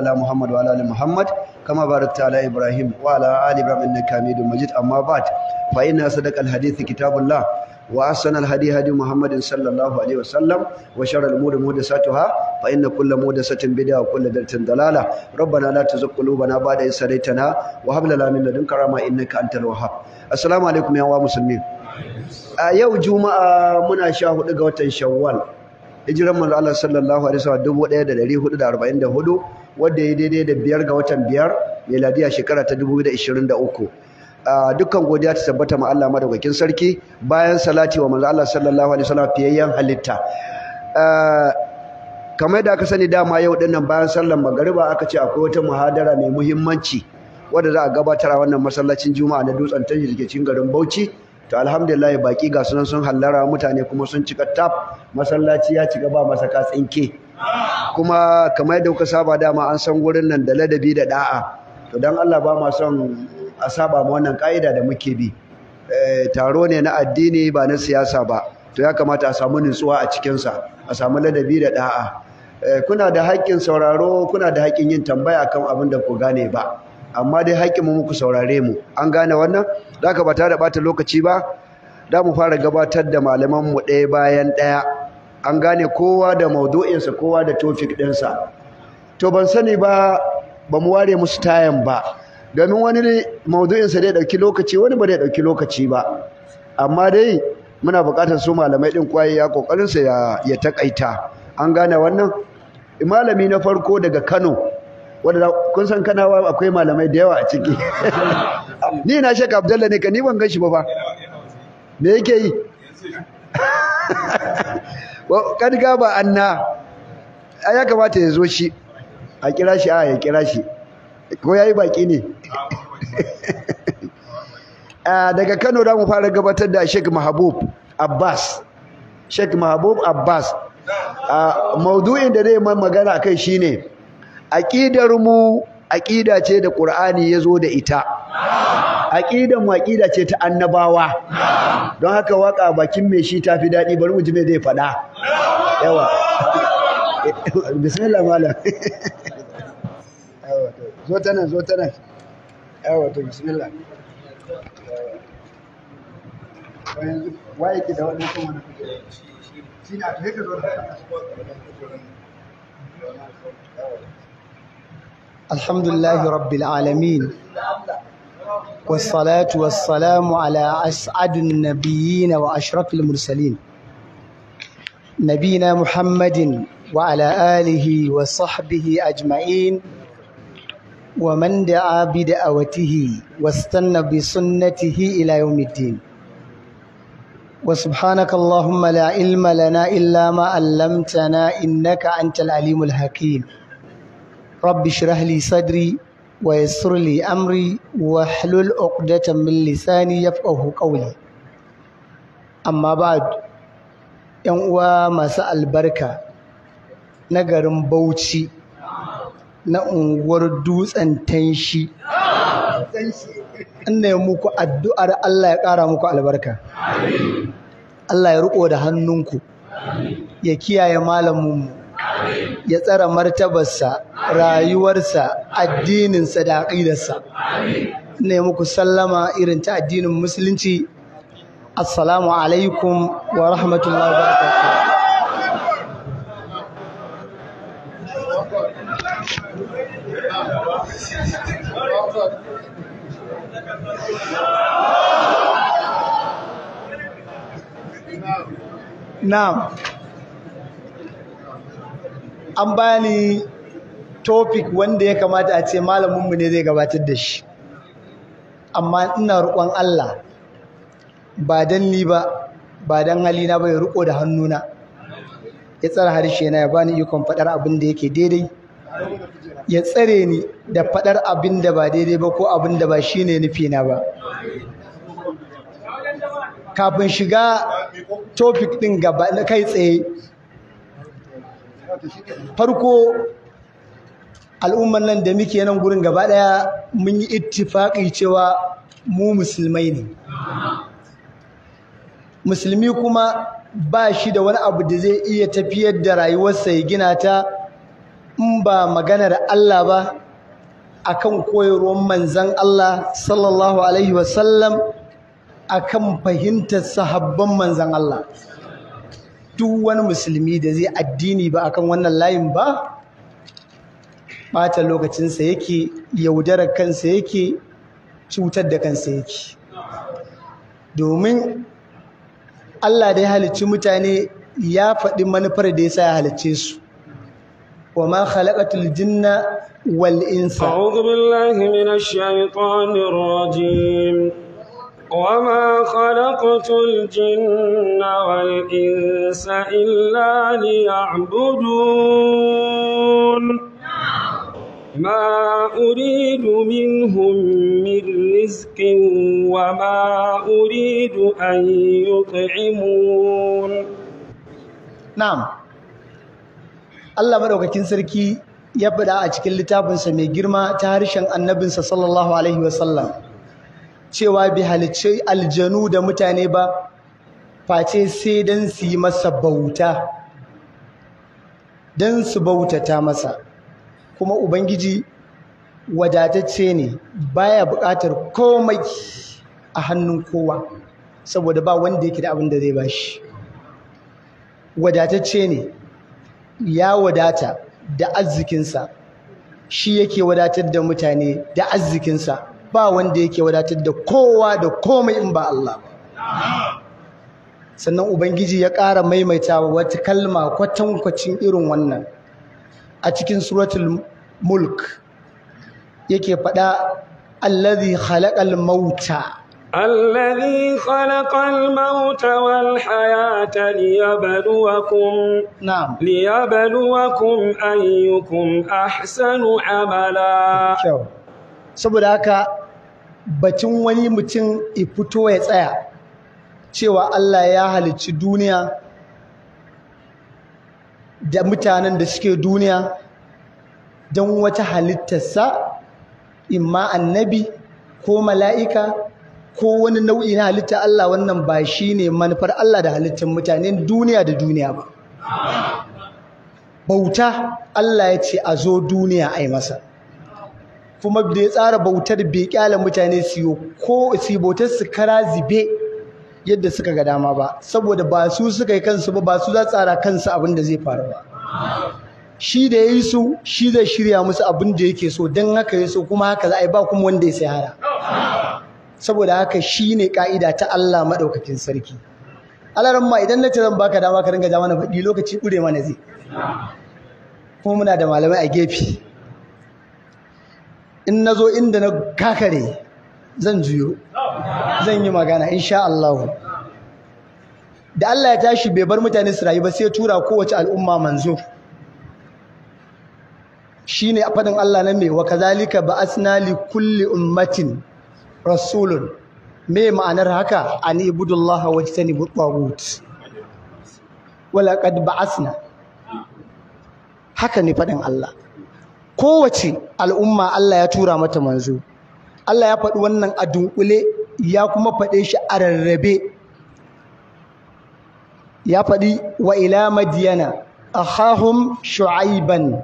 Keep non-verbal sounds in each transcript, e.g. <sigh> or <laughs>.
ala muhammad wa kama barakta ibrahim wa ala ali ibrahim innaka hamidum majid kitabullah wa ahsanal hadith hadith muhammadin rabbana la tuzigh qulubana ba'da idh hadaytana wa hab lana min ladunka rahma innaka a yau juma'a muna sha hudu ga watan shawwal hijran manzo allah sallallahu alaihi wasallam 1444 wanda ya daidai da biyar ga watan biyar miladiya shekara ta 2023 dukkan godiya ta tabbata ma Allah madaukakin sarki bayan salati wa manzo Allah sallallahu alaihi wasallam yan halitta kamar da aka sani dama yau dinnan bayan sallar magariba aka ce akwai wata muhadara mai muhimmanci wadda za a gabatar a wannan masallacin juma'a na dutsen tanji da ke cikin garin bauchi to alhamdulillah baki ga sunan sun hallara mutane kuma sun cika tap masallaci ya cika ba masa tsinke. kuma kamar yadda kuka saba dama an san wurin nan da ladabi da da'a to dan Allah ba ma son a saba ma wannan ka'ida da muke bi eh, taro ne na addini ba na siyasa ba to ya kamata a samu nutsuwa a cikinsa a samu ladabi da da'a eh, kuna da haƙƙin sauraro kuna da haƙƙin yin tambaya kan abin da ku gane ba amma dai haƙƙin mu muku saurare mu an gane wannan zaka ba ta da bata lokaci ba da mu fara gabatar da malaman mu ɗaya bayan ɗaya an gane kowa da maudu'insa kowa da tofik ɗinsa to ban sani ba ba mu ware musu tayan ba domin wani maudu'insa dai ɗauki lokaci wani ba dai ɗauki lokaci ba amma dai muna buƙatar su malamai ɗin kwaye ya ƙoƙarinsa ya taƙaita an gane wannan malami na farko daga kano wanda kun san kanawa akwai malamai da yawa a ciki <laughs> ni na shaka abdalla ne ka ni ban gan shi ba fa me yake yi <laughs> kad ba anna ai ya kamata ya zo shi a kira shi a ya kira shi ko yayi baki ne <laughs> daga Kano da mu fara gabatar da Sheikh Mahabub Abbas Sheikh Mahabub Abbas maudu'in da zai magana kai shine aqidar mu aqida ce da qur'ani ya zo da ita aqida mu aqida ce ta annabawa don haka waka bakin me shi tafi dadi bari mu ji me zai fada yawa <laughs> bismillah malam <laughs> zo ta nan zo ta nan yawa to bismillah yanzu waye da wannan kuma na shi na to yake zo da الحمد لله رب العالمين والصلاة والسلام على أسعد النبيين وأشرف المرسلين نبينا محمد وعلى آله وصحبه أجمعين ومن دعا بدعوته واستنى بسنته إلى يوم الدين وسبحانك اللهم لا علم لنا إلا ما علمتنا إنك أنت العليم الحكيم رب اشرح لي صدري ويسر لي أمري واحلل عقدة من لساني يفقه قولي أما بعد ‘yan uwa masu albarka na garin Bauchi na unguwar dutsen tanshi ina muku addu'ar Allah ya ƙara muku albarka Allah ya riƙo da hannunku ya kiyaye malamunmu. ya tsara martabarsa rayuwarsa addininsa da aƙidarsa ne muku sallama irin ta addinin musulunci assalamu alaikum wa rahmatullahi wa Na'am. an bani topic wanda ya kamata a ce malamin mu ne zai gabatar da shi amma ina roƙon Allah ba dan ni ba ba dan halina ba ya riƙo da hannuna ya tsara harshe na ya bani ikon faɗar abin da yake daidai ya tsare ni da faɗar abin da ba daidai ba ko abin da ba shine nufi na ba kafin shiga topic ɗin gaba kai tsaye farko al'umman nan da muke nan gurin gaba daya mun yi ittifaki cewa mu musulmai ne musulmi kuma ba shi da wani abu da zai iya tafiyar da rayuwarsa ya gina ta in ba maganar Allah ba akan koyarwar manzan Allah sallallahu alaihi wasallam akan fahimtar sahabban manzan Allah duk wani musulmi da zai addini ba akan wannan layin ba ɓata lokacinsa yake yaudarar kansa yake cutar da kansa yake domin Allah da ya halicci mutane ya faɗi manufar da ya sa ya halicce su wa ma khalaqatul jinna wal insa a'udhu billahi minash shaitanir rajim وما خلقت الجن والإنس إلا ليعبدون ما أريد منهم من رزق وما أريد أن يطعمون نعم الله مدوكاكين kinsarki ya faɗa a cikin littafinsa mai girma ta harshen annabinsa sallallahu alaihi cewa bai halicci aljanu da mutane ba face sai don su yi masa bauta don su bautata masa kuma ubangiji wadatacce ne baya buƙatar komai a hannun kowa saboda ba wanda yake da abin da zai bashi wadatacce ne ya wadata da arzikinsa shi yake wadatar da mutane da arzikinsa ba wanda yake wadatar da kowa da komai in ba Allah ba sannan ubangiji ya ƙara maimaita wata kalma kwatankwacin irin wannan a cikin suratul mulk yake faɗa allazi khalaqal mauta الذي خلق الموت والحياة ليبلوكم نعم ليبلوكم أيكم أحسن عملا saboda haka batun wani mutum ya fito ya tsaya cewa Allah ya halicci duniya da mutanen da suke duniya don wata halittarsa imma annabi ko mala'ika ko wani nau'i na halitta Allah wannan ba shi ne manufar Allah da halittar mutanen duniya da duniya ba bauta Allah ya ce a zo duniya a yi masa kuma da ya tsara bautar bai kyala mutane su yi ko su bautar su kara zibe yadda suka ga dama ba saboda ba su suka yi kansu ba ba su za tsara kansu abin da zai faru ba shi da ya yi su shi zai shirya musu abin da yake so don haka ya so kuma haka za a yi ba kuma wanda ya sai hara saboda haka shi ne ka'ida ta Allah maɗaukakin sarki alaran ma idan na ce zan baka dama ka ringa ja mana faɗi lokaci ƙure mana zai kuma muna da malamai a gefe in na zo inda na kakare zan juyo zan yi magana insha Allah da Allah ya tashi bai bar mutane su rayu ba sai tura kowace al'umma manzo shine fadin Allah na mai wa kazalika ba'asna li kulli ummatin rasulun me ma'anar haka an ibudullaha tani tagut wala qad ba'asna haka ne fadin Allah kowace al'umma Allah ya tura mata manzo Allah ya faɗi wannan a dunkule ya kuma faɗe shi a rarrabe ya faɗi wa ila madiyana a hahun shu'aiban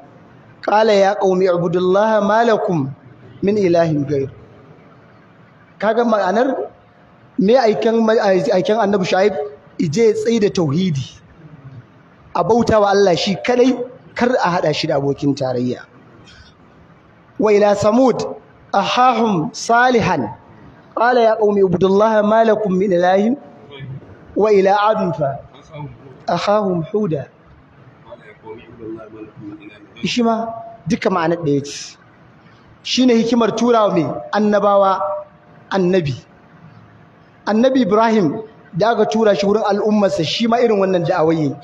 Ƙala ya qaumi ibudullaha malakum min ilahin gair kaga ma'anar me aikin annabu annabi shu'aib ije tsaye da tauhidi a bauta wa Allah shi kadai kar a haɗa shi da abokin tarayya وإلى Samud أخاهم صالحا قال يا قوم اعبدوا الله ما لكم من إله وإلى عاد أخاهم Huda. shi ma duka ma'anar ɗaya ce shi ne hikimar turawa mai annabawa annabi annabi ibrahim da aka tura shi wurin al'ummarsa shi ma irin wannan da'awai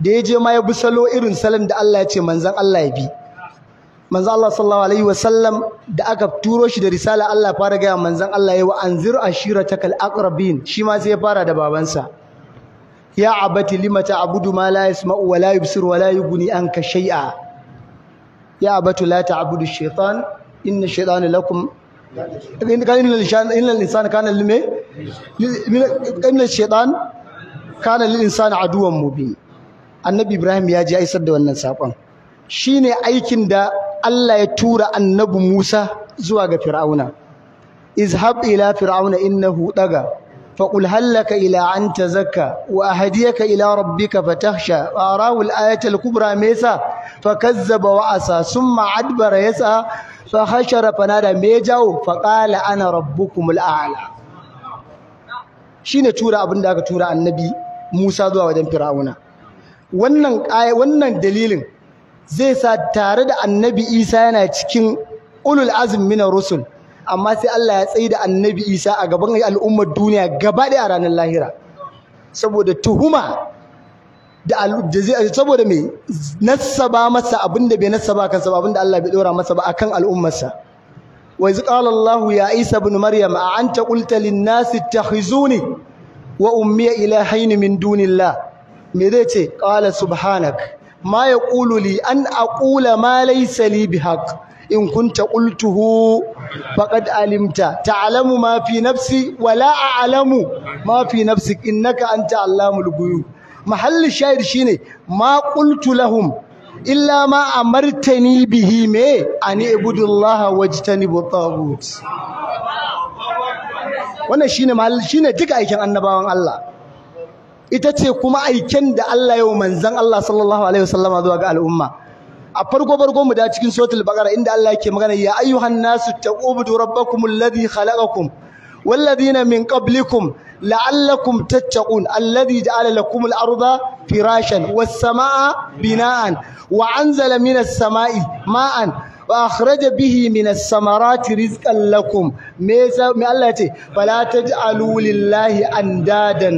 da ya je ma ya bi salo irin salon da allah ya ce manzan allah ya bi manzo Allah sallallahu alaihi wasallam da aka turo shi da risala Allah fara gaya manzon Allah yayi wa anzir ashiratakal aqrabin shi ma sai ya fara da babansa ya abati lima ta'budu ma la yasma'u wa la yubsiru wa la yughni anka shay'a ya abati la ta'budu ash-shaytan inna ash-shaytana lakum inna al-insana kana lime inna ash-shaytan kana lil-insani aduwwan mubin annabi ibrahim ya ji aisar da wannan sakon shine aikin da Allah ya tura annabi Musa zuwa ga Fir'auna izhab ila fir'auna innahu daga faqul hallaka ila an tazakka wa ahdiyaka ila rabbika fatakhsha wa arahu ayata kubra mesa fakazzaba wa asa summa adbara yasa fa hashara fanada me jawo fa qala ana rabbukum ala shine tura abinda aka tura annabi Musa zuwa wajen Fir'auna wannan wannan dalilin zai sa tare da annabi isa yana cikin ulul azm mina rusul amma sai Allah ya tsaye da annabi isa a gaban al'ummar duniya gaba ɗaya a ranar lahira saboda tuhuma da saboda mai nasaba masa abinda bai nasaba kansa ba abinda Allah bai ɗora masa ba akan al'ummarsa Wai iz qala ya Isa bin Maryam a anta qulta lin nasi ittakhizuni wa ummi ilahaini min dunillah me zai ce subhanak ma yaqulu li an aqula ma laysa li bihaq in kunta qultuhu faqad alimta ta'lamu ma fi nafsi wa la a'lamu ma fi nafsik innaka anta allamul ghuyub mahallu shahid shine ma qultu lahum illa ma amartani bihi me ani ibudullaha wajtanibu tagut wannan shine mahall shine duka aikin annabawan Allah ita ce kuma aiken da Allah yau manzon Allah sallallahu alaihi wasallama zuwa ga al'umma a farko farko mu da cikin suratul baqara inda Allah yake magana ya ayyuhan nasu taqubudu rabbakum alladhi khalaqakum والذين من قبلكم لعلكم تتقون الذي جعل لكم الأرض فراشا والسماء بناء وأنزل من السماء ماء وأخرج به من الثمرات رزقا لكم فلا تجعلوا لله أندادا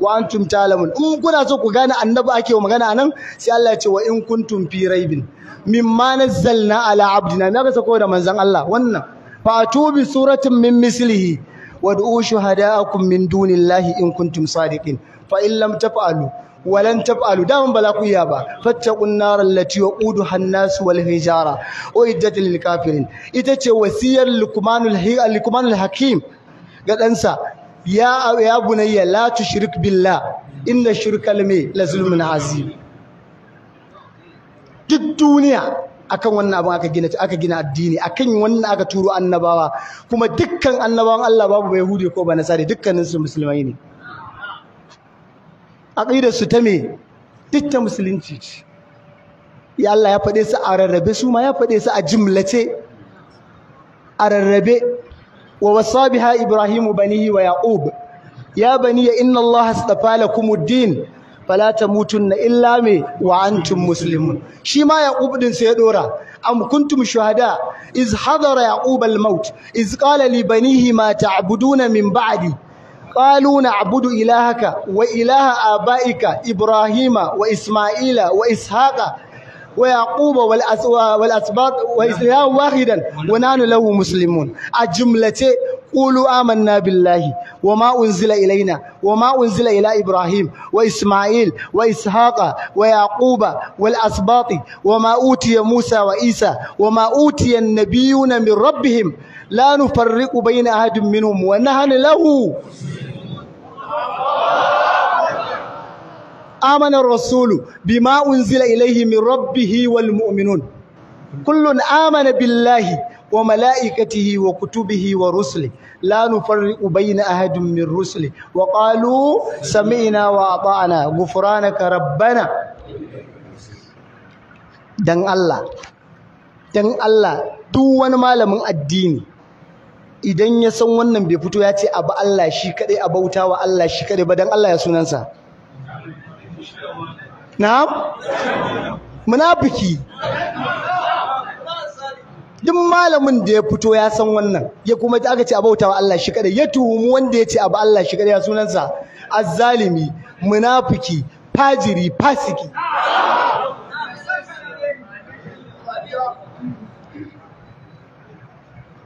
wa antum talamun in kuna so ku gane annabi ake magana nan sai Allah ya ce wa in kuntum fi raibin mimma nazzalna ala abdina na ka sako da manzon Allah wannan fa tubi suratin min mislihi wad'u shuhada'akum min dunillahi in kuntum sadiqin fa in lam taf'alu iya ba. دام بلاكو يابا فاتقوا udu التي وقودها الناس والحجارة أعدت Ita ce wasiyar lukmanul hakim. Ga ɗansa. ya ya bunayya la tushrik billah inna shirka lame la zulmun duk duniya akan wannan abin aka gina aka gina addini akan wannan aka turo annabawa kuma dukkan annabawan Allah babu bai yahudi ko ba nasari dukkanin su musulmai ne aqidar su ta me dukkan musulunci ce ya Allah ya faɗe su a rarrabe su ma ya faɗe su a jimlace a rarrabe ووصى بها إبراهيم بنيه ويعقوب يا بني إن الله اصطفى لكم الدين فلا تموتن إلا مي وأنتم مسلمون شما يعقوب دين سيدورا أم كنتم شهداء إذ حضر يعقوب الموت إذ قال لبنيه ما تعبدون من بعدي قالوا نعبد إلهك وإله آبائك إبراهيم وإسماعيل وإسحاق ويعقوب والأسباط وإسلام واحدا ونحن له مسلمون الجملة قولوا آمنا بالله وما أنزل إلينا وما أنزل إلى إبراهيم وإسماعيل وإسحاق ويعقوب والأسباط وما أوتي موسى وإيسى وما أوتي النبيون من ربهم لا نفرق بين أحد منهم ونحن له amana rasulu bima unzila ilaihi min rabbihi wal mu'minun kullun amana billahi wa malaikatihi wa kutubihi wa rusuli la nufarriqu bayna ahadin min rusuli wa qalu wa ata'na ghufranaka rabbana dan Allah dan Allah duk wani malamin addini idan ya san wannan bai fito ya ce abu Allah shi kadai a bauta wa Allah shi kadai ba dan Allah ya sunansa na'am munafiki duk malamin da ya fito ya san wannan ya kuma aka ce abauta wa Allah shi kadai ya tuhumu wanda ya ce abu Allah shi kadai ya sunansa azzalimi munafiki fajiri fasiki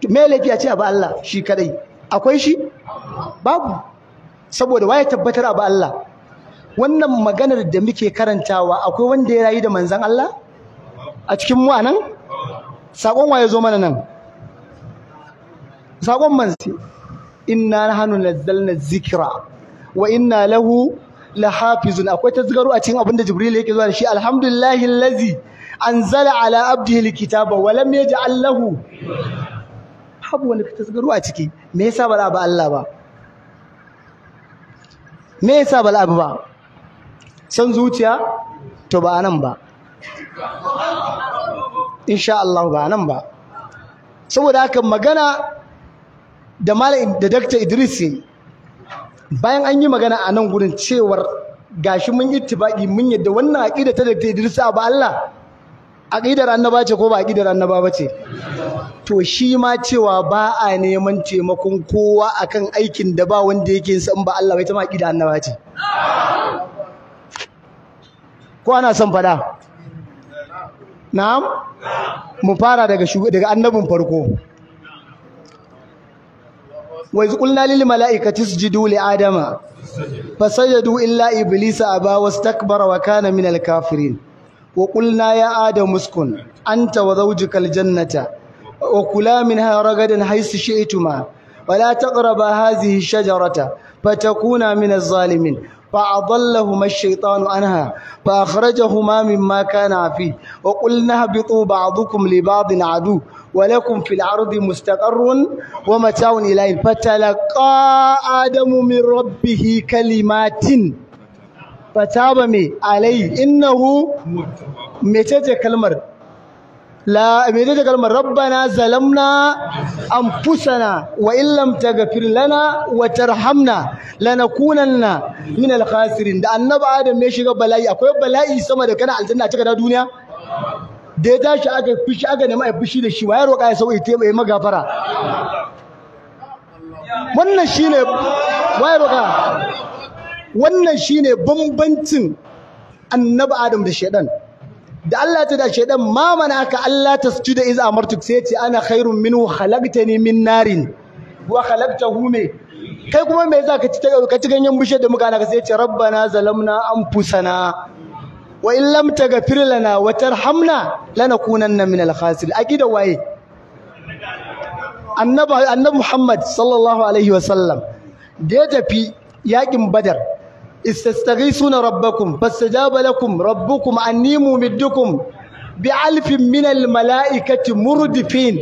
me laifi a ce abu Allah shi kadai akwai shi babu saboda waye tabbatar abu Allah wannan maganar da muke karantawa akwai wanda ya rayu da manzan Allah a cikin mu anan sakon waye zo mana nan sakon manzi inna nahnu nazzalna zikra wa inna lahu lahafizun akwai tazgaru a cikin abinda jibril yake zuwa da shi alhamdulillahi allazi anzala ala abdihi alkitaba wa lam yaj'al lahu Habu wani tazgaru a ciki me yasa ba ba Allah ba me yasa ba Allah ba san zuciya to ba nan ba insha Allah ba nan ba saboda haka magana da malam da Dr. Idris bayan an yi magana a nan gurin cewar gashi mun yi tibaki mun yadda wannan aqida ta Dr. Idris ba Allah aqidar annaba ce ko ba aqidar annaba ba ce to shi ma cewa ba a neman taimakon kowa akan aikin da ba wanda yake san ba Allah bai ta ma aqida annaba ce ko ana son faɗa na'am mu fara daga daga annabin farko wa iz qulna lil mala'ikati isjudu li adama fasajadu illa iblisa aba wastakbara wa kana min al kafirin wa qulna ya adam uskun anta wa zawjuka al jannata wa kula minha ragadan haythu shi'tuma ولا تقربا shajarata الشجرة فتكونا mina zalumin. فأضلهما الشيطان عنها فأخرجهما مما كان فيه وقلنا اهبطوا بعضكم لبعض عدو ولكم في الأرض مستقر ومتاع إليه فتلقى آدم من ربه كلمات فتاب عليه إنه متى كلمة la menene kalmar rabbana zalamna anfusana wa illam taghfir lana wa tarhamna lanakunanna min alkhasirin da annabi adam ne shiga bala'i akwai bala'i sama da kana aljanna cika da duniya da ya tashi aka fishi aka nemi a fishi da shi wayar roƙa ya sauye ta mai magafara wannan shine wayar roƙa wannan shine bambancin annabi adam da shaidan da Allah ta da dan ma mana aka Allah ta sujuda iz amartuk sai ce ana khairun minhu khalaqtani min narin wa khalaqtahu me kai kuma me yasa ka ci ka ci ganyen bishiyar da muka naka sai ce rabbana zalamna anfusana wa in lam taghfir lana wa tarhamna lanakunanna min al-khasirin akida waye annabi annabi Muhammad sallallahu alaihi wasallam da ya tafi yakin badar istastaghithuna rabbakum fastajaba lakum rabbukum anni mumiddukum bi alfin min al malaikati murdifin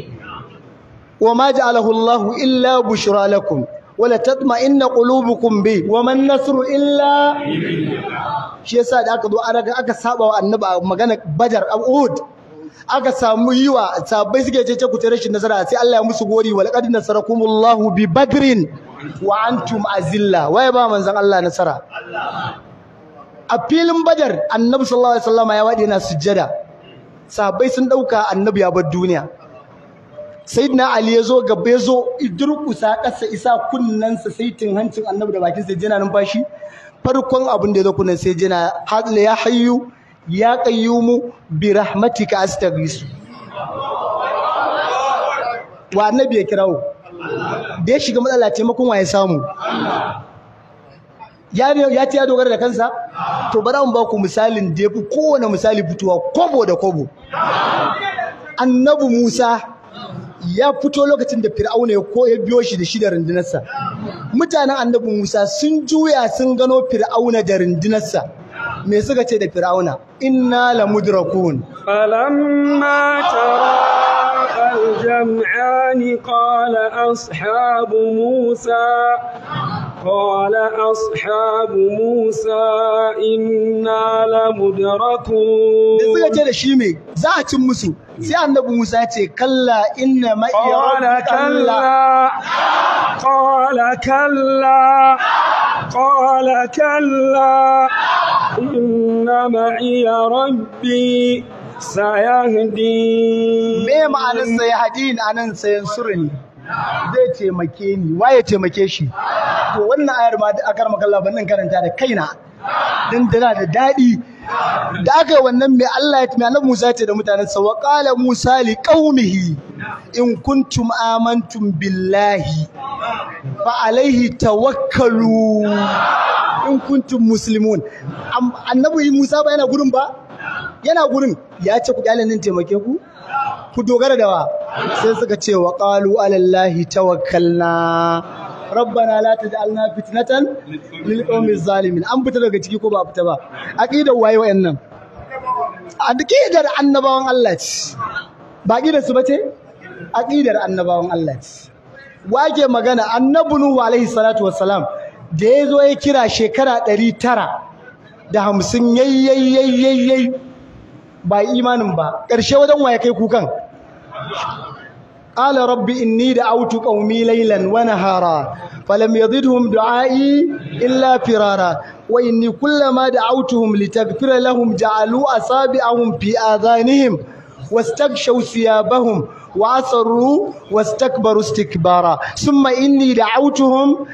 wama ja'alahu Allah illa bushra lakum wala tatma'inna qulubukum bi wama an-nasru illa shi yasa da aka zo aka saba wa annabi magana a uhud aka samu yiwa sabai suke ce ku rashin nasara sai Allah ya musu gori wa qad nasarakumullahu bi badrin wa antum azilla waye ba manzon Allah nasara a filin badar annabi sallallahu alaihi wasallam ya wadi yana sujjada sabai sun dauka annabi ya bar duniya sayyidina ali yazo zo gaba ya zo kasa isa kunnansa saitin hancin annabi da bakin sa jina numfashi farkon abin da ya zo kunan sai jina ya hayyu ya ƙayyumu bi rahmatika astaghisu wa annabi ya kirawo da ya shiga matsala taimakon wa ya samu ya ce ya dogara da kansa to bara mu ba ku misalin da ya fi kowane misali fitowa kobo da kobo annabi musa ya fito lokacin da fir'auna ya ya biyo shi da shi da rundunarsa mutanen annabi musa sun juya sun gano fir'auna da rundunarsa me suka ce da fir'auna inna lamudrakun falamma tara الجمعان قال أصحاب موسى قال أصحاب موسى إنا لمدركون إذا جاء الشيمي ذات موسى سيان نبو موسى كلا إن ما قال كلا قال كلا قال كلا إن معي ربي سيهدين me ma'anar sayahadin anan sayansuru ne zai taimake ni waye taimake shi to wannan ayar ma a karma kallon ban karanta da kaina din tana da daɗi da aka wannan mai Allah ya mai Annabi Musa ya ce da mutanen sa wa qala Musa li qaumihi in kuntum amantum billahi fa alaihi tawakkalu in kuntum muslimun annabi Musa ba yana gurin ba yana gurin ya ce ku kyale nan taimake ku ku dogara da wa sai suka ce wa qalu alallahi tawakkalna rabbana la taj'alna fitnatan lil qawmi zalimin an fita daga ciki ko ba fita ba aqidar waye wayannan aqidar annabawan Allah ce ba da su bace aqidar annabawan Allah ce wake magana annabi nuhu alaihi salatu wassalam da ya zo ya kira shekara ɗari tara da hamsin yayyayyayyayyay ba imanin ba ƙarshe wajen ya kai kukan قال رب إني دعوت قومي ليلا ونهارا فلم يزدهم دعائي إلا فرارا وإني كلما دعوتهم لتغفر لهم جعلوا أصابعهم في آذانهم واستغشوا ثيابهم وأصروا واستكبروا استكبارا ثم إني دعوتهم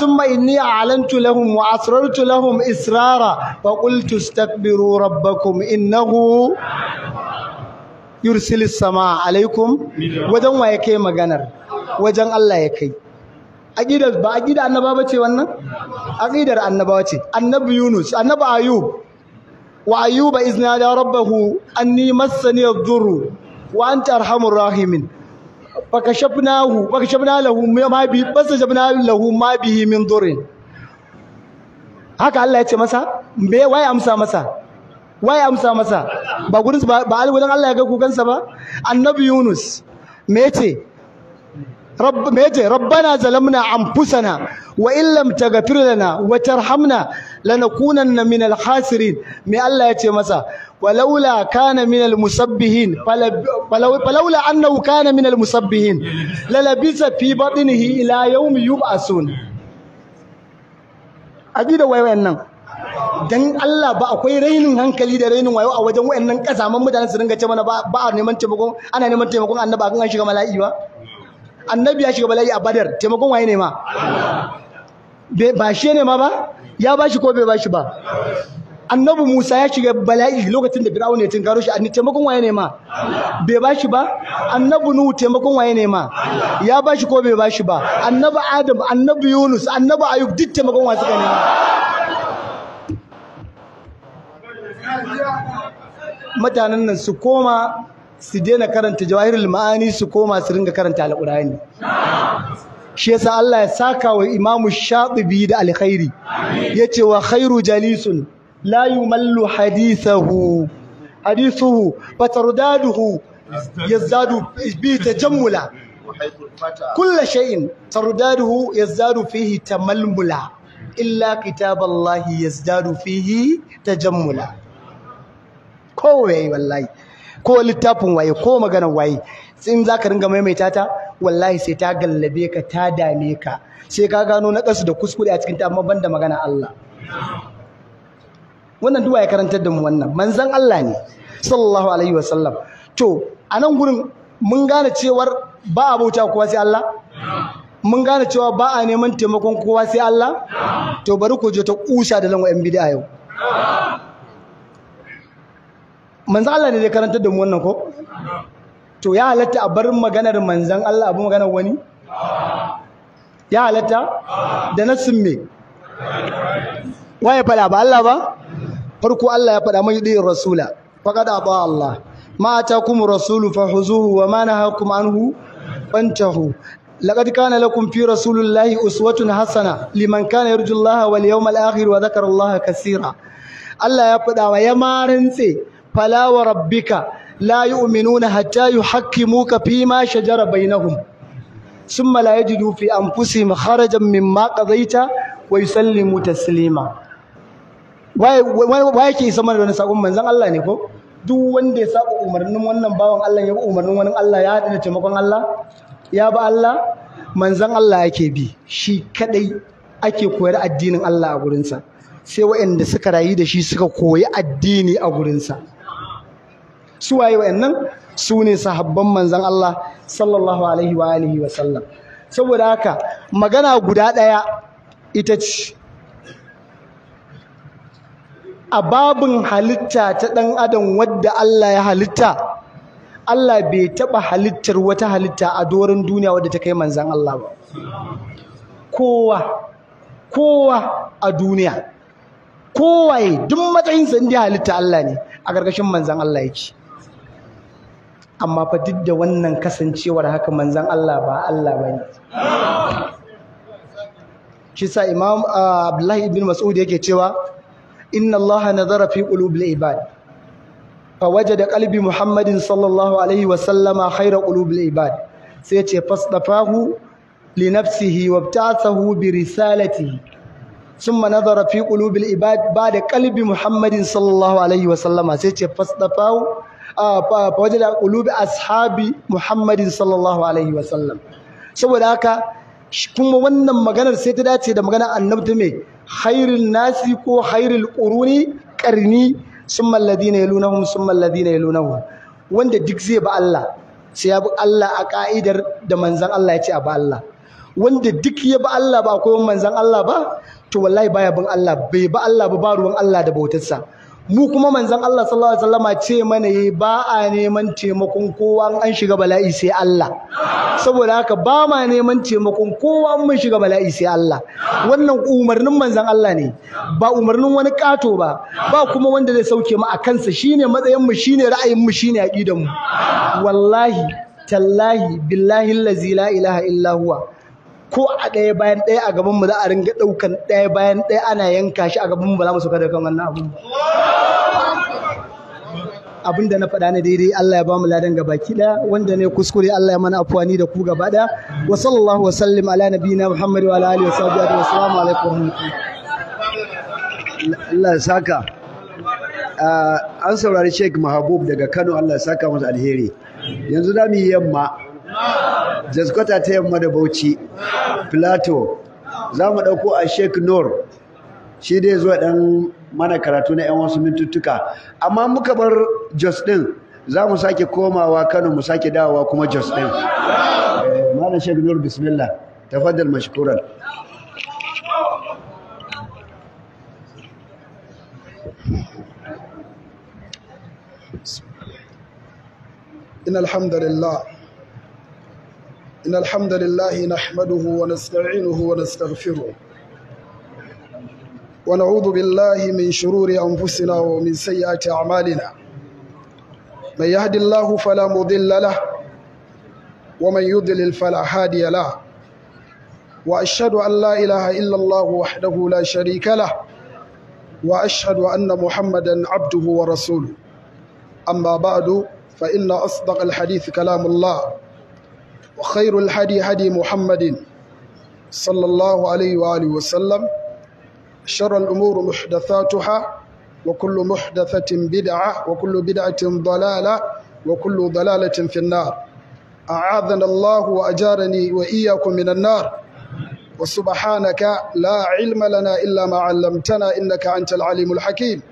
ثم إني أعلنت لهم وأسررت لهم إسرارا وقلت استكبروا ربكم إنه يرسل السماء عليكم ودن ويكي مغنر وجن الله يكي aqidar ba aqida annaba bace wannan aqidar annaba bace annabi yunus annabi ayub wa ayuba iznada rabbahu anni massani ad-durr wa anta arhamur rahimin fakashafnahu fakashafna lahu ma bi basajabna lahu ma bihi min dhurrin haka Allah ya ce masa me wai amsa masa wai amsa masa ba gurin ba alwudan Allah ya ga kukansa ba annabi Yunus me yace me ميتي rabbana zalamna anfusana wa illam taghfir lana wa tarhamna lanakunanna min al-khasirin me Allah ya ce masa walaula kana min al-musabbihin falaula annahu kana min al-musabbihin lalabisa fi batnihi ila yawmi yub'asun abi da wayoyin nan dan Allah ba akwai rainin hankali da rainin wayo a wajen wayannan kasaman mutanen su dinga ce mana ba a neman taimakon ana neman taimakon annabi an shiga mala'i ba annabi ya shiga bala'i a badar taimakon waye ne ma ba shi ne ma ba ya ba shi ko bai ba shi ba annabi Musa ya shiga bala'i lokacin da Fir'aun ya tinkaro shi annabi taimakon waye ne ma bai ba shi ba annabi Nuhu taimakon waye ne ma ya ba shi ko bai ba shi ba annabi Adam annabi Yunus annabi Ayub duk taimakon wa suka ma? mutanen nan su koma su daina karanta jawahirul ma'ani su koma su ringa karanta alqur'ani shi yasa Allah ya saka wa imamu shatibi da alkhairi yace wa khairu jalisun la yumallu hadithahu hadithuhu fatardaduhu yazdadu bi tajammula kull shay'in tardaduhu illa kitaballahi yazdadu ko littafin waye ko maganar waye in zaka ringa maimaita ta wallahi sai ta gallabe ka ta dame ka sai ka gano na ƙasa da kuskure a cikin ta amma banda magana Allah wannan duwa ya karantar da mu wannan manzon Allah ne sallallahu alaihi wasallam to a nan gurin mun gane cewar ba a bauta kowa sai Allah mun gane cewa ba a neman taimakon kowa sai Allah to bari ku je ta kusa da lanwa yan bid'a yau manzo Allah ne zai karantar da mu wannan ko to ya halatta a bar maganar manzan Allah abu maganar wani ya halatta da nassin me waye fada ba Allah ba farko Allah ya fada mai din rasula faqad ba Allah ma atakum rasulu huzuhu, wa ma nahakum anhu fantahu لقد كان لكم في رسول الله أسوة حسنة لمن كان يرجو الله واليوم الآخر وذكر الله كثيرا الله يفدا ويمارنسي fala wa rabbika la yu'minuna hatta yuhaqqimuka fima shajara bainahum thumma la yajidu fi anfusihim kharajan mimma qadaita wa yusallimu taslima waye waye ke isa mana da sakon manzon Allah ne ko duk wanda ya saba umarnin wannan bawan Allah ya bi umarnin wani Allah ya hada da taimakon Allah ya bi Allah manzon Allah yake bi shi kadai ake koyar addinin Allah a gurinsa sai waɗanda suka rayu da shi suka koyi addini a gurinsa su waye wayannan su ne sahabban manzon Allah sallallahu alaihi wa alihi wa sallam saboda haka magana guda ɗaya ita ce a babin halitta ta ɗan adam wadda Allah ya halitta Allah bai taɓa halittar wata halitta a doron duniya wadda ta kai manzan Allah ba kowa kowa a duniya kowaye duk matsayinsa inda halitta Allah ne a ƙarƙashin manzan Allah yake amma fa duk da wannan kasancewar haka manzan Allah ba Allah ba ne shi sa imam ah, abdullahi ibn mas'ud yake cewa inna Allah nazara fi qulubil ibad fa wajada qalbi muhammadin sallallahu alaihi wa sallama khayra qulubil ibad sai ya ce fasdafahu li nafsihi wa ibtasahu bi risalatihi ثم نظر في قلوب العباد بعد قلب محمد صلى الله عليه وسلم سيتي فاصطفاه fawajala qulubi ashabi muhammadin sallallahu alaihi wasallam saboda haka kuma wannan maganar sai ta dace da magana annabta mai hairin nasi ko hairin khairul quruni qarni summa alladhina yalunahum summa alladhina yalunahum wanda duk zai ba Allah sai ya bi Allah a ka'idar da manzan Allah ya ce a ba Allah wanda duk ya ba Allah ba akwai manzan Allah ba to wallahi baya bin Allah bai ba Allah ba ba ruwan Allah da bautarsa mu kuma manzon Allah sallallahu alaihi wasallama ce mana yi ba a neman taimakon kowa an shiga bala'i sai Allah saboda haka ba ma neman taimakon kowa mun shiga bala'i sai Allah wannan umarnin manzon Allah ne ba umarnin wani kato ba ba kuma wanda zai sauke mu a kansa shine matsayin mu shine ra'ayin mu shine aqidan mu wallahi tallahi billahi allazi la ilaha illa huwa ko a ɗaya bayan ɗaya a gaban mu za a ringa ɗaukan ɗaya bayan ɗaya ana yanka shi a gaban mu ba za mu sauka da kan wannan abu abin da na faɗa ne daidai Allah ya bamu ladan ga baki ɗaya wanda ne kuskure Allah ya mana afuwani da ku gaba ɗaya wa sallallahu wa sallim ala nabiyina Muhammadu wa ala alihi wa sahbihi wa salamu alaikum Allah ya saka an saurari Sheikh Mahabub daga Kano Allah ya saka masa alheri yanzu da mu yamma Jaskwata ta yamma da Bauchi, Plato, za mu ɗauko a sheik Nor shi dai zuwa ɗan mana karatu na 'yan wasu mintuttuka. Amma muka bar Jos ɗin, za mu sake komawa Kano mu sake dawowa kuma Jos ɗin. Eh, mana sheik Nur, bismillah, tafaddal mashkuran. إن الحمد لله نحمده ونستعينه ونستغفره ونعوذ بالله من شرور أنفسنا ومن سيئات أعمالنا من يهد الله فلا مضل له ومن يضلل فلا هادي له وأشهد أن لا إله إلا الله وحده لا شريك له وأشهد أن محمدا عبده ورسوله أما بعد فإن أصدق الحديث كلام الله وخير الهدي هدي محمد صلى الله عليه وآله وسلم شر الأمور محدثاتها وكل محدثة بدعة وكل بدعة ضلالة وكل ضلالة في النار أعاذنا الله وأجارني وإياكم من النار وسبحانك لا علم لنا إلا ما علمتنا إنك أنت العليم الحكيم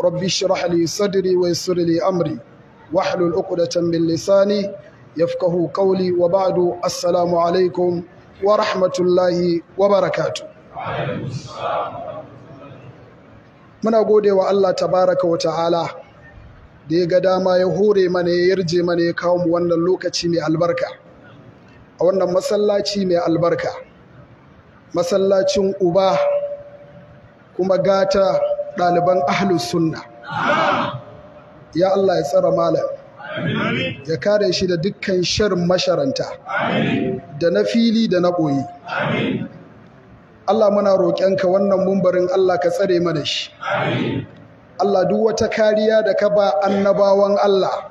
ربي اشرح لي صدري ويسر لي أمري واحلل عقدة من لساني wa قولي وبعد السلام wa rahmatullahi wa barakatu. muna gode wa Allah tabaraka wa ta'ala da ya ga dama ya hore mana ya yarje mana ya kawo mu wannan lokaci mai albarka a wannan masallaci mai albarka masallacin uba kuma gata ɗaliban ahlus sunna ya Allah ya tsara malam ya kare shi da dukkan shirin masharanta da na fili da na ɓoye. Allah muna ka wannan mumbarin Allah ka tsare mana shi Allah duk wata kariya da ka ba annabawan Allah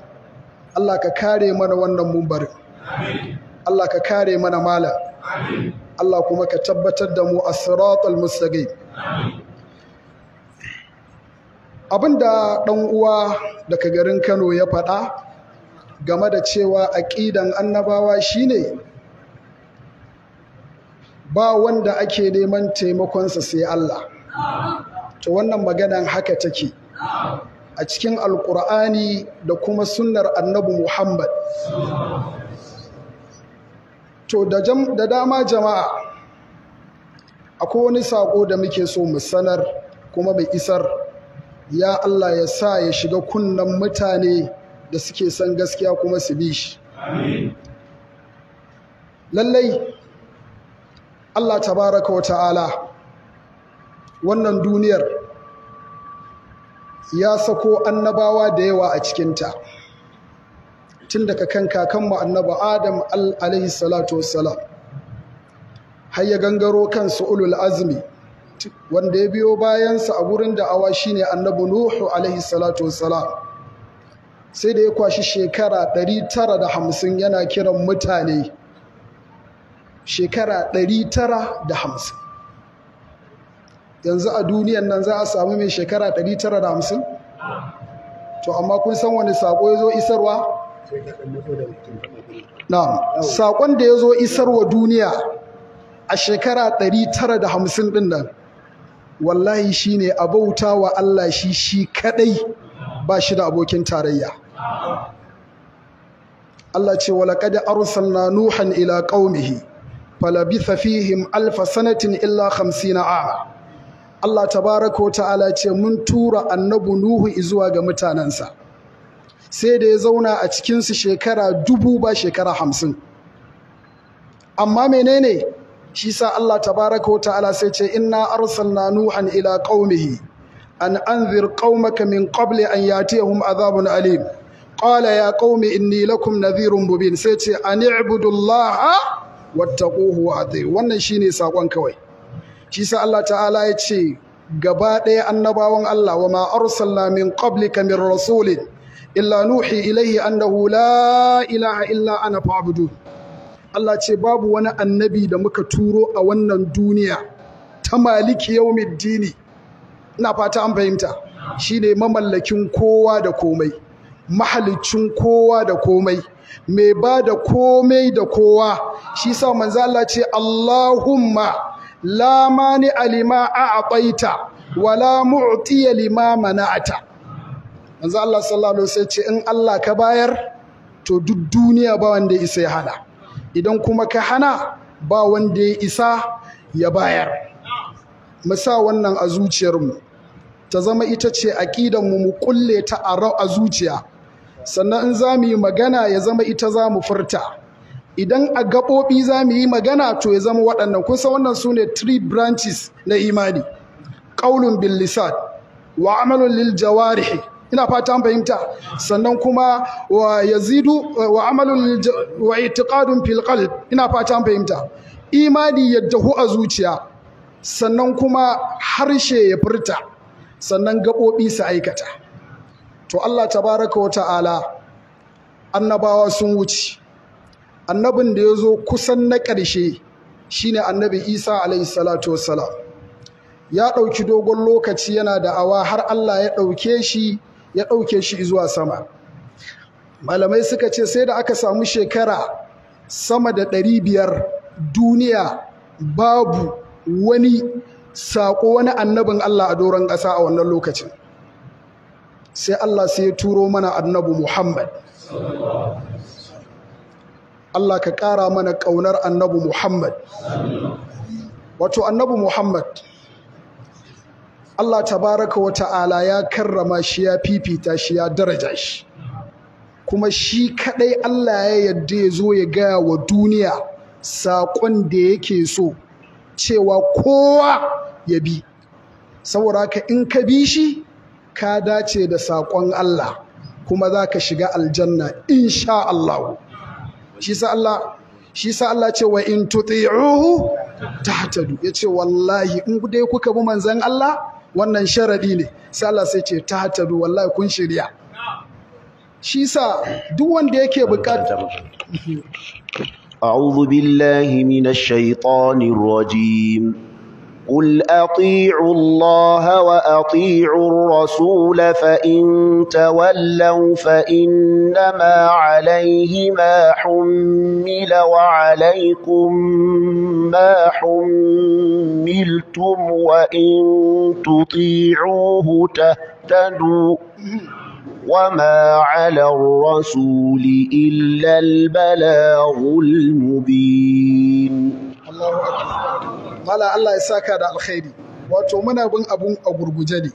Allah ka kare mana wannan mumbarin Allah ka kare mana malam Allah kuma ka tabbatar da mu a siratul mustaqim abinda ɗan uwa daga garin Kano ya faɗa game da cewa aƙidan annabawa shine ba wanda ake neman taimakonsa sai Allah to wannan maganan haka take a cikin Alƙur'ani da kuma sunnar annabi muhammad to da dama jama'a akwai wani saƙo da muke so mu sanar kuma mai isar ya allah ya sa ya shiga kunnen mutane da suke son gaskiya kuma su bi shi lallai Allah tabaraka wa ta'ala wannan duniyar ya sako annabawa da yawa a cikinta tun daga kan kakanmu annaba adam alaihi salatu wassalam har ya gangaro kansu ulul azmi wanda ya biyo bayansa a gurin da'awa shine annabi nuhu alaihi salatu wassalam sai da ya kwashi shekara 950 yana kiran mutane shekara 950 yanzu a duniyan nan za a samu mai shekara 950 to amma kun san wani sako ya zo isarwa na sakon da ya zo isarwa duniya a shekara 950 din nan wallahi shine a bauta wa Allah shi shi kadai ba shi da abokin tarayya Allah ce wa laqad arsalna nuhan ila qaumihi falabitha fihim alfa sanatin illa 50 a Allah tabaraka ta'ala ce mun tura annabu nuhu izuwa ga mutanensa sai da ya zauna a cikinsu shekara dubu ba shekara hamsin amma menene shi sa Allah tabaraka ta'ala sai ce inna na nuhan ila qaumihi an anzir قومك من قبل an يأتيهم عذاب alim قال ya قوم inni lakum نذير مبين سيتي أن اعبدوا الله wattaquhu wa atiyu wannan shine sakon kawai shi sa Allah ta'ala ya ce gaba ɗaya annabawan Allah wa ma arsalna min qablika min rasulin illa nuhi ilaihi annahu la ilaha illa ana fa'budu Allah ce babu wani annabi da muka turo a wannan duniya ta maliki yaumiddini ina fata an fahimta Shi ne mamallakin kowa da komai mahalicin kowa da komai mai ba da komai da kowa shi sa manzala ce Allahumma la mani alima a abaita wala mu'tiya lima mana'ata manzo Allah sallallahu alaihi ce in Allah ka bayar to duk duniya ba wanda isa ya hana idan kuma ka hana ba wanda ya isa ya bayar mu sa wannan a zuciyarmu ta zama ita ce aƙidanmu mu kulle ta a zuciya sannan in za mu yi magana ya zama ita za mu furta idan a gaɓoɓi za mu yi magana to ya zama waɗannan kun san wannan su ne three branches na imani ƙaulun bil lisan wa amalun lil jawarihi ina fata fahimta sannan kuma wa yazidu wa amalun wa i'tiqadun fil qalb ina fata fahimta imani hu a zuciya sannan kuma harshe ya furta sannan gaɓoɓi su aikata to Allah tabaraka wa ta'ala annabawa sun wuce annabin da ya zo kusan na ƙarshe shine annabi isa alayhi salatu wassalam ya ɗauki dogon lokaci yana da awa har Allah ya ɗauke shi ya ɗauke shi zuwa sama malamai suka ce sai da aka samu shekara sama da ɗari biyar duniya babu wani saƙo wani annabin Allah a doron ƙasa a wannan lokacin sai Allah sai ya turo mana Annabu Muhammad Allah ka ƙara mana ƙaunar annabu Muhammad wato annabu Muhammad Allah tabaraka wa ta'ala ya karrama shi ya fifita shi ya daraja shi kuma shi kadai Allah ya yadda ya zo ya gaya wa duniya saƙon da yake so cewa kowa ya bi saboda ka in ka bi shi ka dace da saƙon Allah kuma za ka shiga aljanna insha Allah shi sa Allah shi sa Allah ce wa in tuti'uhu tahtadu yace wallahi in dai kuka bi manzon Allah wannan sharadi ne sai Allah sai ce tahtadu wallahi kun shirya shi sa duk wanda yake buƙatar أعوذ بالله من الشيطان الرجيم قل أطيعوا الله وأطيعوا الرسول فإن تولوا فإنما عليه ما حمل وعليكم ما حملتم وإن تطيعوه تهتدوا وما على الرسول إلا البلاغ المبين الله Allah ya saka da alkhairi wato muna bin abun a gurguje ne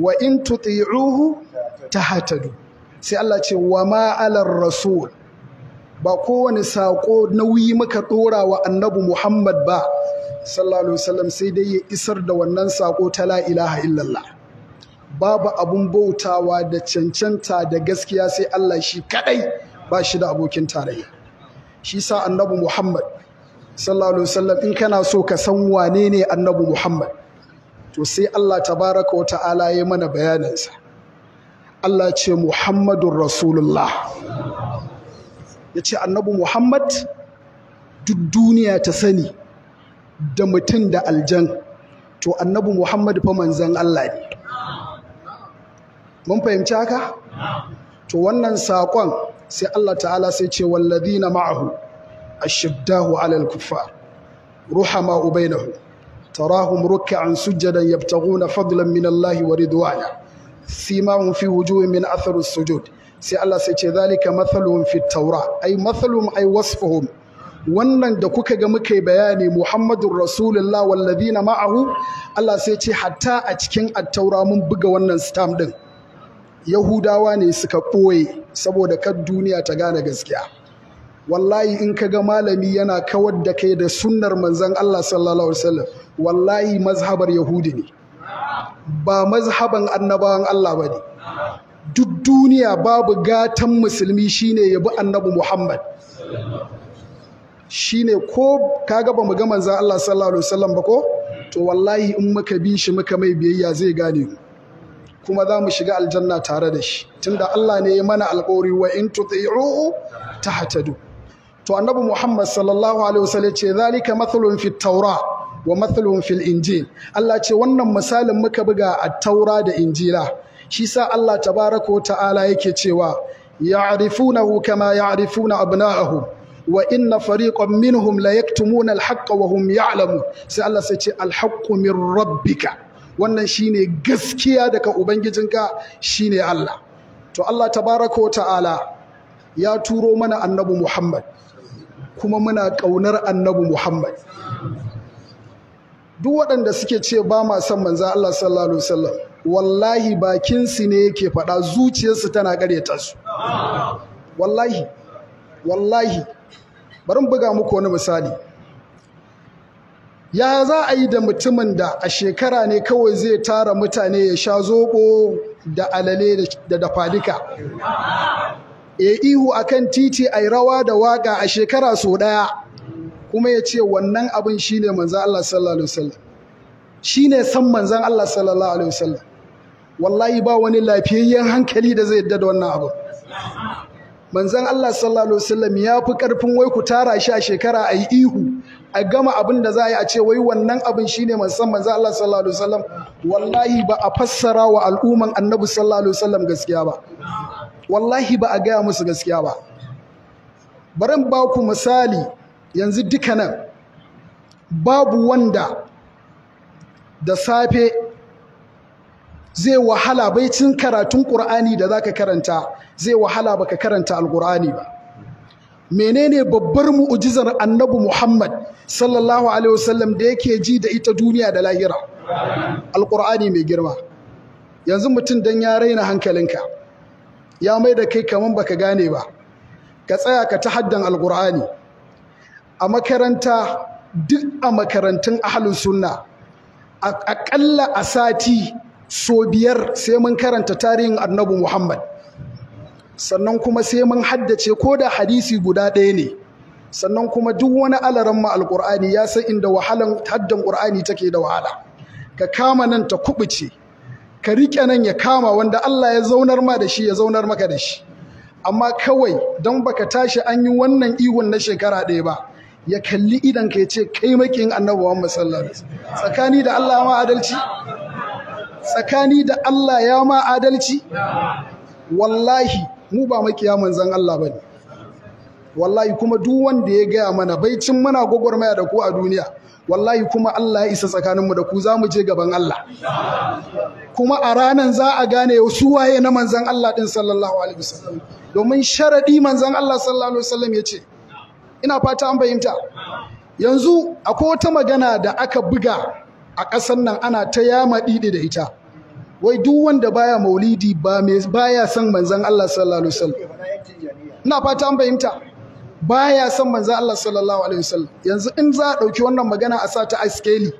wa in tuti'uhu tahtadu sai Allah ce wa ma alar rasul ba kowane sako nauyi muka dora wa annabi Muhammad ba sallallahu alaihi sai dai ya isar da wannan sako ta la ilaha illallah babu abun bautawa da cancanta da gaskiya sai Allah shi kadai ba shi da abokin tarayya shi sa annabi Muhammad sallallahu alaihi wasallam in kana so ka san wane ne annabi Muhammad to sai Allah tabaraka wa ta'ala ya mana bayaninsa Allah ce Muhammadur Rasulullah ya ce annabi Muhammad duk duniya ta sani da mutum da aljan to annabi Muhammad fa manzan Allah ne mun fahimci haka to wannan saƙon sai Allah ta'ala sai ce walladina ma'ahu ashiddahu 'alal kuffar ruhama ubainahu tarahum ruk'an sujadan na fadlan min Allah wa ridwana simahum fi wujuhihim min atharu sujud sai Allah sai ce zalika mathaluhum fi tawra ay mathaluhum ay wasfuhum wannan da kuka ga muka yi bayani Muhammadun Rasulullah walladina ma'ahu Allah sai ce hatta a cikin attaura mun buga wannan stamp din yahudawa ne suka ɓoye saboda kar duniya ta gane gaskiya wallahi in ka ga malami yana kawar da kai da sunnar manzon Allah sallallahu alaihi wasallam wallahi mazhabar yahudi ne ba mazhaban annabawan Allah ba ne duk duniya babu gatan musulmi shine ya bi annabi Muhammad shine ko kaga ba mu ga manzon Allah sallallahu alaihi wasallam ba ko to wallahi in muka bi shi muka mai biyayya zai gane mu kuma za mu shiga aljanna tare da shi tunda Allah ne ya mana alƙawari wa in tuti'uhu tahtadu to annabi Muhammad sallallahu alaihi wasallam ce zalika mathalun fit taura wa mathalun fil injil Allah ce wannan misalin muka buga a taura da injila shi sa Allah tabaraka wa ta'ala yake cewa ya'rifunahu kama ya'rifuna abna'ahum wa inna fariqan minhum la yaktumuna al-haqqa wa hum ya'lamun sai Allah sai ce al-haqqu min rabbika wannan shine gaskiya daga ubangijinka shine Allah to Allah tabaraka wa ta'ala ya turo mana annabi Muhammad kuma muna ƙaunar annabi Muhammad duk waɗanda suke ce ba ma son manzo Allah sallallahu alaihi wasallam wallahi bakinsu ne yake faɗa zuciyarsu tana ƙaryata su wallahi wallahi bari buga muku wani misali ya za a yi da mutumin da a shekara ne kawai zai tara mutane ya sha zoɓo da alale da dafadika ya ihu a kan titi a rawa da waƙa a shekara sau ɗaya kuma ya ce wannan abin shi ne manzan Allah sallallahu alaihi wasallam shi ne san manzan Allah sallallahu alaihi wasallam wallahi ba wani lafiyayyen hankali da zai yadda da wannan abin manzan Allah sallallahu alaihi wasallam ya fi ƙarfin wai ku tara shi a shekara a yi ihu a gama abin da za a yi a ce wai wannan abin shine musamman manzo Allah sallallahu alaihi wasallam wallahi ba a fassara wa al'umman annabi sallallahu alaihi wasallam gaskiya ba wallahi ba a gaya musu gaskiya ba bari ba ku misali yanzu duka nan babu wanda da safe zai wahala bai cin karatun ƙur'ani da zaka karanta zai wahala baka karanta alƙur'ani ba menene babbar mu'ujizar annabi Muhammad sallallahu alaihi wasallam da yake ji da ita duniya da lahira alqur'ani mai girma yanzu mutum dan ya raina hankalinka ya mai da kai kaman baka gane ba ka tsaya ka ta haddan alqur'ani a makaranta duk a makarantun ahlus sunna akalla a sati so biyar sai mun karanta tarihin annabi Muhammad sannan kuma sai mun haddace ko da hadisi guda ɗaya ne sannan kuma duk wani alaran ma alƙur'ani ya san inda wahalan haddan ƙur'ani take da wahala ka kama nan ta kubuce ka riƙe nan ya kama wanda Allah ya zaunar ma da shi ya zaunar maka da shi amma kawai don baka tashi an yi wannan ihun na shekara ɗaya ba ya kalli idan ka ce kai makin annabi Muhammad sallallahu tsakani da Allah ma adalci tsakani da Allah ya ma adalci wallahi mu ba makiya manzan Allah ba ne wallahi kuma duk wanda ya gaya mana bai baicin muna gwagwarmaya da ku a duniya wallahi kuma Allah ya isa tsakaninmu da ku za mu je gaban Allah kuma a ranan za a gane su waye na manzan Allah din sallallahu alaihi wasallam domin sharadi manzan Allah sallallahu alaihi wasallam ya ce ina fata an fahimta yanzu akwai wata magana da aka buga a ƙasar nan ana ta yama ɗiɗi da ita wai duk wanda baya maulidi ba me baya son manzon Allah sallallahu alaihi wasallam ina fata an fahimta baya son manzon Allah sallallahu alaihi wasallam yanzu in za a dauki wannan magana a sa ta askeli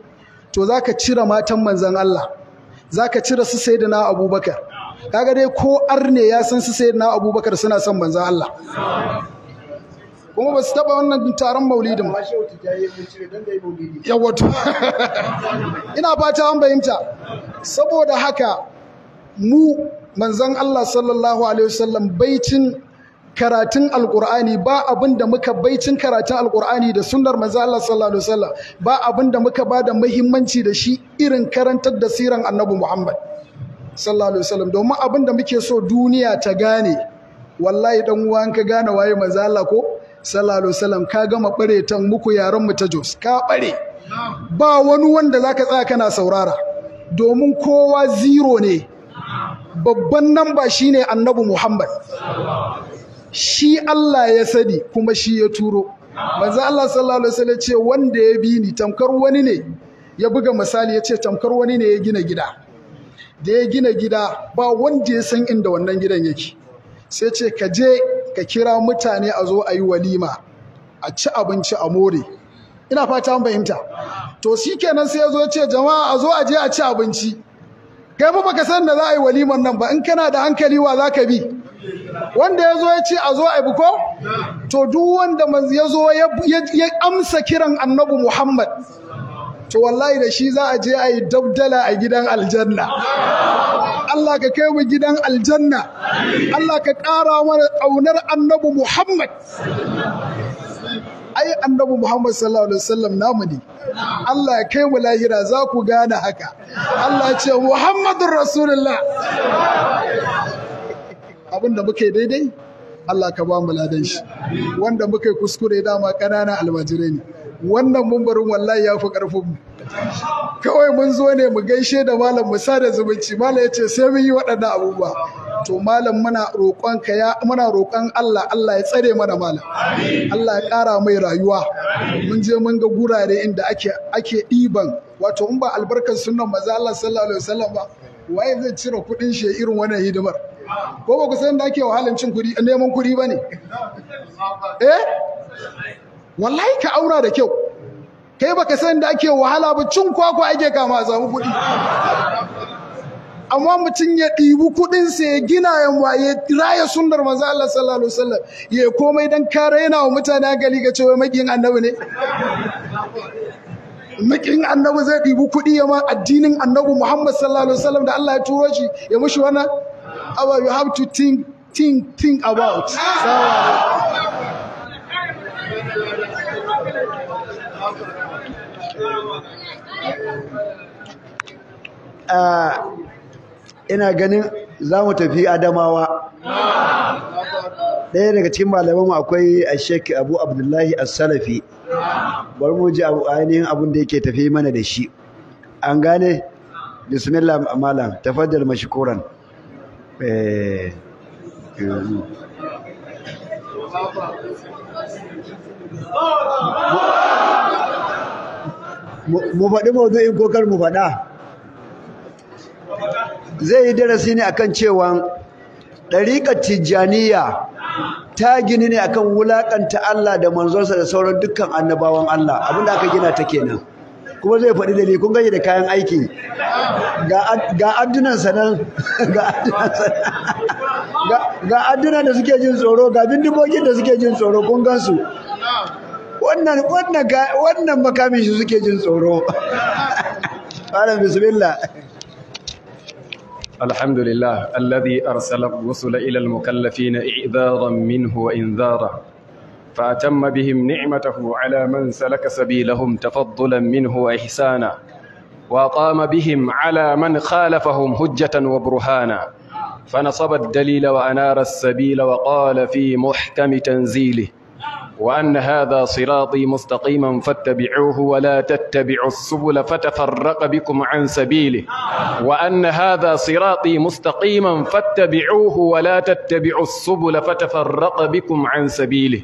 to zaka cire matan manzon Allah zaka cire su sayyidina Abubakar kaga dai ko arne ya san su sayyidina Abubakar suna son manzon Allah kuma ba su taba wannan taron maulidin ba <laughs> ina fata an bayimta, saboda haka mu manzan Allah sallallahu alaihi wasallam baitin karatun alkur'ani ba abin da muka baicin karatun alkur'ani da sunar manzo Allah sallallahu alaihi wasallam ba abin da muka da muhimmanci da shi irin karantar da siran annabi Muhammad sallallahu alaihi wasallam domin abin da muke so duniya ta gane wallahi dan uwa ka gane waye manzo Allah ko sallallahu alaihi ka gama bare tan muku yaran mu ta Jos ka bare ba wani wanda zaka tsaya kana saurara domin kowa zero ne babban ba shine annabi Muhammad shi Allah ya sani kuma shi ya turo manzo Allah sallallahu alaihi wasallam ce wanda ya bi ni tamkar wani ne ya buga misali ya ce tamkar wani ne ya gina gida da ya gina gida ba wanda ya san inda wannan gidan yake sai ce ka je ka kira mutane a zo a yi walima a ci abinci a more ina fata an fahimta to shi kenan sai ya zo ce jama'a a zo a je a ci abinci kai fa baka san da za a yi waliman nan ba in kana da hankali wa za ka bi wanda ya zo ya ce a zo a yi buko to duk wanda ya zo ya amsa kiran annabi muhammad to wallahi da shi za a je a yi dabdala a gidan aljanna Allah ka kai mu gidan aljanna Allah ka ƙara mana ƙaunar annabi Muhammad ai annabi Muhammad sallallahu alaihi wasallam namu ne Allah ya kai mu lahira za ku gane haka Allah ya ce Muhammadur Rasulullah abinda muke daidai Allah ka ba mu ladan shi wanda muke kuskure dama ƙanana almajirai ne wannan mumbarin wallahi ya fi ƙarfinmu kawai mun zo ne mu gaishe da malam mu sada zumunci malam ya ce sai mun yi waɗannan abubuwa to malam muna roƙon ka ya muna roƙon Allah Allah ya tsare mana malam Allah ya ƙara mai rayuwa mun je mun ga gurare inda ake ake ɗiban wato in ba albarkar sunnan maza Allah sallallahu alaihi wasallam ba waye zai cire kuɗin shi irin wannan hidimar ko ba ku san da ake wahalan cin kuɗi neman kuɗi ba ne eh wallahi ka aura da kyau kai baka san da ake wahala ba cin kwakwa ake kama a samu kuɗi amma mutum ya ɗibi kuɗinsa ya gina yamma ya raya sunnar manzo Allah sallallahu alaihi wasallam ya komai dan kare yana wa mutane hankali ga cewa makin annabi ne makin annabi zai ɗibi kuɗi ya ma addinin annabi Muhammad sallallahu alaihi wasallam da Allah ya turo shi ya mushi wannan aba you have to think think think about ina ganin za mu tafi adamawa ɗaya daga cikin malamanmu akwai a shek abu abdullahi as-salafi bari mu ji ainihin abin da yake tafi mana da shi an gane bismillah malam tafaddal mashkuran eh, mu faɗi maudu'in ko kar mu faɗa zai yi darasi ne akan cewa ɗariƙar tijjaniya ta gini ne akan wulaƙanta Allah da manzonsa da sauran dukkan annabawan Allah abinda aka gina ta kenan kuma zai faɗi da kun gani da kayan aiki ga addunan sanar ga addunan <laughs> da suke jin tsoro ga bindigogin da suke jin tsoro kun gansu wannan makamin shi suke jin tsoro ƙwarar <laughs> bismillah الحمد لله الذي أرسل الرسل إلى المكلفين إعذارا منه وإنذارا فأتم بهم نعمته على من سلك سبيلهم تفضلا منه وإحسانا وقام بهم على من خالفهم هجة وبرهانا فنصب الدليل وأنار السبيل وقال في محكم تنزيله وأن هذا صراطي مستقيما فاتبعوه ولا تتبعوا السبل فتفرق بكم عن سبيله وأن هذا صراطي مستقيما فاتبعوه ولا تتبعوا السبل فتفرق بكم عن سبيله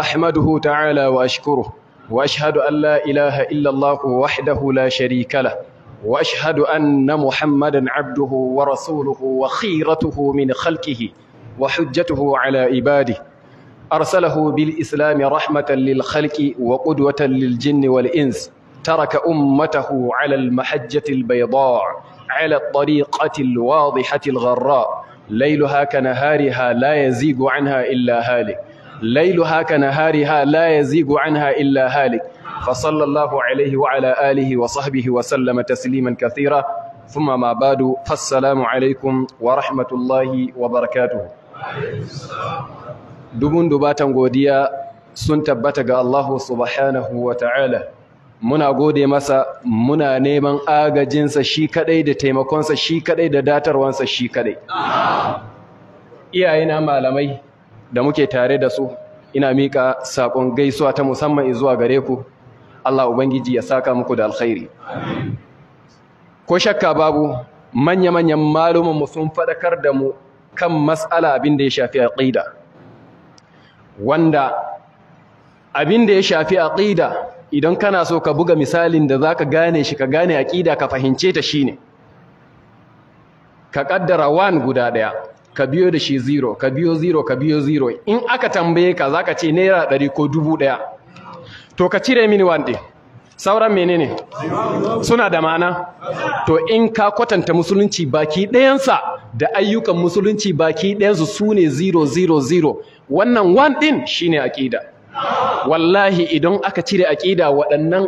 أحمده تعالى وأشكره وأشهد أن لا إله إلا الله وحده لا شريك له وأشهد أن محمدا عبده ورسوله وخيرته من خلقه وحجته على عباده أرسله بالإسلام رحمة للخلق وقدوة للجن والإنس ترك أمته على المحجة البيضاء على الطريقة الواضحة الغراء ليلها كنهارها لا يزيغ عنها إلا هالك ليلها كنهارها لا يزيغ عنها إلا هالك فصلى الله عليه وعلى آله وصحبه وسلم تسليما كثيرا ثم ما بعد فالسلام عليكم ورحمة الله وبركاته dubun dubatan godiya sun tabbata ga Allahu subhanahu wa ta'ala muna gode masa muna neman agajinsa shi kadai da taimakonsa shi kaɗai da datarwansa shi kadai iyayena malamai da muke tare da su ina mika sakon gaisuwa ta musamman zuwa gare ku Allah ubangiji ya saka muku da alkhairi ko shakka babu manya-manyan malumanmu sun faɗakar da mu kan mas'ala abin da ya shafi aqida wanda abin da ya shafi aqida idan kana so ka buga misalin da zaka gane shi ka gane aqida ka fahince ta shine ka kaddara 1 guda daya ka biyo da shi 0 ka biyo 0 ka biyo 0 in aka tambaye ka zaka ce naira 100 ko 1000 to ka cire mini wande, sauran menene suna da ma'ana? to in ka kwatanta musulunci baki ɗayansa da ayyukan musulunci baki ɗayansu su ne 000 wannan wan din shine aqida wallahi idan aka cire aqida waɗannan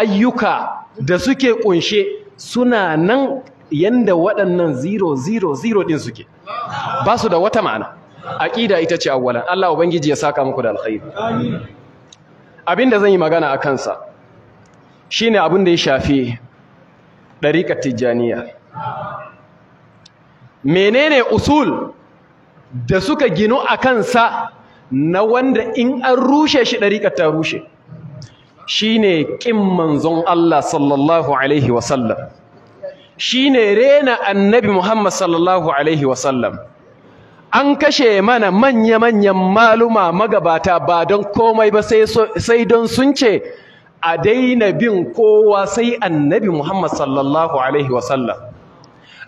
ayyuka da suke kunshe suna nan yanda waɗannan 000 din suke ba su da wata ma'ana aqida ita ce awwalan Allah ubangiji ya saka muku da alkhairi Abin da zan yi magana a kansa shine abin da ya shafi ɗariƙar tijjaniya menene usul da suka gino a kansa na wanda in an rushe shi ɗariƙar ta rushe ne ƙin manzon Allah sallallahu alaihi wasallam ne rena annabi Muhammad sallallahu alaihi wasallam an kashe mana manya-manyan maluma magabata ba don komai ba sai don sun ce a daina bin kowa sai annabi Muhammad sallallahu alaihi wasallam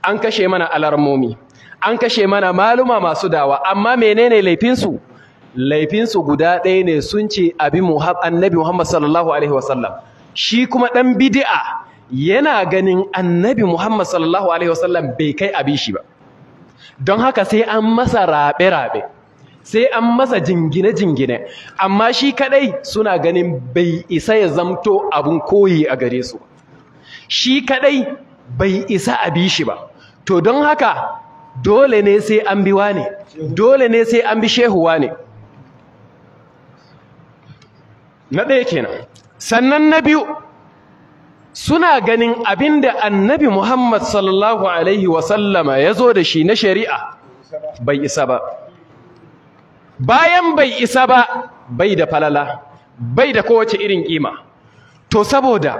an kashe mana alarmomi an kashe mana maluma masu dawa amma menene laifinsu laifinsu guda ɗaya ne sun ce abin annabi muhammad sallallahu alaihi wasallam shi kuma ɗan bidi'a yana ganin annabi muhammad sallallahu alaihi wasallam bai kai abishi shi ba don haka sai an masa rabe-rabe, sai an masa jingine-jingine amma shi kadai suna ganin bai isa ya zamto abin koyi a gare su shi kadai bai isa a shi ba to don haka dole ne sai an bi ne dole ne sai an bi shehu ne na ɗaya kenan sannan na biyu suna ganin abinda annabi Muhammad sallallahu alaihi wasallama ya zo da shi na shari'a bai isa ba bayan bai isa ba bai da falala bai da kowace irin kima to saboda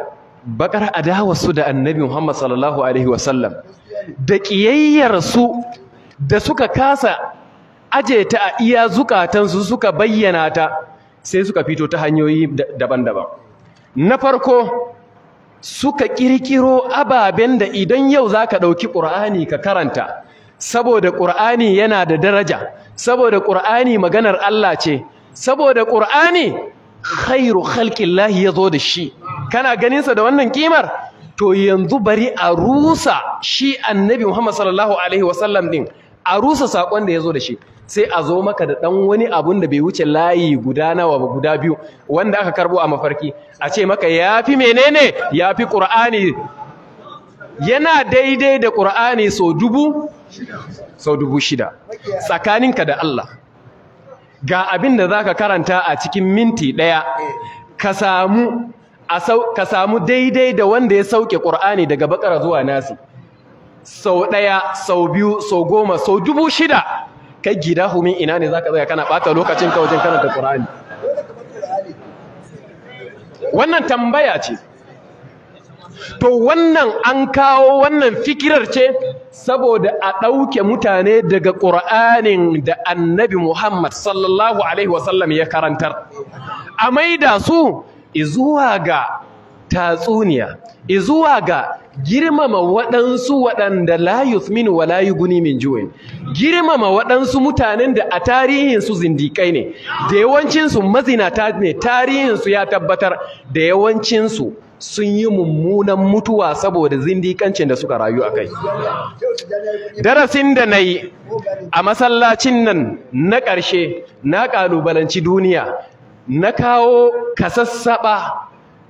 bakar adawarsu da annabi Muhammad sallallahu alaihi wasallam da ƙiyayyar su da suka kasa aje ta a iya zukatansu suka bayyana ta sai suka fito ta hanyoyi daban-daban na farko suka ƙirƙiro ababen da idan yau za ka ɗauki ƙur'ani ka karanta saboda ƙur'ani yana da daraja saboda ƙur'ani maganar Allah ce saboda ƙur'ani khairu ya zo da shi kana ganinsa da wannan ƙimar? to yanzu bari a rusa shi annabi Muhammad sallallahu alaihi wasallam din a rusa sakon da yazo da shi sai a zo maka da dan wani abun da bai wuce layi guda nawa ba guda biyu wanda aka karbo a mafarki a ce maka yafi menene yafi qur'ani yana daidai da qur'ani so dubu so dubu shida tsakaninka da Allah ga abin da zaka karanta a cikin minti daya ka samu ka samu daidai da wanda ya sauke Qur'ani daga Bakara zuwa Nasi sau ɗaya sau biyu sau goma sau dubu shida kai gida humin ina ne zaka tsaya kana ɓata lokacin ka wajen karanta Qur'ani wannan tambaya ce to wannan an kawo wannan fikirar ce saboda a ɗauke mutane daga ƙur'anin da annabi Muhammad sallallahu alaihi wasallam ya karantar a maida su izuwa ga tatsuniya izuwa ga girmama waɗansu waɗanda layus min wa layu guni min juwin girmama waɗansu mutanen da a tarihinsu zindikai ne da yawancinsu mazinata ne tarihinsu ya tabbatar da yawancinsu sun yi mummunan mutuwa saboda zindikancin da suka rayu a kai darasin da na yi a masallacin nan na ƙarshe na ƙalubalanci duniya na kawo kasassaba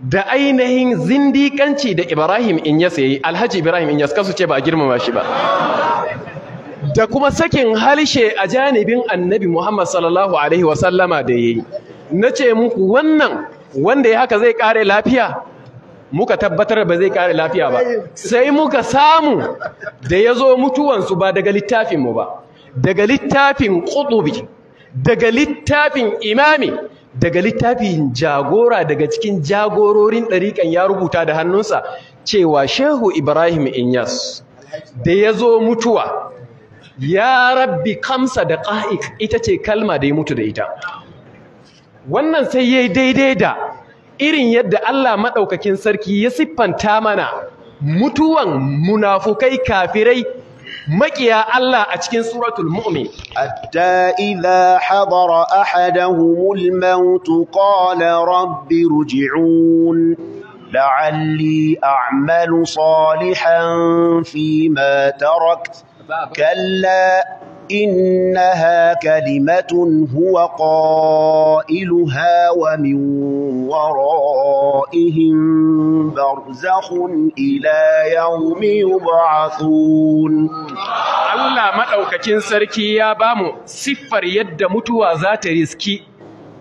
da ainihin zindiƙanci da Ibrahim in ya sayi Alhaji Ibrahim in ya kasu ce ba a girmama shi ba da kuma sakin halshe a janibin Annabi Muhammad sallallahu alaihi Wasallama da ya yi. Na ce muku wannan wanda ya haka zai kare lafiya muka tabbatar ba zai kare lafiya ba sai muka samu da ya zo mutuwansu ba daga littafinmu ba daga littafin Kudubi, daga littafin Imami daga littafin jagora daga cikin jagororin ɗariƙan ya rubuta da hannunsa cewa shehu ibrahim inyas da ya zo mutuwa ya rabbi kamsa da ƙa’iƙ ita ce kalma da ya mutu da ita wannan sai ya daidai da irin yadda allah maɗaukakin sarki ya siffanta mana mutuwan munafukai kafirai مكيا الله أتكين سورة المؤمن حتى إذا حضر أحدهم الموت قال رب ارجعون لعلي أعمل صالحا فيما تركت كلا إنها كلمة هو قائلها ومن ورائهم برزخ إلى يوم يبعثون Allah maɗaukakin sarki ya bamu siffar yadda mutuwa za ta riski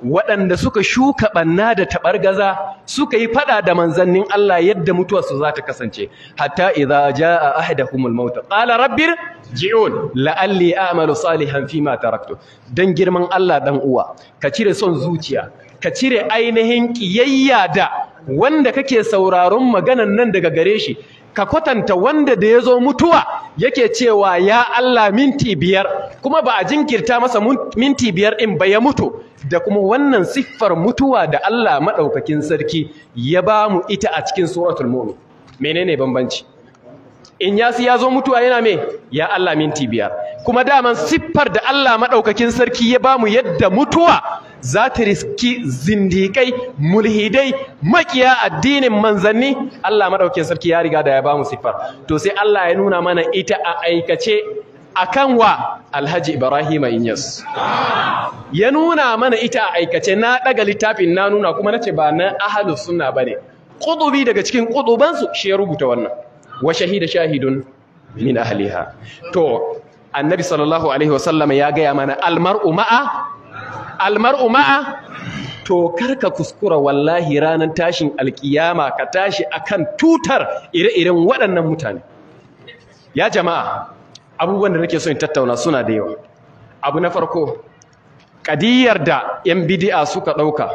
waɗanda suka shuka ɓanna da taɓargaza suka yi faɗa da manzannin Allah yadda mutuwarsu za ta kasance hatta ja a jaa humul mauta. Ƙala rabbir ji'un la'alli a'malu salihan ma taraktu Don girman Allah dan uwa ka cire son zuciya ka cire ainihin ƙiyayya da wanda kake sauraron maganan nan daga gare shi ka kwatanta wanda da ya zo mutuwa yake cewa ya Allah minti biyar kuma ba a jinkirta masa minti biyar in ba ya mutu da kuma wannan siffar mutuwa da Allah maɗaukakin sarki ya ba mu ita a cikin suratul mumin menene bambanci in yasi ya zo mutuwa yana me ya Allah minti biyar kuma daman siffar da Allah maɗaukakin sarki ya bamu yadda mutuwa za ta riski zindiƙai mulhidai makiya addinin manzanni Allah maɗaukakin sarki ya riga da ya bamu siffar to sai Allah ya nuna mana ita a aikace akan wa Alhaji Ibrahim Inyas ya nuna mana ita a aikace na ɗaga littafin na nuna kuma na ce ba na ahlus sunna ne. kudubi daga cikin kudubansu shi ya rubuta wannan wa shahida shahidun min ahliha to annabi sallallahu alaihi wasallam ya gaya mana almar'u ma'a almar'u ma'a to karka kuskura wallahi ranar tashin alkiyama ka tashi akan tutar ire-iren waɗannan mutane ya jama'a abubuwan da nake so in tattauna suna da yawa abu na farko kadiyar da 'yan bidi'a suka ɗauka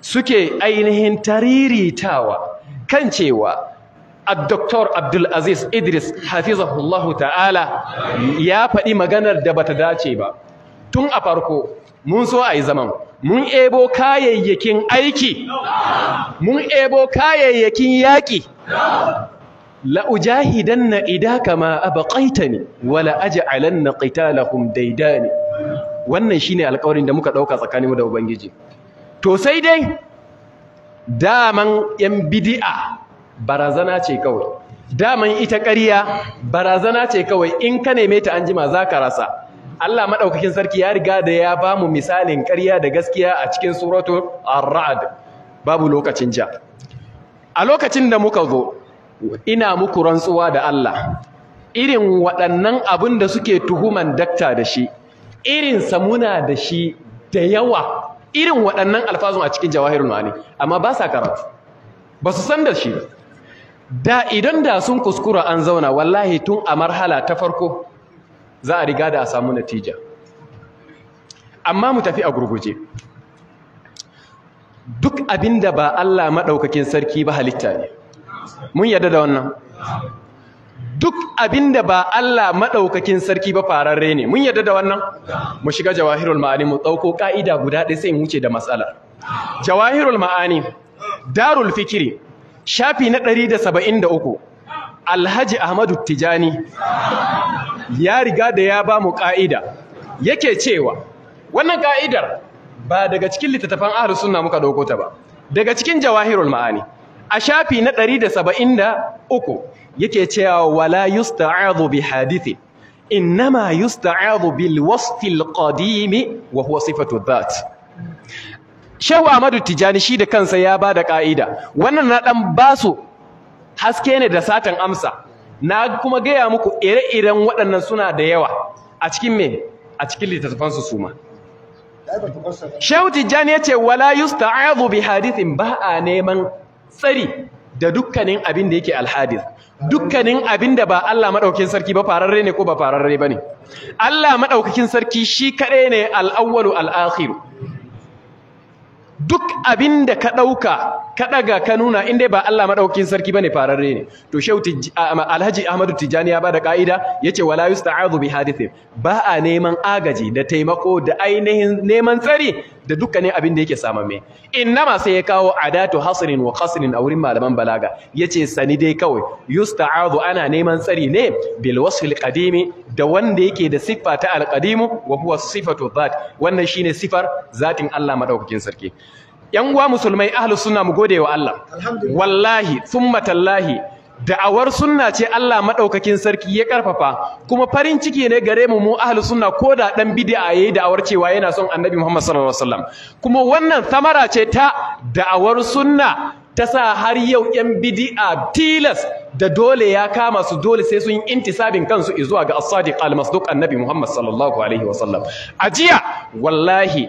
suke ainihin tariritawa kan cewa الدكتور عبد العزيز إدريس حفظه الله تعالى يا فدي maganar da bata dace ba tun a farko mun so ai zaman mun ebo kayayyakin aiki mun ebo kayayyakin yaki la ujahidanna idaka ma abqaitani wala aj'alanna qitalahum daidani wannan shine alƙawarin da muka dauka tsakaninmu da ubangiji to sai dai daman yan bid'a barazana ce kawai daman ita ƙarya barazana ce kawai in ka neme ta anjima za ka rasa Allah maɗaukakin sarki ya riga da ya ba mu misalin ƙarya da gaskiya a cikin suratul ar-ra'd babu lokacin ja a lokacin da muka zo ina muku rantsuwa da Allah irin waɗannan abin da suke tuhuman dakta da shi irin samuna da shi da yawa irin waɗannan alfazun a cikin jawahirul ma'ani amma ba sa karatu ba su san da shi da idan da sun kuskura an zauna wallahi tun a marhala ta farko za a riga da a samu natija amma mu tafi a gurguje duk abin da ba Allah maɗaukakin sarki ba halitta ne mun yadda da wannan duk abin da ba Allah maɗaukakin sarki ba fararre ne mun yadda da wannan mu shiga jawahirul ma'ani mu ɗauko ƙa'ida guda ɗaya sai in wuce da matsala. jawahirul ma'ani darul fikiri shafi na 173 alhaji ahmadu tijani ya riga da ya ba mu ƙa'ida yake cewa wannan ƙa'idar ba daga cikin littattafan ahlus sunna muka ɗauko ta ba daga cikin jawahirul ma'ani a shafi na 173 yake cewa wala yusta'adhu bi hadithi innama yusta'adhu bil wasfil qadim wa huwa sifatu dhat Shehu Ahmadu Tijani shi da kansa ya ba da ƙa'ida. wannan na ɗan basu haske ne da satan amsa na kuma gaya muku ire-iren waɗannan suna da yawa a cikin me a cikin littattafansu suma Shehu Tijani ya ce wala yusta'adhu bi hadithin ba a neman tsari da dukkanin abin da yake alhadis dukkanin abin da ba Allah madaukakin sarki ba fararre ne ko ba fararre bane Allah maɗaukakin sarki shi kaɗai ne al-awwalu al-akhir duk abin da ka ɗauka ka ɗaga ka nuna in dai ba Allah maɗaukin sarki ba bane fararre ne to shehu alhaji ahmadu tijjani ya da ƙa'ida. ya ce wala yusta'adhu bi hadithin ba a neman agaji da taimako da ainihin neman tsari da dukkanin abin da yake samame innama sai ya kawo adatu hasrin wa qasrin a wurin malaman balaga yace sani dai kawai yusta'adu ana neman tsari ne bil wasfil qadimi da wanda yake da siffa ta al qadimu wa huwa sifatu dhat wannan shine sifar zatin Allah madaukakin sarki yan uwa musulmai ahlus sunna mu gode wa Allah wallahi thumma tallahi da'awar sunna ce Allah madaukakin sarki ya karfafa kuma farin ciki ne gare mu mu ahli sunna ko da dan bid'a yayi da'awar cewa yana son Annabi Muhammad sallallahu alaihi wasallam kuma wannan samara ce ta da'awar sunna ta sa har yau yan bid'a tilas da dole ya kama su dole sai sun intisabin kansu zuwa ga as-sadiq al-masduq annabi Muhammad sallallahu alaihi wasallam ajiya wallahi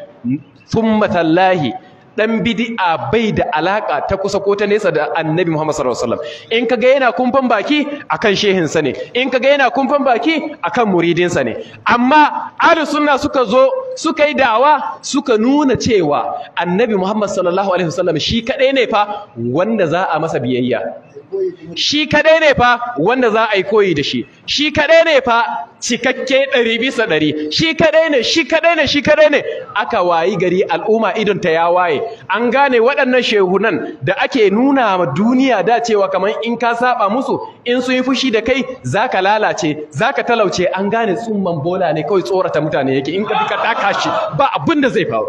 thumma tallahi dan bid'a bai da alaƙa ta kusa ko ta nesa da annabi Muhammad sallallahu alaihi wasallam in kaga yana kumfan baki akan shehin sa ne in ka ga yana kumfan baki akan muridin sa ne amma ahli sunna suka zo suka yi dawa suka nuna cewa annabi Muhammad sallallahu alaihi wasallam shi kadai ne fa wanda za a masa biyayya shi kaɗai ne fa wanda za a yi koyi da shi shi kaɗai ne fa cikakke ɗari bisa ɗari shi kaɗai ne shi kaɗai ne shi kaɗai ne aka wayi gari al'umma idon ta ya waye an gane waɗannan shehunan da ake nuna ma duniya da cewa kamar in ka saba musu in sun yi fushi da kai za ka lalace za ka talauce an gane tsumman bola ne kawai tsorata mutane yake in ka fi ka taka shi ba abin zai faru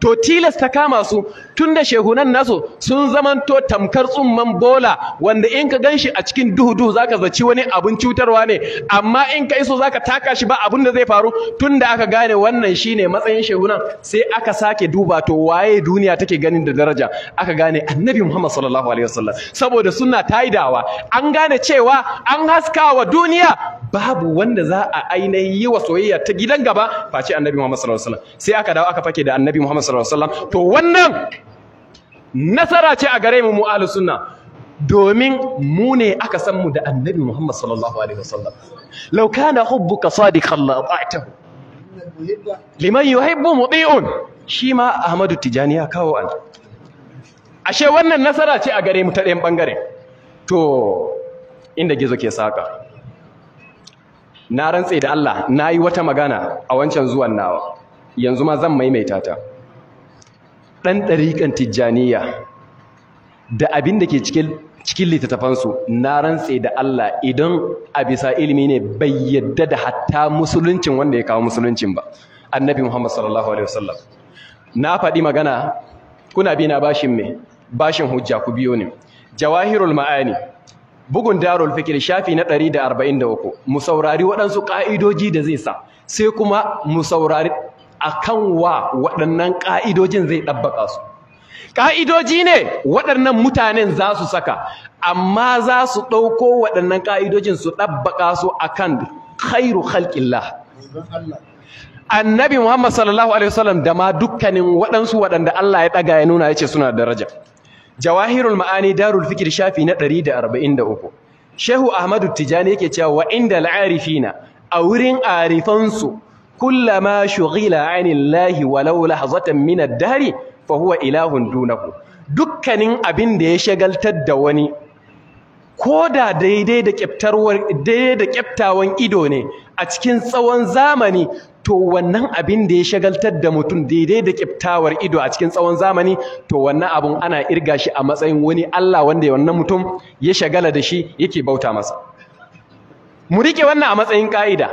to tilasta kama su tunda shehunan nasu sun zamanto tamkar tsumman bola wanda in ka ganshi a cikin duhu duhu zaka zaci wani abin cutarwa ne amma in ka iso zaka taka shi ba abin da zai faru tunda aka gane wannan shine matsayin shehunan sai aka sake duba to waye duniya take ganin da daraja aka gane annabi Muhammad sallallahu alaihi wasallam saboda sunna taidawa an gane cewa an haskawa duniya babu wanda za a ainihin yi wa soyayya ta gidan gaba face annabi Muhammad sallallahu alaihi wasallam sai aka dawo aka fake da annabi Muhammad sallallahu alaihi wasallam to wannan nasara ce a gare mu mu ahlus sunna domin mu ne aka san mu da annabi Muhammad sallallahu alaihi wasallam law kana hubbuka sadiqan la ata'tahu liman yuhibbu muti'un shi ma Ahmadu Tijani ya kawo an ashe wannan nasara ce a gare mu ta ɗayan bangare to inda gizo ke saka na rantse da Allah na yi wata magana a wancan zuwan nawa yanzu ma zan maimaita ta ɗan ɗariƙan tijjaniya da abin da ke cikin littattafansu na rantse da Allah idan a bisa ilimi ne bai yadda da hatta musuluncin wanda ya kawo musuluncin ba annabi Muhammad sallallahu alaihi wasallam na faɗi magana kuna bi na bashin me bashin hujja ku biyo ne jawahirul ma'ani bugun darul fikir shafi na 143 mu saurari waɗansu ƙa'idoji da zai sa sai kuma mu saurari akan wa waɗannan ƙa'idojin zai ɗabbaka su ƙa'idoji ne waɗannan mutanen za su saka amma za su ɗauko waɗannan ƙa'idojin su ɗabbaka su a akan khairu khalqillah annabi Muhammad sallallahu alaihi wasallam da ma dukkanin waɗansu waɗanda Allah ya ɗaga ya nuna ya ce suna daraja jawahirul ma'ani darul fikir shafi na ɗari 143 shehu ahmadu tijani yake cewa wa inda la'arifina a wurin arifansu kullama shughila anillahi walau lahzatan min ad fa huwa ilahun dunaku. dukkanin abin da ya shagaltar da wani koda da daidai da kyaftawan ido ne a cikin tsawon zamani to wannan abin da ya shagaltar da mutum daidai da kyaftawar ido a cikin tsawon zamani to wannan abun ana irga shi a matsayin wani Allah wanda wannan mutum ya shagala da shi yake bauta masa mu rike wannan a matsayin ƙa'ida.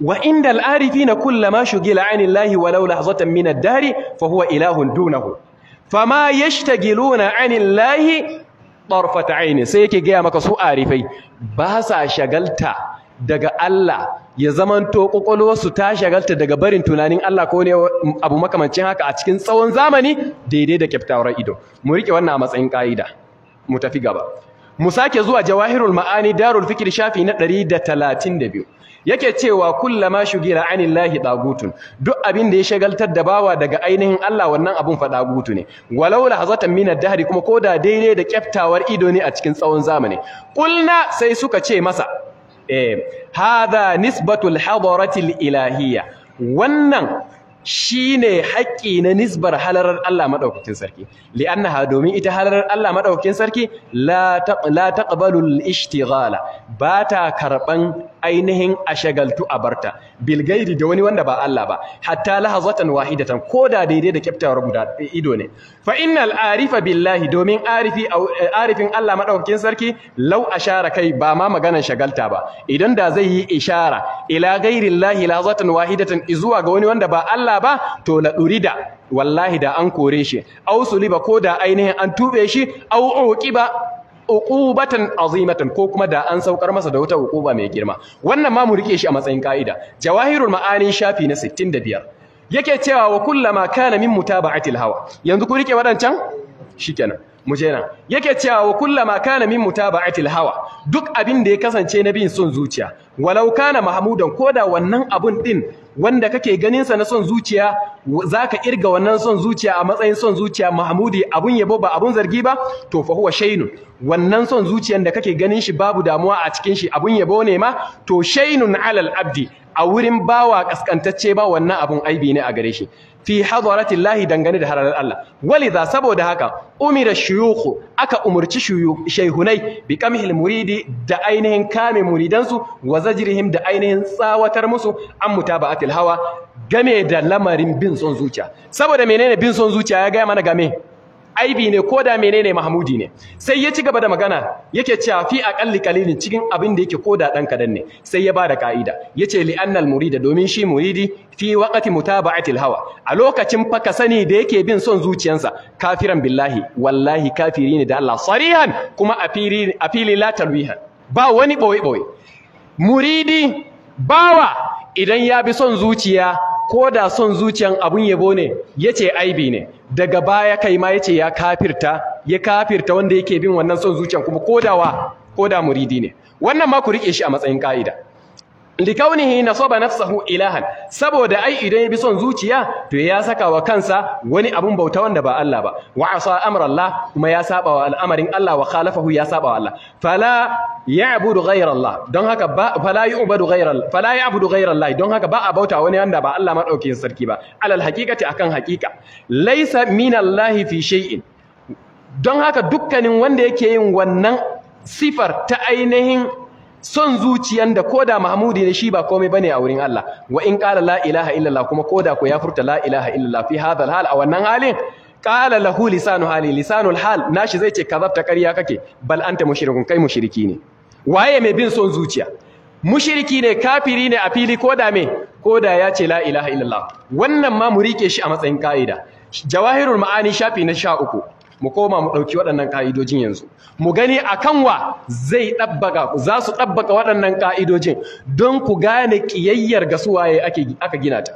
wa inda al'arifina kullama shugila anillahi walau laula min ad-dari fa huwa ilahun dunahu fama yashtagiluna anillahi tarfata aini sai yake gaya maka su arifai ba sa shagalta daga Allah ya zamanto su ta shagalta daga barin tunanin Allah ko ne abu makamancin haka a cikin tsawon zamani daidai da kyaftawar ido mu rike wannan a matsayin ƙa'ida mu tafi gaba mu sake zuwa jawahirul ma'ani darul fikr shafi na biyu. yake cewa kullama shugira anillahi dagutun duk abin da ya shagaltar da bawa daga ainihin Allah wannan abun fa dagutu ne walau lahzatan min ad-dahri kuma koda daidai da kyaftawar ido ne a cikin tsawon zamani kulna sai suka ce masa eh hadha nisbatul hadaratil ilahiyya wannan shine haƙƙi na nisbar halarar Allah madaukakin sarki li'annaha domin ita halarar Allah madaukakin sarki la taqbalu al-ishtighala bata karban ainihin a shagaltu a barta bilgairi da wani wanda ba Allah ba hatta lahazatan wahidatan ko da daidai da kyaftawar guda ido ne fa innal arifa billahi domin arifi eh, arifin Allah madaukakin sarki law ashara kai ba ma maganar shagalta ba idan da zai yi ishara ila gairi llahi lahazatan wahidatan izuwa ga wani wanda ba Allah ba to la durida wallahi da an kore shi au suliba ko da ainihin an tube shi au uqiba uqubatan azimatan ko kuma da an saukar masa da wata uquba mai girma wannan ma mu rike shi a matsayin kaida jawahirul ma'ani shafi na 65 yake cewa wa kullama kana min mutaba'atil hawa yanzu ku rike wadancan shikenan mu yake cewa wa kullama kana min mutaba'atil hawa duk abin da ya kasance na bin son zuciya walau kana mahmudan koda wannan abun din wanda kake ganin sa na son zuciya zaka irga wannan son zuciya a matsayin son zuciya mahmudi abun yabo ba abun zargi ba to fa huwa shaynun wannan son zuciyan da kake ganin shi babu damuwa a cikin shi abun yabo ne ma to shaynun alal abdi a wurin bawa kaskantacce ba wannan abun aibi ne a gare shi fi lahi dangane da harar Allah za saboda haka umira shuyukhu aka umarci shaihunai bi kamhil muridi da ainihin kame muridansu wa zajrihim da ainihin tsawatar musu an mutaba'atil hawa game da lamarin bin son zuciya saboda menene bin son zuciya ya gaya mana game aibi ne ko da menene mahmudi ne sai ya ci gaba da magana yake cewa fi aqalli qalilin cikin abin da yake koda dan kadan ne sai ya bada kaida yace li annal murida domin shi muridi fi waqti mutaba'atil hawa a lokacin fa ka sani da yake bin son zuciyarsa, kafiran billahi wallahi kafiri ne da Allah sarihan kuma afiri afili la talwihan ba wani boye boye muridi bawa idan ya bi son zuciya ko da son zuciyan abun yabo ne yace aibi ne daga baya kai ma yace ya kafirta ya kafirta wanda yake bin wannan son zuciyan kuma kodawa koda muridi ne wannan ma ku rike shi a matsayin ka'ida likaunihi nasaba nafsahu ilahan saboda ai idan ya bi son zuciya to ya saka wa kansa wani abun bauta wanda ba Allah ba wa asa amrallah kuma ya saba wa al'amarin Allah wa khalafahu ya saba wa Allah fala ya'budu ghayra Allah don haka ba fala yu'budu ghayra fala ya'budu ghayra Allah don haka ba a bauta wani wanda ba Allah madaukakin sarki ba alal haqiqati akan haqiqa laysa minallahi fi shay'in don haka dukkanin wanda yake yin wannan sifar ta ainihin son zuciyan da koda mahmudi ne shi ba komai bane a wurin Allah wa in qala la ilaha illallah kuma koda ko ya furta la ilaha illallah fi hada hal a wannan halin qala lahu lisanu hali lisanul hal nashi zai ce kazabta karya kake bal anta mushrikun kai mushriki ne waye mai bin son zuciya mushriki ne kafiri ne a fili koda me koda ya ce la ilaha illallah wannan ma mu rike shi a matsayin kaida jawahirul ma'ani shafi na 13 mu koma mu ɗauki waɗannan ƙa'idojin yanzu mu gani a kan wa zai ɗabbaka za su ɗabbaka waɗannan ƙa'idojin don ku gane ƙiyayyar ga suwaye aka gina ta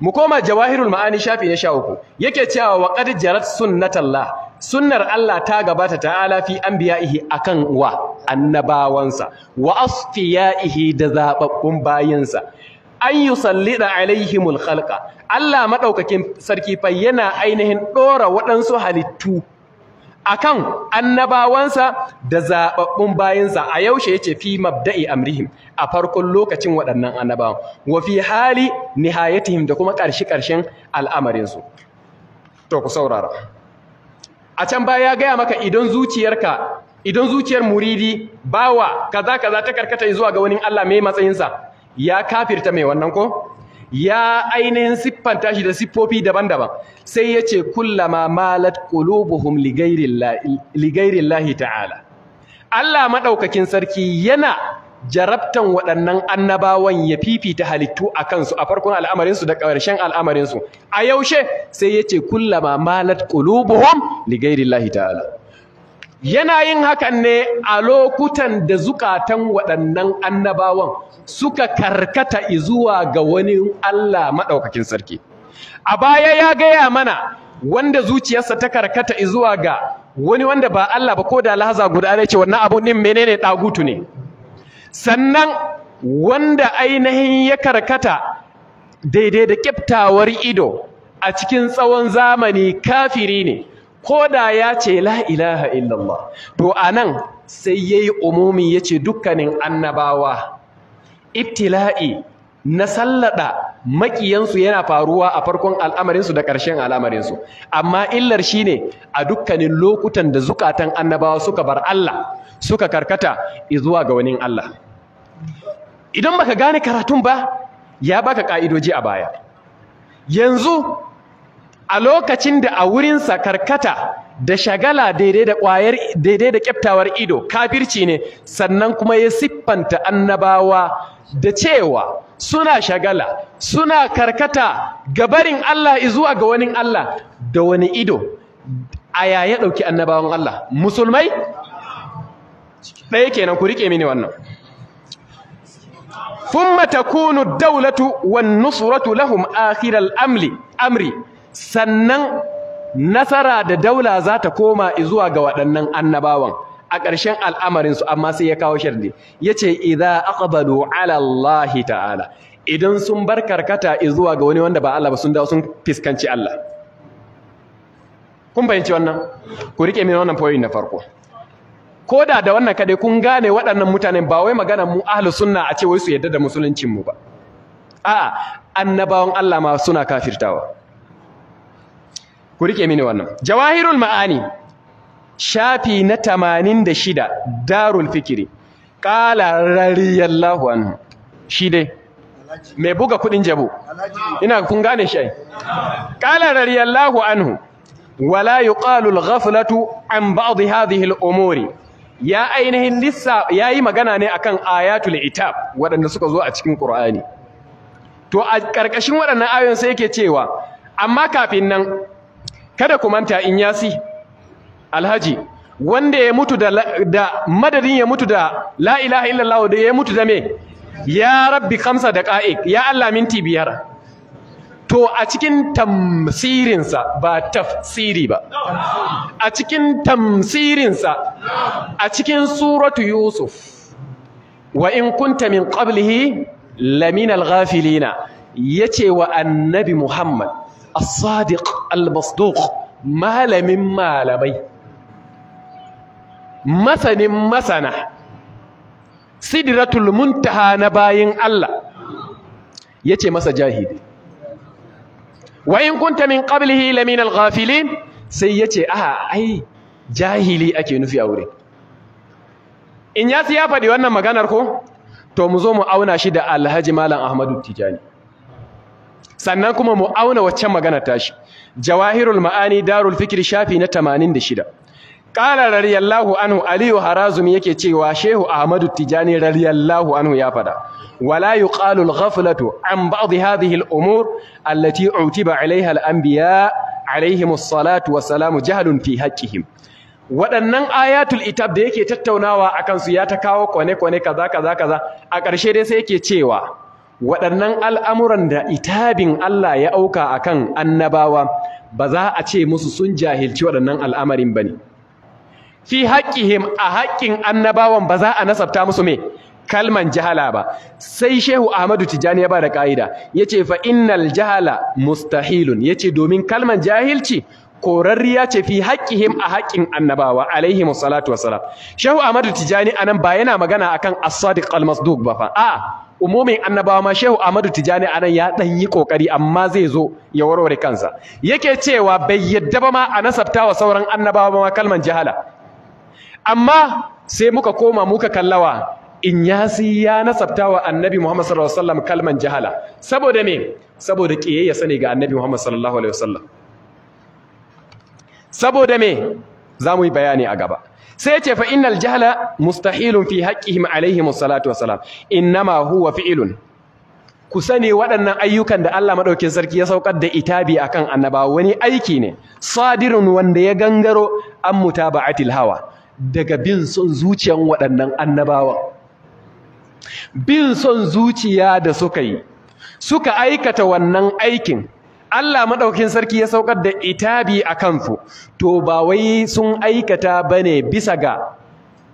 mu koma jawahirul ma'ani shafi na sha uku yake cewa wa qad jarat sunnatallah sunnar Allah ta gabata ta'ala fi anbiya'ihi akan wa annabawansa wa asfiya'ihi da zababbun bayinsa an yi yusallida alaihimul khalqa Allah madaukakin sarki fa yana ainihin ɗora waɗansu halittu akan annabawansa da zababbun bayansa, a yaushe yace fi mabda'i amrihim a farkon lokacin waɗannan annabawan wa fi hali nihayatihim da kuma ƙarshe ƙarshen al'amarin to ku saurara a can baya gaya maka idan zuciyarka idan zuciyar muridi bawa kaza kaza ta karkata zuwa ga wani Allah mai matsayinsa ya kafirta mai wannan ko ya ainihin siffanta shi da siffofi daban-daban sai ya ce kullama malat qulubuhum lighairillahi ta'ala Allah maɗaukakin sarki yana jarabtan waɗannan annabawan ya fifita halittu a kansu a farkon al'amarinsu da ƙarshen al'amarinsu a yaushe sai ya ce kullama malat qulubuhum lighairillahi ta'ala yana yin hakan ne a lokutan da zukatan waɗannan annabawan suka karkata izuwa ga wani Allah maɗaukakin sarki a baya ya gaya mana wanda zuciyarsa ta karkata izuwa ga wani wanda ba Allah ba ko da lahaza guda ne ce wannan abu ɗin menene ɗagutu ne sannan wanda ainihin ya karkata daidai da kyaftawar ido a cikin tsawon zamani kafiri ne ko da ya ce la ilaha illallah to anan sai yayi umumi yace dukkanin annabawa ibtila'i na sallada makiyansu yana faruwa a farkon al'amarinsu da ƙarshen al'amarinsu amma illar shine a dukkanin lokutan da zukatan annabawa suka bar Allah suka karkata zuwa ga wani Allah idan baka gane karatun ba ya baka ka'idoji a baya yanzu a lokacin da a wurinsa karkata da shagala daidai da ƙwayar daidai da kyaftawar ido kafirci ne sannan kuma ya siffanta annabawa da cewa suna shagala suna karkata ga barin Allah zuwa ga wani Allah da wani ido a yaya ɗauki annabawan Allah musulmai ɗaya kenan ku riƙe mini wannan kunu daulatu, الدولة والنصرة lahum آخر amri. sannan nasara da daula za ta koma zuwa ga waɗannan annabawan a ƙarshen al'amarinsu amma sai ya kawo shardi ya ce idan aqbalu ala Allah ta'ala idan sun bar karkata zuwa ga wani wanda ba Allah ba sun dawo sun fiskanci Allah kun fahimci wannan ku rike min wannan point na farko ko da da wannan kadai kun gane waɗannan mutanen ba wai magana mu ahlu sunna a ce wai su yadda da musuluncinmu mu ba a'a annabawan Allah ma suna kafirtawa ku rike mini wannan jawahirul ma'ani shafi na 86 darul fikri qala radiyallahu anhu shi dai mai buga kudin jabo ina kun gane shi qala radiyallahu anhu wala yuqalu al an ba'd hadhihi al-umuri ya ainihin lissa yayi magana ne akan ayatul itab waɗanda suka zo a cikin qur'ani to a ƙarƙashin waɗannan ayoyin sai yake cewa amma kafin nan kada ku manta in yasi alhaji wanda ya mutu da, da madadin ya mutu da la ilaha illallah da ya mutu da me ya rabbi kamsa da qa'iq ya Allah minti biyar to a cikin tamsirinsa ba tafsiri ba a cikin tamsirinsa a cikin suratu yusuf wa in kunta min qablihi laminal ghafilina yace wa annabi muhammad as-sadiq al-masduq malamin malamai masanin masana sidratul muntaha na bayan Allah yace masa jahili wa in kunta min qablihi lamin al sai yace a ai jahili ake nufi a wurin in ya ya faɗi wannan maganar ko to mu zo mu auna shi da Alhaji Malam Ahmadu Tijani sannan kuma mu auna waccan magana tashi jawahirul ma'ani darul fikr shafi na 86 qala radiyallahu anhu aliyu harazumi yake cewa shehu ahmadu tijani radiyallahu anhu ya fada wala yuqalu alghaflatu an ba'd hadhihi al'umur umur allati utiba 'alayha al'anbiya anbiya alaihimus salatu wassalamu jahlun fi haqqihim waɗannan ayatul itab da yake tattaunawa akan su ya ta kawo kone-kone kaza kaza kaza a ƙarshe dai sai yake cewa waɗannan al'amuran da itabin Allah ya auka a kan annabawa ba za a ce musu sun jahilci waɗannan al'amarin ba ne. Fi haƙƙihim a haƙƙin annabawan ba za a nasabta musu me kalman jahala ba, sai Shehu Ahmadu Tijjani ya ba da ƙa'ida, ya ce fa innal jahala mustahilun, ya ce domin kalman jahilci korarriya ce fi haƙƙihim a haƙƙin annabawa alaihi salatu wasalam. Shehu Ahmadu Tijjani a nan ba yana magana akan as-sadiq al-masduq ba fa, a'a umumin annabawa ma shehu Amadu Tijani anan ya dan yi kokari amma zai zo ya warware kansa yake cewa bai yadda ba ma a nasabta wa sauran annabawa ma kalman jahala amma sai muka koma muka kallawa in ya si ya nasabta wa annabi Muhammad sallallahu alaihi wasallam kalman jahala saboda me saboda kiyayya sani ga annabi Muhammad sallallahu alaihi wasallam saboda me za mu yi bayani a gaba sai ce fa innal jahla mustahilun fi haqqihim alaihim salatu wassalam innama huwa fi'lun ku sani waɗannan ayyukan da Allah madaukin sarki ya saukar da itabi akan annabawa wani aiki ne sadirun wanda ya gangaro an mutaba'atil hawa daga bin son zuciyan waɗannan annabawa bin son zuciya da suka yi suka aikata wannan aikin Allah maɗaukin sarki ya saukar da itabi a kansu to ba wai sun aikata bane bisa ga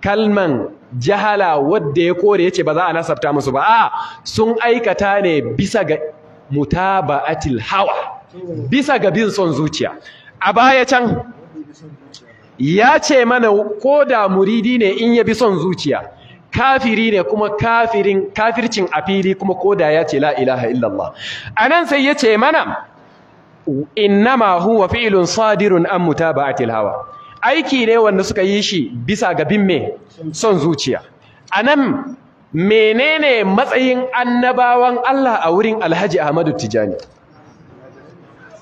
kalman jahala wadda ya kore ce ba za a nasarta musu ba a'a sun aikata ne bisa ga mutaba'atil hawa bisa ga bin son zuciya a baya can ya ce mana ko da muridi ne in ya bi son zuciya kafiri ne kuma kafircin a fili kuma ko da ya ce la ilaha illallah nan sai ya ce mana innama huwa fi'lun sadirun an mutaba'atil hawa aiki ne wanda suka yi shi bisa ga bin me son zuciya anan menene matsayin annabawan Allah a wurin Alhaji Ahmadu Tijani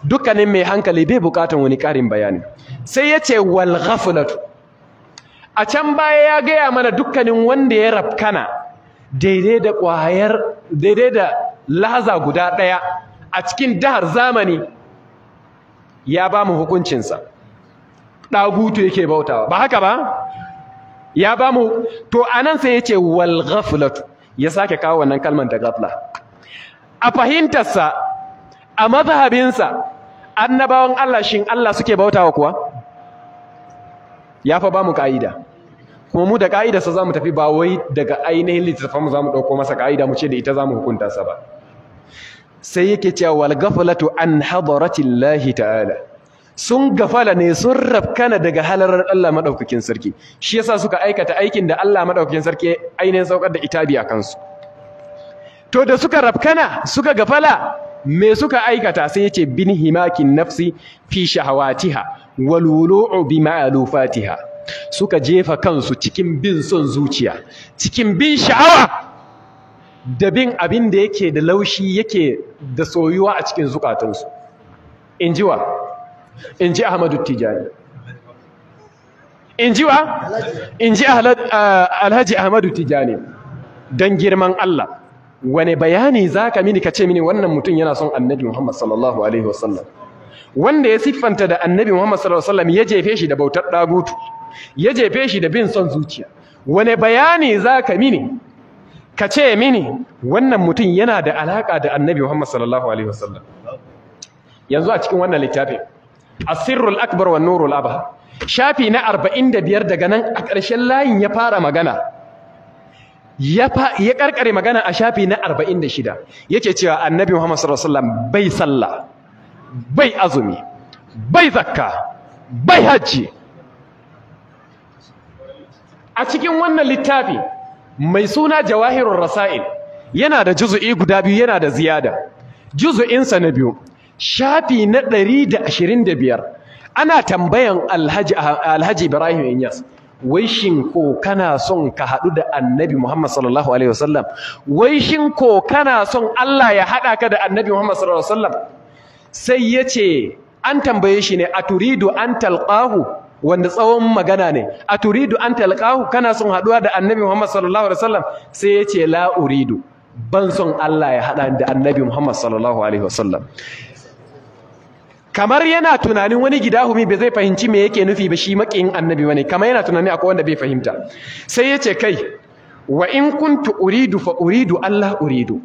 dukkanin mai hankali bai bukatan wani karin bayani sai yace wal ghaflatu a can baya ya gaya mana dukkanin wanda ya rafkana daidai da kwayar daidai da lahaza guda daya a cikin dahar zamani ya ba mu hukuncinsa ɗagutu yake bautawa ba haka ba ya ba mu to anan sai ya ce wal ya sake kawo wannan kalmar da Gafla. a fahimtarsa a mazhabinsa annabawan Allah shin Allah suke bautawa kuwa ya fa ba mu ka'ida kuma mu da ka'idarsa za mu tafi ba wai daga ainihin littattafan mu za mu ɗauko masa ka'ida mu ce da ita za mu hukunta sa ba sai yake cewa wal ghaflatu an hadaratillahi ta'ala sun gafala ne sun rafkana daga halarar Allah madaukakin sarki shi yasa suka aikata aikin da Allah madaukakin sarki ainihin saukar da itabi a kansu to da suka rafkana suka gafala me suka aikata sai yace bin himakin nafsi fi shahawatiha wal bi ma'alufatiha suka jefa kansu cikin bin son zuciya cikin bin sha'awa da bin abin da yake da laushi yake da soyuwa a cikin zukatansu in ji wa in ji ahmadu tijani in ji wa in ji uh, alhaji ahmadu tijani don girman allah wane bayani za ka mini ka ce mini wannan mutum yana son annabi muhammad sallallahu alaihi wasallam wanda ya siffanta da annabi muhammad sallallahu alaihi wasallam ya jefe shi da bautar ɗagutu ya jefe shi da bin son zuciya wane bayani za ka mini ka ce mini wannan mutum yana da alaƙa da annabi Muhammad sallallahu alaihi wasallam yanzu a cikin wannan littafin asirrul akbar wa nurul Aba, shafi na arba'in da biyar daga nan a ƙarshen layin ya fara magana ya ƙarƙare karkare magana a shafi na arba'in da shida yake cewa annabi Muhammad sallallahu alaihi wasallam bai sallah bai azumi bai zakka bai hajji a cikin wannan littafin mai suna jawahirun rasa'il yana da juzu'i guda biyu yana da ziyada juzu'insa na biyu shafi na ɗari da ashirin da biyar ana tambayan alhaji ibrahim inyas wai shin ko kana son ka haɗu da annabi muhammad sallallahu alaihi wasallam wai shin ko kana son allah ya haɗa ka da annabi muhammad sallallahu alaihi wasallam sai ya ce an tambaye shi ne a turidu an talƙahu wanda tsawon magana ne a turidu an talqahu kana son haɗuwa da annabi Muhammad sallallahu alaihi wasallam sai ya ce la uridu ban son Allah ya hada da annabi Muhammad sallallahu alaihi wasallam kamar yana tunanin wani gida gidahumi bai zai fahimci me yake nufi ba shi maƙin annabi bane kamar yana tunanin akwai wanda bai fahimta sai ya ce kai wa in kuntu uridu fa uridu Allah uridu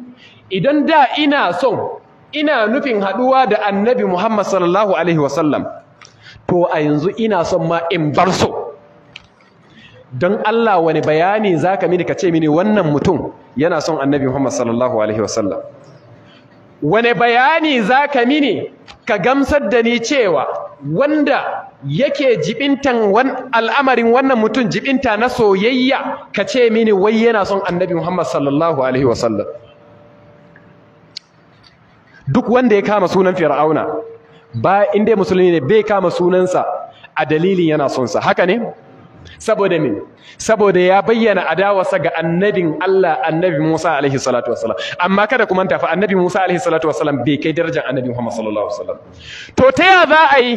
idan da ina son ina nufin haɗuwa da annabi Muhammad sallallahu alaihi wasallam to a yanzu ina son ma in bar so don Allah wani bayani ka mini ka ce mini wannan mutum yana son annabi Muhammad sallallahu alaihi wasallam Wani bayani za ka mini ka gamsar da ni cewa wanda yake jibintan wan al'amarin wannan mutum jibinta na soyayya ka ce mini wai yana son annabi Muhammad sallallahu alaihi wasallam duk wanda ya kama sunan fir'auna ba inda musulmi ne bai kama sunansa a dalilin yana son sa haka ne saboda me saboda ya bayyana adawarsa ga annabin Allah annabi Musa alaihi salatu wassalam amma kada kuma tafi annabi Musa alaihi salatu wassalam bai kai darajar annabi Muhammad sallallahu alaihi wasallam to ta ya za a yi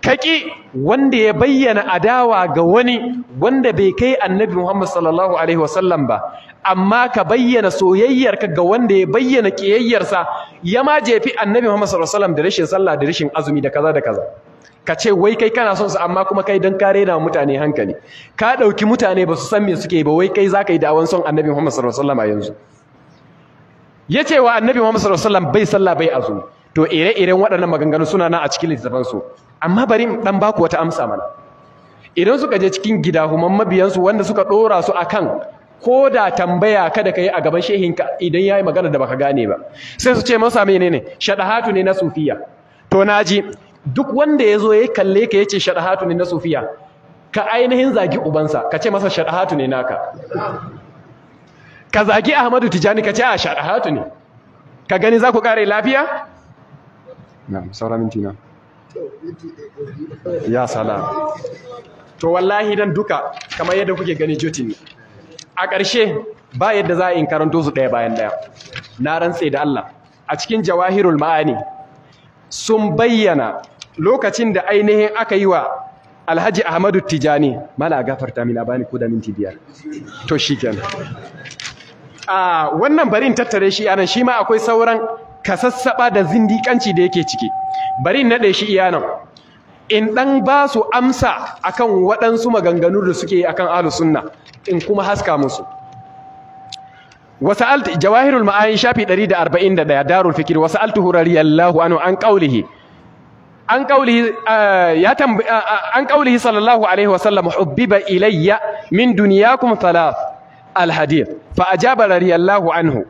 kaki wanda ya bayyana adawa ga wani wanda bai kai annabi Muhammad sallallahu alaihi wasallam ba amma ka bayyana soyayyarka ga wanda ya bayyana kiyayyarsa ya ma jefi annabi Muhammad sallallahu alaihi wasallam da rashin sallah da rashin azumi da kaza da kaza ka ce wai kai kana son su amma kuma kai don kare na mutane hankali ka ɗauki mutane ba su san me suke ba wai kai za ka yi da'awan son annabi Muhammad sallallahu alaihi wasallam a yanzu ya ce wa annabi Muhammad sallallahu alaihi wasallam bai sallah bai azumi to ire-iren waɗannan maganganu suna nan a cikin littafansu su amma bari in dan baku wata amsa mana idan suka je cikin gida human mabiyansu wanda suka dora su akan ko da tambaya kada ka yi a gaban shehinka idan yayi magana da baka gane ba sai su ce masa menene shadahatu ne na sufiya to naji duk wanda ya zo ya kalle ka yace shadahatu ne na sufiya ka ainihin zagi ubansa ka ce masa shadahatu ne naka ka zagi ahmadu tijani ka ce a ah, shadahatu ne ka gani za ku kare lafiya na'am ya salam to wallahi dan duka kamar yadda kuke gani jotin a ƙarshe ba yadda za a in karanto su ɗaya bayan ɗaya na rantse da Allah a cikin jawahirul ma'ani sun bayyana lokacin da ainihin aka yi wa Alhaji Ahmadu Tijani mala gafarta mina bani ko da minti biyar to shi a ah, wannan barin tattare shi anan shi ma akwai sauran ka sassaɓa da zindikanci da yake ciki bari naɗe shi iya nan in ɗan ba su amsa akan waɗansu maganganu da suke akan alu sunna in kuma haska musu wasa'alt jawahirul ma'ayin shafi 141 darul fikir wasa'altu radiyallahu anhu an qaulihi an qaulihi ya an qaulihi sallallahu alaihi wasallam hubbiba ilayya min dunyakum thalath al hadith fa ajaba radiyallahu anhu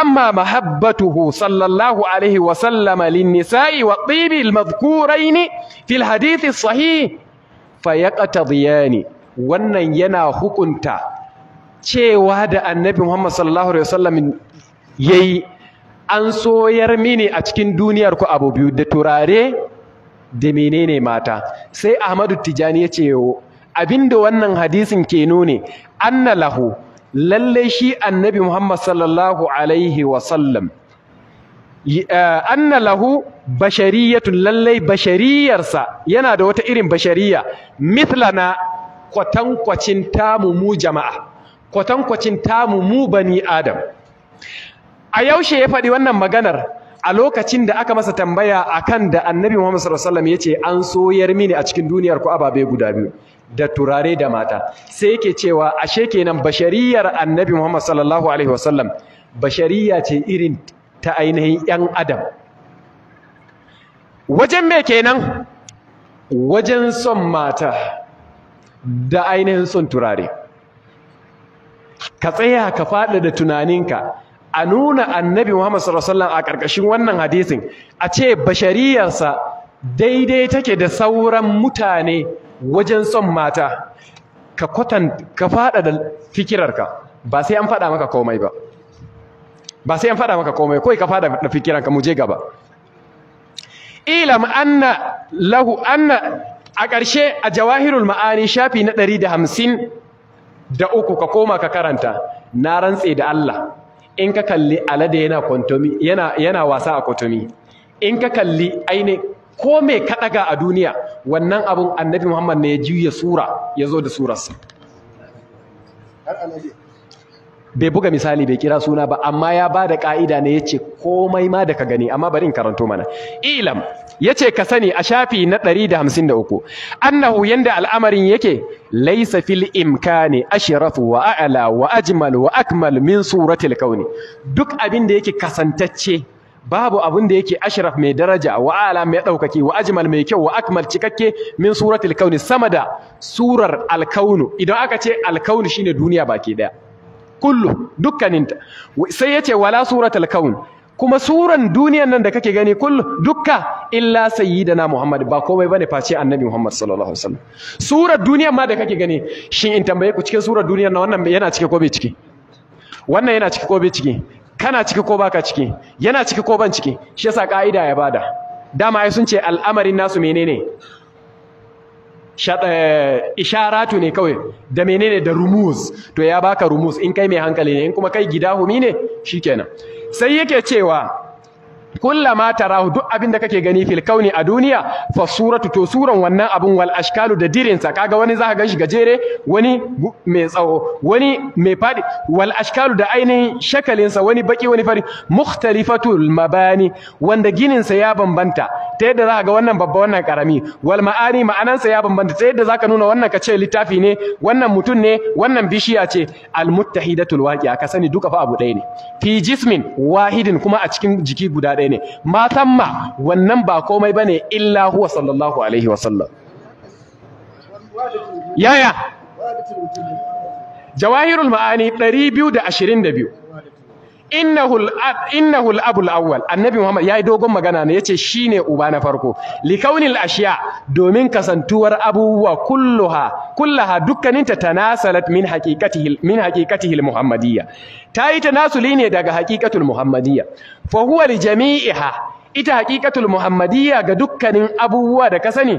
amma mahabbatuhu sallallahu alaihi wa sallama lin nisa'i wa tibi al madhkuraini fil hadith sahih fayaqtadiyani wannan yana hukunta cewa da annabi Muhammad sallallahu alaihi wasallam yayi an soyar mini a cikin duniyar ku abu biyu da turare da menene mata sai Ahmadu Tijani ya ce abinda wannan hadisin ke nune anna lalle shi annabi Muhammad sallallahu alaihi wasallam eh, anna lahu bashariyatun lalle bashariyarsa yana da wata irin bashariya mithlana kwatankwacin tamu mu jama'a kwatankwacin tamu mu bani adam a yaushe ya faɗi wannan maganar a lokacin da aka masa tambaya akan da annabi Muhammad sallallahu alaihi wasallam yace an soyar mini a cikin duniyar ku ababe guda biyu da turare da mata sai yake cewa ashe kenan bashariyar annabi Muhammad sallallahu alaihi wasallam bashariya ce irin ta ainihin yan adam wajen me kenan wajen son mata da ainihin son turare ka tsaya ka faɗi da tunaninka a nuna annabi Muhammad sallallahu alaihi wasallam a ƙarƙashin wannan hadisin a ce bashariyarsa daidai take da sauran mutane wajen son mata ka kwatan ka fada da fikirarka ba sai an fada maka komai ba ba sai an fada maka komai kawai ka fada da fikirarka mu je gaba ilam anna lahu anna a ƙarshe a jawahirul ma'ani shafi na ɗari da hamsin da uku ka koma ka karanta na rantse da Allah in ka kalli alade yana yana wasa a kwatomi in ka kalli ainihin ko mai ka ɗaga a duniya wannan abun annabi muhammad ne ya juya sura ya zo da surarsa bai buga misali bai kira suna ba amma ya ba da ƙa'ida ne ya ce komai ma da ka gani amma bari in karanto mana ilam ya ce ka sani a shafi na 153 annahu yanda al'amarin yake laisa fil imkani ashrafu wa a'la wa ajmal wa akmal min suratil kauni duk abin da yake kasantacce babu abin da yake ashraf mai daraja wa ala mai daukaki wa ajmal mai kyau wa akmal cikakke min suratul kaun sama da surar alkaunu idan aka ce alkaunu shine duniya baki daya kullu dukkaninta sai yace wala suratul kaun kuma suran duniyan nan da kake gani kullu dukka illa sayyidina Muhammad ba komai bane face annabi Muhammad sallallahu alaihi wasallam surar duniyan ma da kake gani shin in tambaye ku cikin surar duniyan nan wannan yana cike ko bai cike wannan yana cike ko bai cike kana ciki ko baka ciki yana ciki ko ban ciki shi yasa ka'ida ya bada dama ai sun ce al'amarin nasu menene eh, isharatu ne kawai da menene da rumus? to ya baka rumus in kai mai hankali ne in kuma kai gidahumi ne shikenan sai yake cewa ma tarahu duk abin da kake gani fil kauni a duniya fa suratu to suran wannan abun wal ashkalu da dirin sa kaga wani zaka ganshi gajere wani mai tsawo wani mai fadi wal ashkalu da ainihin shakalin sa wani baki wani fari mukhtalifatul mabani wanda ginin sa ya bambanta ta yadda zaka ga wannan babba wannan karami wal ma'ani ma'anan sa ya bambanta ta yadda zaka nuna wannan kace littafi ne wannan mutum ne wannan bishiya ce al muttahidatul waqi'a ka sani duka fa abu ɗaya ne fi jismin wahidin kuma a cikin jiki guda ɗaya mutane ne matan ma wannan ba komai bane illa huwa sallallahu alaihi wasallam yaya jawahirul ma'ani 222 innahul abul awwal annabi muhammad yayi dogon magana ne yace shine uba na farko likaunil ashiya domin kasantuwar abubuwa kulluha kullaha dukkaninta tanasalat min haqiqatihi min haqiqatihi muhammadiyya tayi tanasuli ne daga haqiqatul muhammadiyya fa huwa li jami'iha ita haqiqatul muhammadiyya ga dukkanin abubuwa da ka sani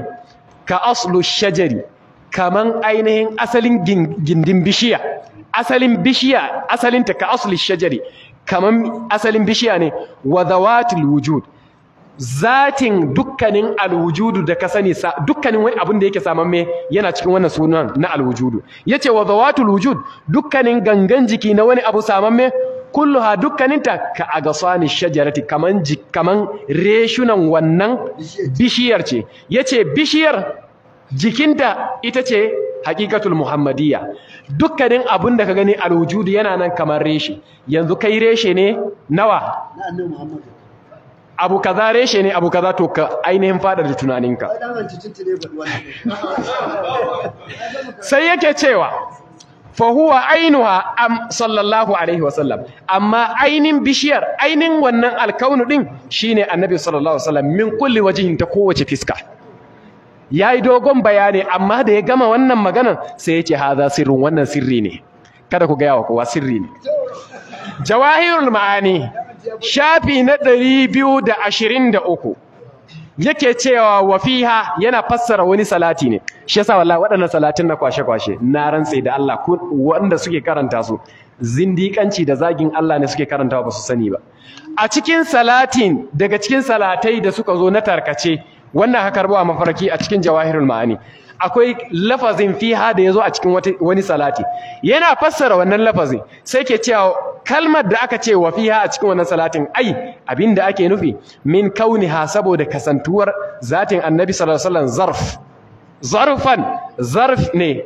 ka aslu shajari kaman ainihin asalin gindin bishiya asalin bishiya asalinta ka asli shajari kaman asalin bishiya ne wa wujud zatin dukkanin alwujudu da ka sani dukkanin wani abin da yake me yana cikin wannan sunan na alwujudu yace wa wujud dukkanin gangan jiki na wani abu saman samamme kulluha dukkaninta ka agasani shajarati kaman kaman reshunan wannan bishiyar ce yace bishiyar jikinta ita ce haqiqatul muhammadiyya dukkanin abin da ka gani alwujudu yana nan kamar reshe yanzu kai reshe ne nawa abu kaza reshe ne abu kaza to ka ainihin fadar da tunaninka sai yake cewa fa huwa ainuha am sallallahu alaihi wasallam amma ainin bishiyar ainin wannan alkaunu din shine annabi sallallahu alaihi wasallam min kulli wajhin ta kowace fiska ya yi dogon bayani amma da ya gama wannan maganar, sai ya ce haza sirrin wannan sirri ne kada ku gaya wa kowa sirri ne jawahirul ma'ani shafi na ɗari biyu da ashirin da uku yake cewa wafiha yana fassara wani salati ne shi yasa wallahi waɗannan salatin na kwashe-kwashe na rantse da Allah wanda suke karanta su zindiƙanci da zagin Allah ne suke karantawa ba su sani ba a cikin salatin daga cikin salatai da suka zo na tarkace wannan haka rubuwa mafarki a cikin jawahirul ma'ani akwai lafazin fiha da yazo a cikin wani salati yana fassara wannan lafazin sai ke cewa kalmar da aka ce wa fiha a cikin wannan salatin ai da ake nufi min kauniha saboda kasantuwar zatin annabi sallallahu alaihi wasallam zarf zarfan zarf ne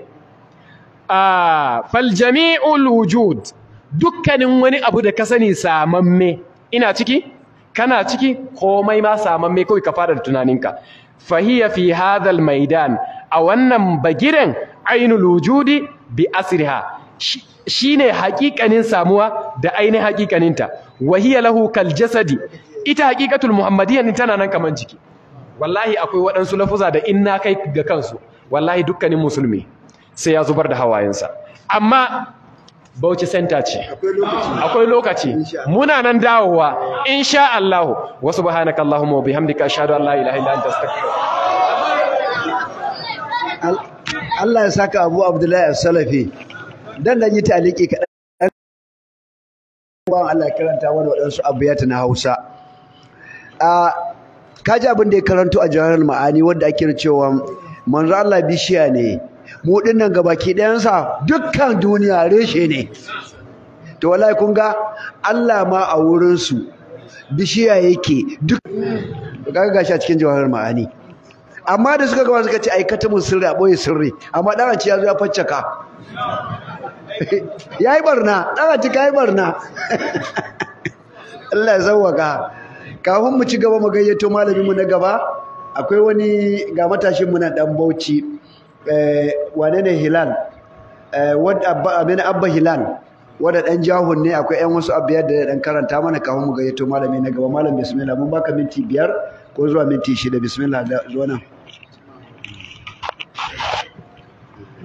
a fal jami'ul wujud dukkanin wani abu da ka sani samamme ina ciki kana ciki komai ma saman me kawai ka fara da tunaninka fahiya fi hadal maidan a wannan bagiren ainul wujudi bi asriha shine haƙiƙanin samuwa da ainihin haƙiƙaninta wahiya lahu kal jasadi ita haƙiƙatul muhammadiyya tana nan kaman ciki wallahi akwai waɗansu lafuza da in na kai ga kansu wallahi dukkanin musulmi sai ya zubar da hawayensa amma Bauchi Center ce akwai lokaci muna nan dawowa insha Allah wa subhanaka Allahumma wa bihamdika ashhadu an la ilaha illa anta astaghfiruka Allah ya saka Abu Abdullahi As-Salafi dan dan yi taliki ka dan Allah ya karanta mana abu abiyata na Hausa a kaji abin da ya karanto a Jawahirul Ma'ani wanda ake cewa manzo Allah bishiya ne mu dinnan gabaki sa dukkan duniya reshe ne to wallahi kun ga Allah ma a wurinsu bishiya yake duk ga gashi a cikin jawahar ma'ani amma da suka gaba suka ce aikata mun sirri a ɓoye sirri amma ɗaranci ya zo ya faccaka <laughs> ya yi barna ɗaranci ka yi barna <laughs> Allah ya zawaka kafin mu ci gaba mu gayyato malamin mu na gaba akwai wani ga matashin mu na ɗan bauchi Eh, wane hilal eh, abin abba hilal wadda ɗan jahun ne akwai 'yan wasu abiyar da ɗan karanta mana kawo mu yato malami na gaba malam bismillah mun baka minti biyar ko zuwa minti shida bismillah da zuwa nan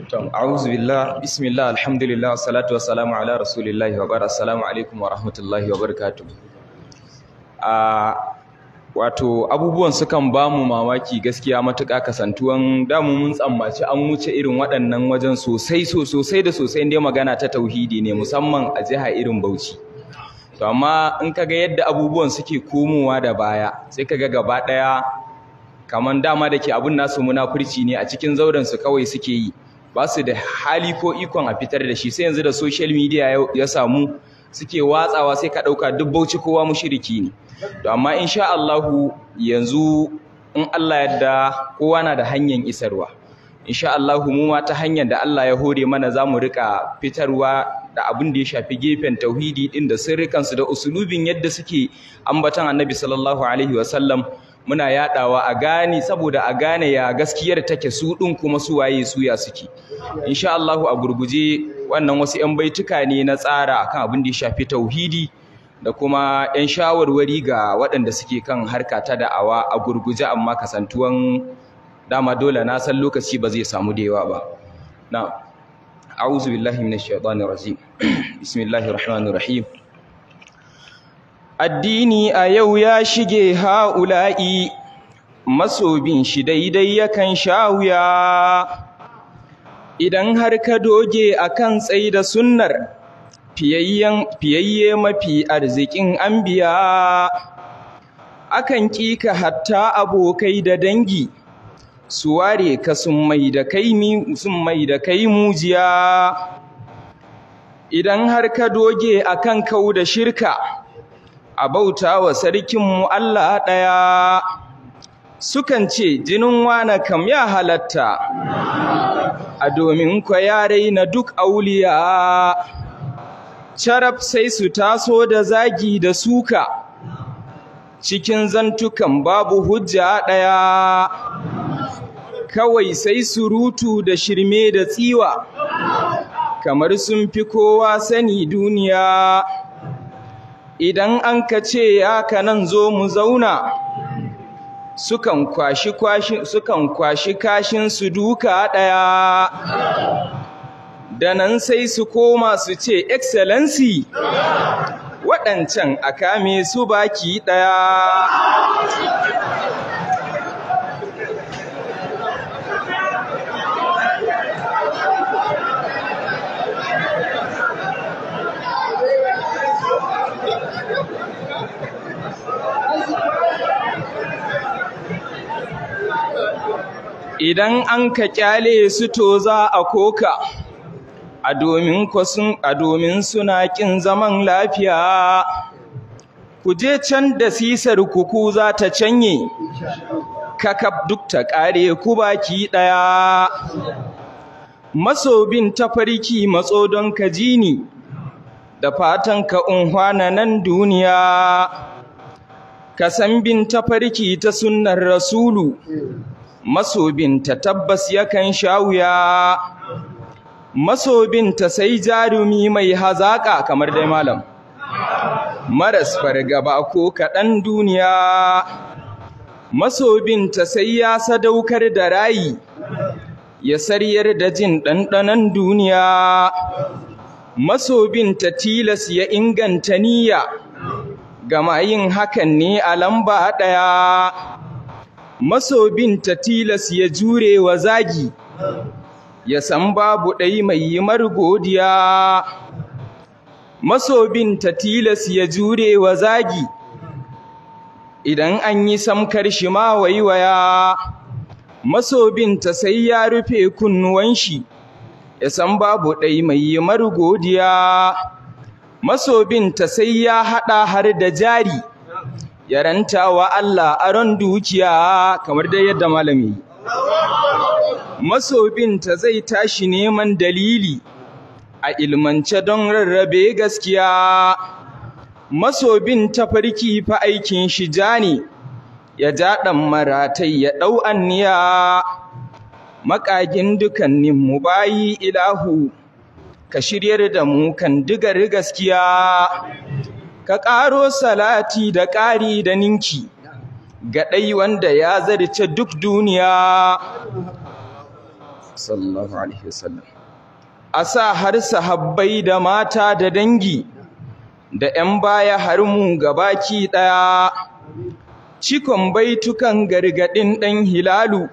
أعوذ بالله بسم الله الحمد لله ala والسلام wa bar assalamu alaikum wa rahmatullahi wa barakatuh ah, wato abubuwan sukan ba mu mamaki gaskiya matuƙa kasantuwan damu mun tsammaci an wuce irin waɗannan wajen sosai sosai da sosai inda magana ta tauhidi ne musamman a jiha irin Bauchi to amma in kaga yadda abubuwan suke komowa da baya sai kaga gaba ɗaya kamar dama da ke abun nasu munafurci ne a cikin zauren su kawai suke yi ba su da hali ko ikon a fitar da shi sai yanzu da social media ya samu suke watsawa sai ka ɗauka duk bauchi kowa mushiriki ne to amma insha Allahu yanzu in Allah yadda kowa na da hanyar isarwa insha Allahu mu ma ta hanyar da Allah ya hore mana za mu rika fitarwa da abin da ya shafi gefen tauhidi din da sirrikansu da usulubin yadda suke ambatan annabi sallallahu alaihi wasallam muna yadawa a gane saboda a gane ya gaskiyar take su din kuma su waye su ya suke insha Allahu a gurguje wannan wasu 'yan baituka ne na tsara kan abin da ya shafi tauhidi da kuma 'yan shawarwari ga waɗanda suke kan harka ta da'awa a gurguje amma kasantuwan dama dole na san lokaci ba zai samu da yawa ba Na, auzu billahi min razi, <clears throat> bismillahi rahmanu rahim addini a yau ya shige ha'ula'i bin shi daidai yakan sha wuya idan har ka doge a kan tsaye da sunnar fiyayye mafi arzikin an biya, akan ƙika hatta abokai da dangi su ware ka sun mai da kai mujiya idan har ka doge a kan kau da shirka a bauta wa sarkinmu Allah ɗaya sukan ce jinin wana kam ya halatta a domin kwa ya raina duk auliya carab sai su taso da zagi da suka cikin zantukan babu hujja ɗaya kawai sai surutu da shirme da tsiwa kamar sun fi kowa sani duniya idan an ka ce ya kanan zo mu zauna sukan kwashi kashin su duka ɗaya, da nan sai su koma su ce excellency waɗancan a kame su baki ɗaya. idan an ka kyale su to za a koka a domin a suna kin zaman lafiya ku je can da sisar kuku za ta canye kakab duk ta kare ku baki daya masobin tafarki matso don ka ji ni da fatan ka unhwana nan duniya ka san bin tafarki ta sunnar rasulu masobinta tabbas yakan sha wuya masobinta sai jarumi mai hazaƙa kamar dai malam maras fargaba ko kaɗan duniya masobinta sai ya sadaukar da rayi ya saryar da jin ɗanɗanon duniya masobinta tilas ya inganta niyya gama yin hakan ne a lamba ɗaya masobin ta tilas ya jure wa zagi ya san babu ɗai mai yi margodiya masobin ta tilas ya jure wa zagi idan an yi samkar shi ma waiwaya masobin ta sai ya rufe kunnuwan shi ya san babu ɗai mai yi godiya masobin ta sai ya haɗa har da jari ya ranta wa Allah aron dukiya kamar dai yadda malami masobinta zai tashi neman dalili a ilmance don rarrabe gaskiya masobin ta farki fa aikin shi jani ya jaɗan maratai ya ɗau anniya maƙagin dukannin mu bayi ilahu ka shiryar da mu kan digar gaskiya ka ƙaro salati da ƙari da ninki ga ɗai wanda ya zarce duk duniya a sa har sahabbai da mata da dangi da 'yan baya har mu gabaki ɗaya cikon baitukan gargaɗin ɗan hilalu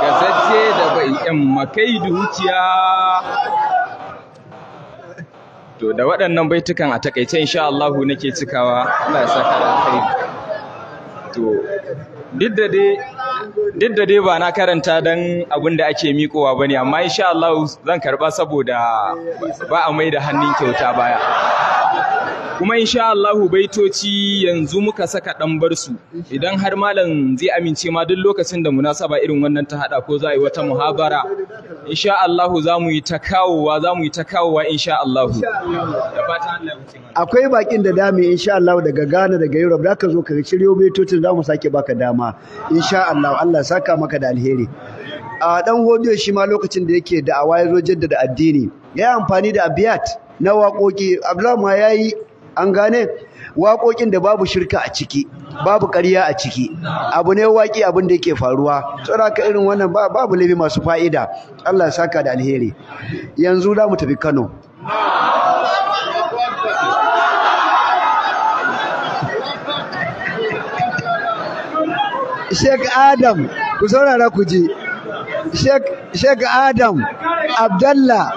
gazajje da bai 'yan makai dukiya to da waɗannan baitukan a takaice insha Allahu nake cikawa Allah ya saka alkhairi to duk da dai ba na karanta dan abin da ake mikowa bane amma insha Allahu zan karɓa saboda ba a mai da hannun kyauta baya kuma insha Allahu baitoci yanzu muka saka dan barsu idan har malam zai amince ma duk lokacin da munasaba irin wannan ta hada ko za a yi wata muhabara insha Allahu za mu yi ta kawowa za mu yi ta kawowa insha Allahu akwai bakin da dami insha Allahu daga Ghana daga Europe da ka zo ka shiryo baitocin za mu sake baka dama insha Allahu Allah saka maka da alheri a dan hodiyo shi ma lokacin da yake da'awa ya zo jaddada addini ya amfani da abiyat na waƙoƙi abdullahi ma yi an gane waƙoƙin da babu shirka a ciki babu ƙarya a ciki abu ne waƙi abin da yake faruwa tsara ka irin wannan babu laifi masu fa'ida Allah ya saka da alheri yanzu za mu tafi Kano Sheikh Adam ku saurara ku ji Sheikh Adam Abdallah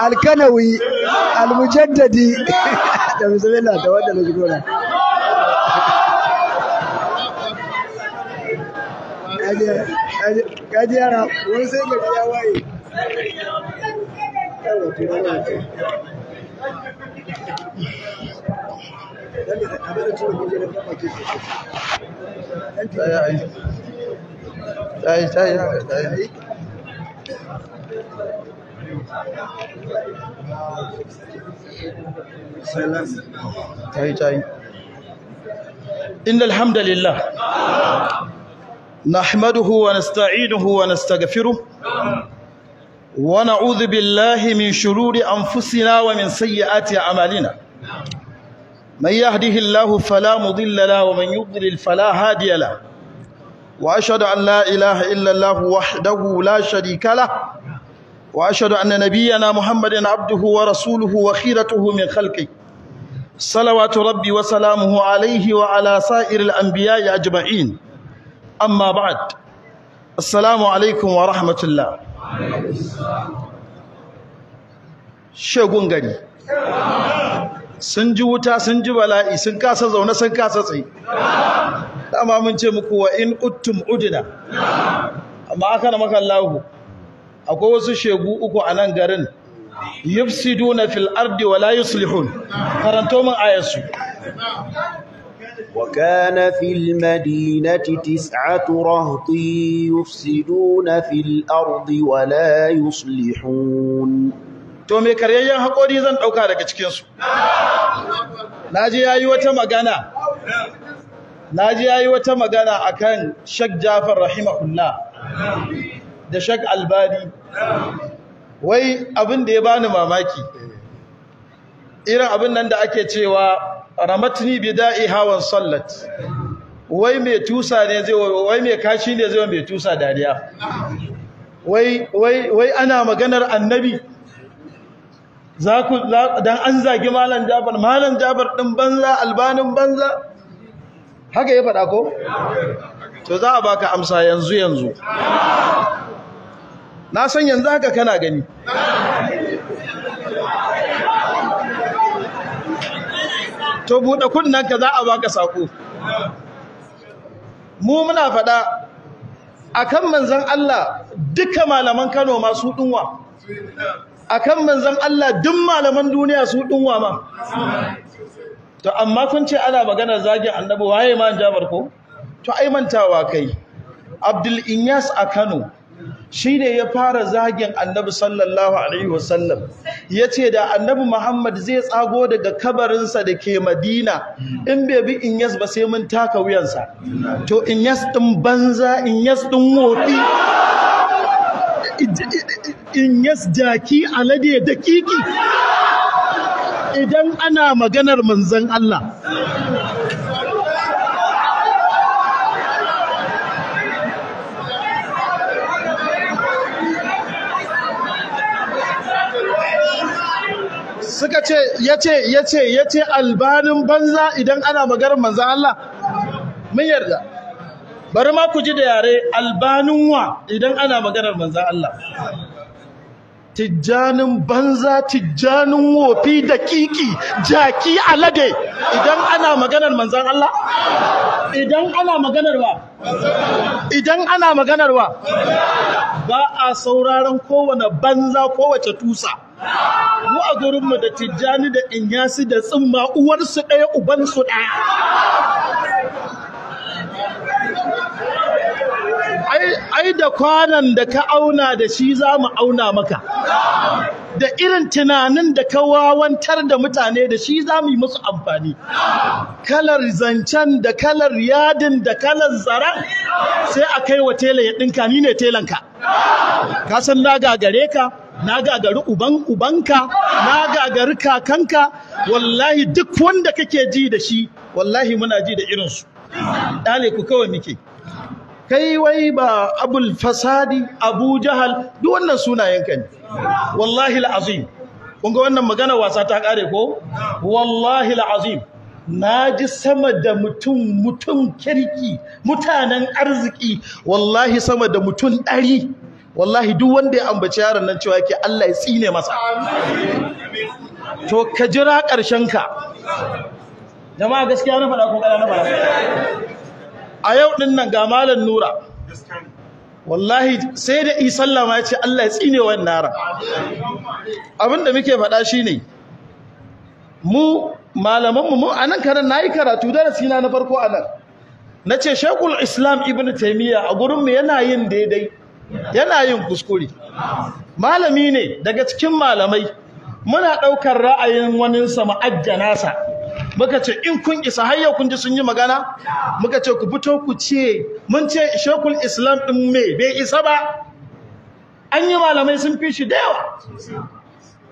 Alkanawi Almujaddadi <laughs> da da wanda na wani sai Inna alhamdulillah nahmaduhu wa nasta'inuhu wa nastaghfiruhu wa na'udhu billahi min shururi anfusina wa min a a'malina من يهده الله فلا مضل له ومن يضلل فلا هادي له وأشهد أن لا إله إلا الله وحده لا شريك له وأشهد أن نبينا محمد عبده ورسوله وخيرته من خلقه صلوات ربي وسلامه عليه وعلى سائر الأنبياء أجمعين أما بعد السلام عليكم ورحمة الله شو قنقني sun ji wuta sun ji bala'i sun kasa zaune sun kasa tsaye amma mun ce muku wa in uttum udina amma aka na maka lahu akwai wasu shegu uku a nan garin yufsiduna fil ardi wa la yuslihun karanto min ayasu وكان في المدينة تسعة رهط يفسدون في الأرض ولا يصلحون to mai karyayyen haƙori zan ɗauka daga cikinsu naji ya wata magana naji ya yi wata magana a kan shak jafar rahimahullah da shak albani wai abin da ya bani mamaki irin abin nan da ake cewa ramatni bida'i hawan sallat wai mai tusa ne zai wai mai kashi ne zai mai tusa dariya wai ana maganar annabi za ku dan an zagi malam jabar malam jabar din banza albanin banza haka ya faɗa ko to za a baka amsa yanzu yanzu na san yanzu haka kana gani to buɗe kunnanka za a baka sako mu muna faɗa akan manzon Allah duka malaman Kano masu ɗinwa akan manzon Allah duk malaman duniya su dinwa ma to amma kun ce ana magana zagin annabi waye ma jabar ko to ai mantawa kai Abdul Inyas a Kano shine ya fara zagin annabi sallallahu alaihi wasallam yace da annabi Muhammad zai tsago daga kabarinsa da ke Madina in bai bi Inyas ba sai mun taka wuyansa to Inyas ɗin banza Inyas ɗin wofi in yas jaki alade dakiki idan ana maganar manzan Allah suka ce ya ce ya ce ya ce albanin banza idan ana maganar manzan Allah mun yarda bari ma ku ji da yare albanuwa idan ana maganar manzan Allah tijjanin banza tijjanin wofi da kiki jaki alade idan ana maganar manzan Allah idan ana maganar wa idan ana maganar wa ba a sauraron kowane banza kowace tusa mu a gurinmu da tijjani da inyasi da tsimma uwarsu ɗaya ubansu ɗaya ai da kwanan da ka auna da shi za mu auna maka da irin tunanin da ka wawantar da mutane da shi za mu yi musu amfani kalar zancen da kalar yadin da kalar zara sai a kai wa tela ya ɗinka ni ne telanka ka san na gagare ka na gagari uban ubanka na gagari kakanka wallahi duk wanda kake ji da shi wallahi muna ji da irinsu ɗale ku kawai muke kai wai ba abul fasadi abu jahal duk wannan sunayenka ne wallahi alazim kun ga wannan magana wasa ta kare ko wallahi alazim naji sama da mutum mutum kirki mutanen arziki wallahi sama da mutum ɗari wallahi duk wanda ya ambaci yaron nan cewa yake Allah ya tsine masa to ka jira ƙarshen ka jama'a gaskiya na faɗa ko kada na faɗa a yau din nan ga malam nura wallahi sai da isa sallama ya ce Allah ya tsine wannan nara abinda muke faɗa shine mu malaman mu a nan karan nayi karatu darasi na na farko a nan nace Sheikhul Islam Ibn taimiyya a gurin mu yana yin daidai yana yin kuskure malami ne daga cikin malamai muna ɗaukar ra'ayin waninsa mu ajjana muka ce in kun isa har yau kun ji sun yi magana muka ce ku fito ku ce mun ce shekul islam din me bai isa ba an yi malamai sun fi shi da yawa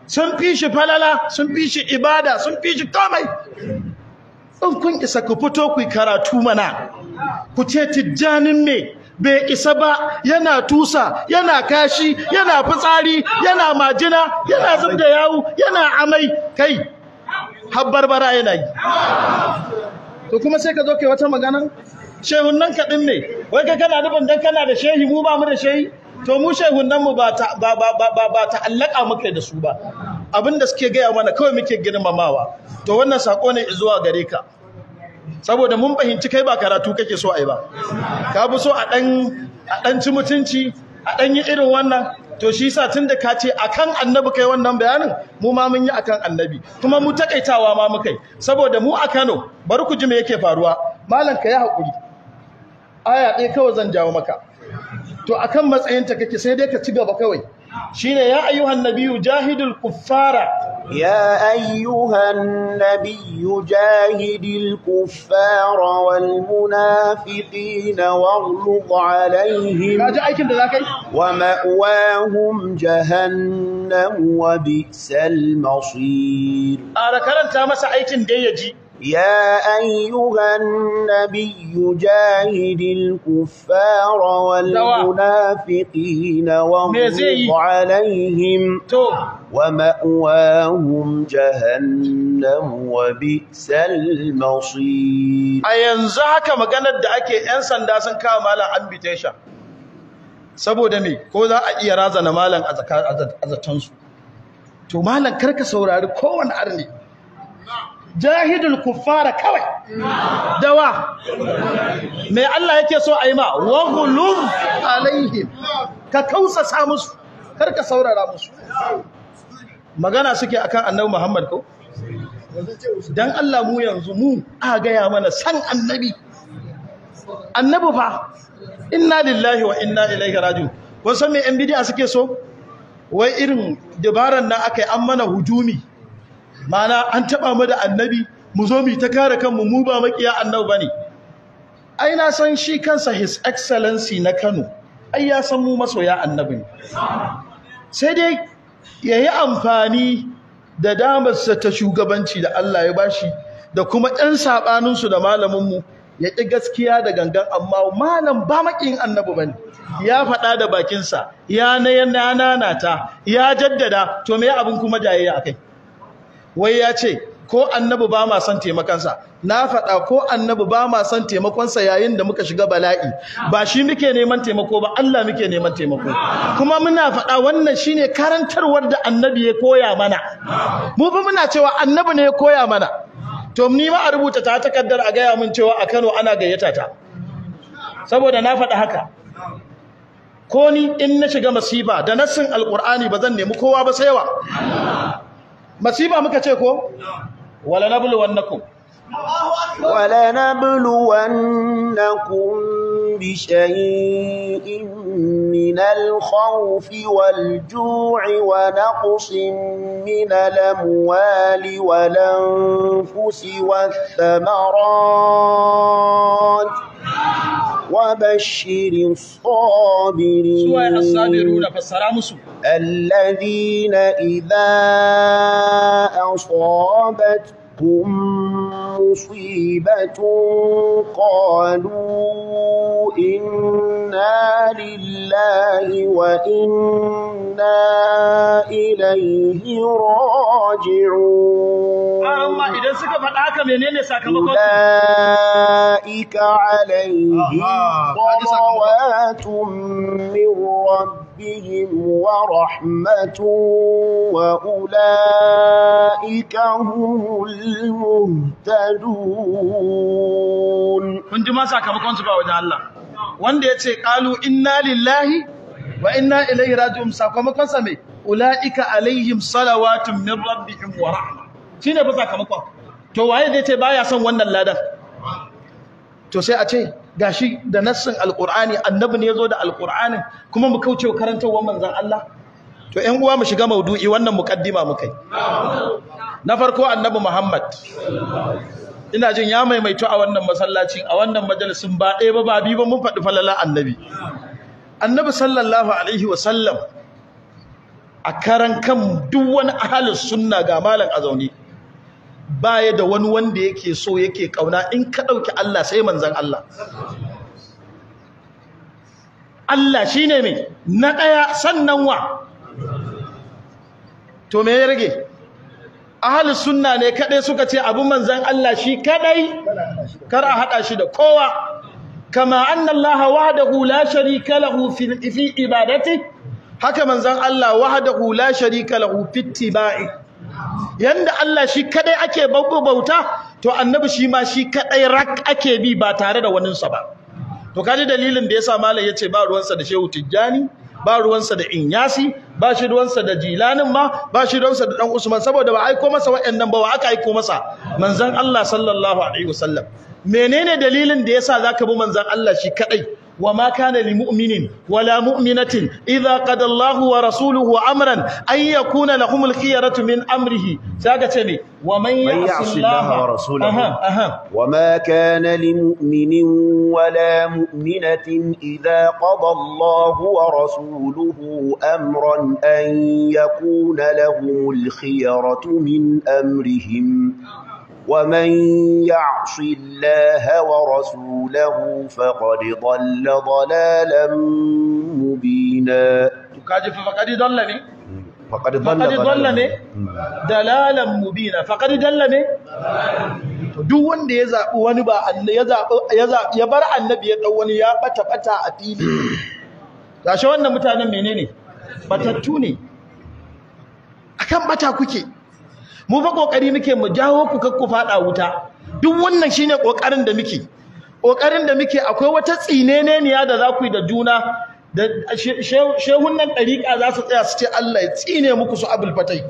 sun fi shi falala sun fi shi ibada sun fi shi komai in kun isa ku fito ku karatu mana ku ce tijjanin me bai isa ba yana tusa yana kashi yana fitsari yana majina yana zubda da yawu yana amai kai har bara yana yi to kuma sai ka zo kai wata magana shehun nan ne wai ka kana nufin dan kana da shehi mu ba mu da shehi to mu shehun nan mu ba ta ba ba ba allaka muke da su ba abin da suke gaya mana kawai muke girmamawa to wannan sako ne zuwa gare ka saboda mun fahimci kai ba karatu kake so a ai ba ka fi so a dan ci mutunci a dan yi irin wannan to shi sa tun da ka ce kan annabi kai wannan bayanin mu ma mun yi a kan annabi kuma mu takaitawa ma muka yi saboda mu a Kano bari ku ji me yake faruwa malam ka yi hakuri aya ɗaya kawai zan jawo maka to akan matsayinta kake sai dai ka ci gaba kawai shine ya ayyuhan nabiyu jahidul kuffara ya ayyuhan nabiyu jahidil kuffara wal munafiqina waghluq alaihim kaji aikin da zakai wa ma'wahum jahannam wa bi'sal masir ara karanta masa aikin da yaji يا أيها النبي جاهد الكفار والمنافقين واغلظ عليهم ومأواهم جهنم وبئس المصير أينزو haka maganar da ake 'yan sanda sun kawo malam an bite saboda me ko za a iya razana malam a to malam karka saurari kowane arni jahidul kuffara kawai dawa mai Allah yake so a yi ma waghulum alaihim ka kausasa musu kar ka saurara musu magana suke akan annabi Muhammad ko dan Allah mu yanzu mu a gaya mana san annabi annabi fa inna lillahi wa inna ilaihi raji'un wasan me yan bid'a suke so wai irin dabaran nan akai an mana hujumi mana an taba mu da annabi mu zo mu ta kare kanmu mu ba makiya annabi bane ai na san shi kansa his excellency na Kano ai ya san mu masoya annabi ne sai dai yayi amfani da damarsa ta shugabanci da Allah ya bashi da kuma ɗan saɓaninsu da malaminmu ya ƙi gaskiya da gangan amma malam ba maƙin annabi bane ya faɗa da bakinsa ya nanata ya jaddada to me abin kuma jayayya a kai wai ya ce ko annabi ba ma son taimakonsa na faɗa ko annabi ba ma son taimakonsa yayin da muka shiga bala'i ba shi muke neman taimako ba Allah muke neman taimako kuma muna faɗa wannan shine karantarwar da annabi ya koya mana mu fa muna cewa annabi ne ya koya mana to ni ma a rubuta ta takardar a gaya mun cewa a Kano ana gayyata ta saboda na faɗa haka ko ni in na shiga masifa da nassin alqur'ani ba zan nemi kowa ba sai wa masifa muka ce ko wala nabluwannakum wala nabluwannakum بشيء من الخوف والجوع ونقص من الأموال والأنفس والثمرات وبشر الصابرين الذين إذا أصابتهم تصبهم مصيبة قالوا إنا لله وإنا إليه راجعون أولئك عليهم صلوات من ربهم ربهم ورحمة وأولئك هم المهتدون كنت ما ساكبكم سبا وجه الله wanda ya ce ƙalu inna lillahi wa inna ilaihi raji'un sakamakon sa mai ula'ika alaihim salawatun min rabbihim wa rahma shine ba sakamakon to waye zai ce baya son wannan ladan to sai a ce gashi da nassin alkur'ani annabi ne yazo da alqur'anin kuma mu kauce wa karantawar manzon Allah to ƴan uwa mu shiga maudu'i wannan muqaddima mukai na farko annabi Muhammad ina jin ya maimaito a wannan masallacin a wannan majalisin ba ɗaya ba ba biyu ba mun faɗi falala annabi annabi sallallahu alaihi sallam a karan kan duk wani ahalin sunna ga malam a zaune baya da wani wanda yake so yake kauna in ka ɗauki Allah sai manzan Allah Allah shi ne mai na ɗaya sannan wa to me ya rage ahalus sunna ne kaɗai suka ce abu manzan Allah shi kaɗai kar a haɗa shi da kowa kama annallaha da hula shari lahu fi ibadati haka manzan Allah da hula shari lahu fi ba'i. yanda Allah shi kadai ake bauta to annabi shi ma shi kadai rak ake bi ba tare da waninsa ba to kaji dalilin da yasa malai yace ba ruwansa da Shehu Tijjani ba ruwansa da Inyasi ba shi ruwansa da Jilanin ma ba shi ruwansa da Dan Usman saboda ba aiko masa wayannan ba wa aka aiko masa manzon Allah sallallahu alaihi wasallam menene dalilin da yasa zaka bi manzon Allah shi kadai وما كان لمؤمن ولا مؤمنة إذا قد الله ورسوله أمرا أن يكون لهم الخيرة من أمره ساكتني ومن يعص الله ورسوله أها أها وما كان لمؤمن ولا مؤمنة إذا قضى الله ورسوله أمرا أن يكون لهم الخيرة من أمرهم ومن يعص الله ورسوله فقد ضل ضلالا مبينا kaji فقد ضلني فقد ضلني dalla مبينا فقد ضلني dalalan mubina duk wanda ya zaɓi wani ba ya bar annabi ya ya ɓata ɓata a fili gashi wannan mutanen menene batattu ne akan bata kuke mu fa kokari muke mu jawo ku kakku faɗa wuta duk wannan shine kokarin da muke kokarin da muke akwai wata tsineneniya da za ku yi da juna da shehunan ɗariƙa za su tsaya su ce Allah ya tsine muku su abul fatai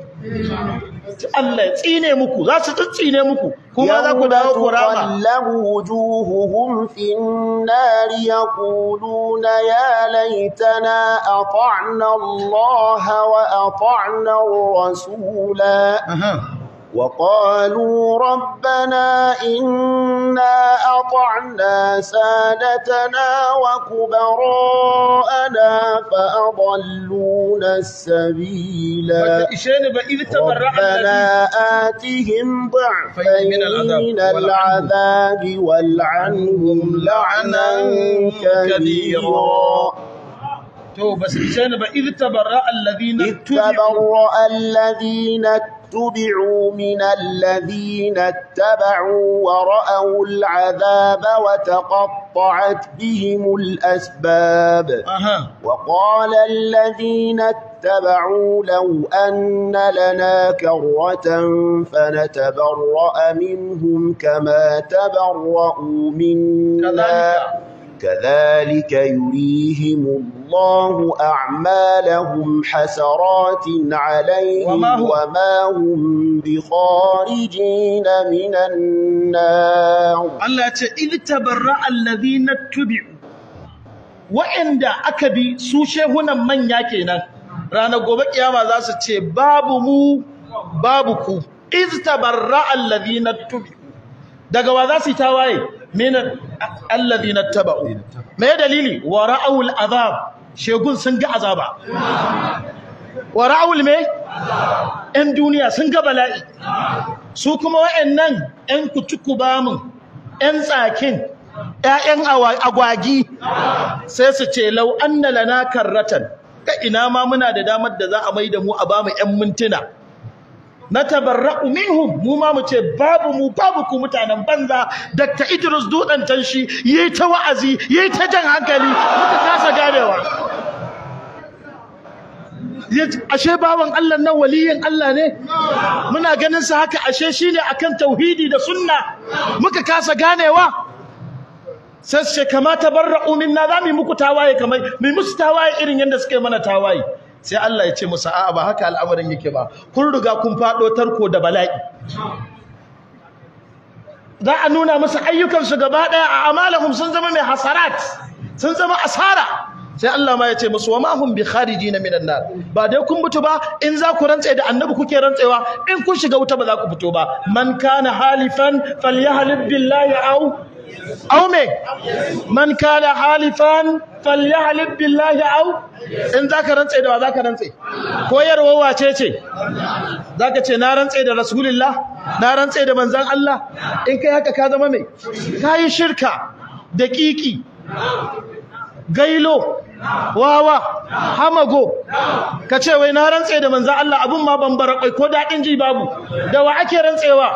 Allah ya tsine muku za su tsine muku kuma za ku dawo ku rama lahu wujuhuhum fin nar yaquluna ya laitana ata'na Allah wa ata'na rasula وقالوا ربنا إنا أطعنا سادتنا وكبراءنا فأضلونا السبيلا ربنا آتهم ضعفين من العذاب والعنهم لعنا كبيرا تو بس إشان إذ تبرأ الذين تبرأ الذين اتبعوا من الذين اتبعوا ورأوا العذاب وتقطعت بهم الأسباب أه. وقال الذين اتبعوا لو أن لنا كرة فنتبرأ منهم كما تبرأوا منا كذلك كذلك يريهم الله أعمالهم حسرات عليهم وما, هم بخارجين من النار الله إذ تبرأ الذين اتبعوا وإن دا أكبي سوشي هنا من يكينا رانا قبك يا ماذا ستي بابو مو بابكو إذ تبرأ الذين اتبعوا daga wa za su yi tawaye min alladhina tabau me dalili wa azab shegun sun ga azaba wa me ɗan duniya sun ga bala'i su kuma wa'annan ɗan kutuku bamun 'yan tsakin ‘ya'yan agwagi sai su ce lau an karratan ina ma muna da damar da za a mai da mu a bamu ‘yan mintuna natabarra'u minhum mu ma mu ce babu mu babu ku mutanen banza Dr. Idris Dudan tanshi yayi ta wa'azi yayi ta jan hankali muka kasa ganewa ashe bawan Allah nan waliyin Allah ne muna ganin sa haka ashe shine akan tauhidi da sunna muka kasa ganewa sai kamata barra'u minna zamu muku tawaye kamar mu musu tawaye irin yanda suke mana tawaye sai Allah ya ce musu a'a ba haka al'amarin yake ba kun riga kun faɗo tarko da bala'i za a nuna musu ayyukansu gaba ɗaya a amalahum sun zama mai hasarat sun zama asara sai Allah ma ya ce musu wa ma hum bi kharijina minan nar ba dai kun mutu ba in za ku rantse da annabi kuke rantsewa in kun shiga wuta ba za ku fito ba man kana halifan falyahlib billahi aw aw me man kana halifan falyahlib billahi aw in zaka rantsa da zaka rantsa koyarwar wace ce zaka ce na rantse da rasulullah na rantse da manzon Allah in kai haka ka zama me kai shirka Daƙiƙi. gailo wawa hamago ka ce wai na rantse da manzo Allah abun ma bara kai ko dadin ji babu da wa ake rantsewa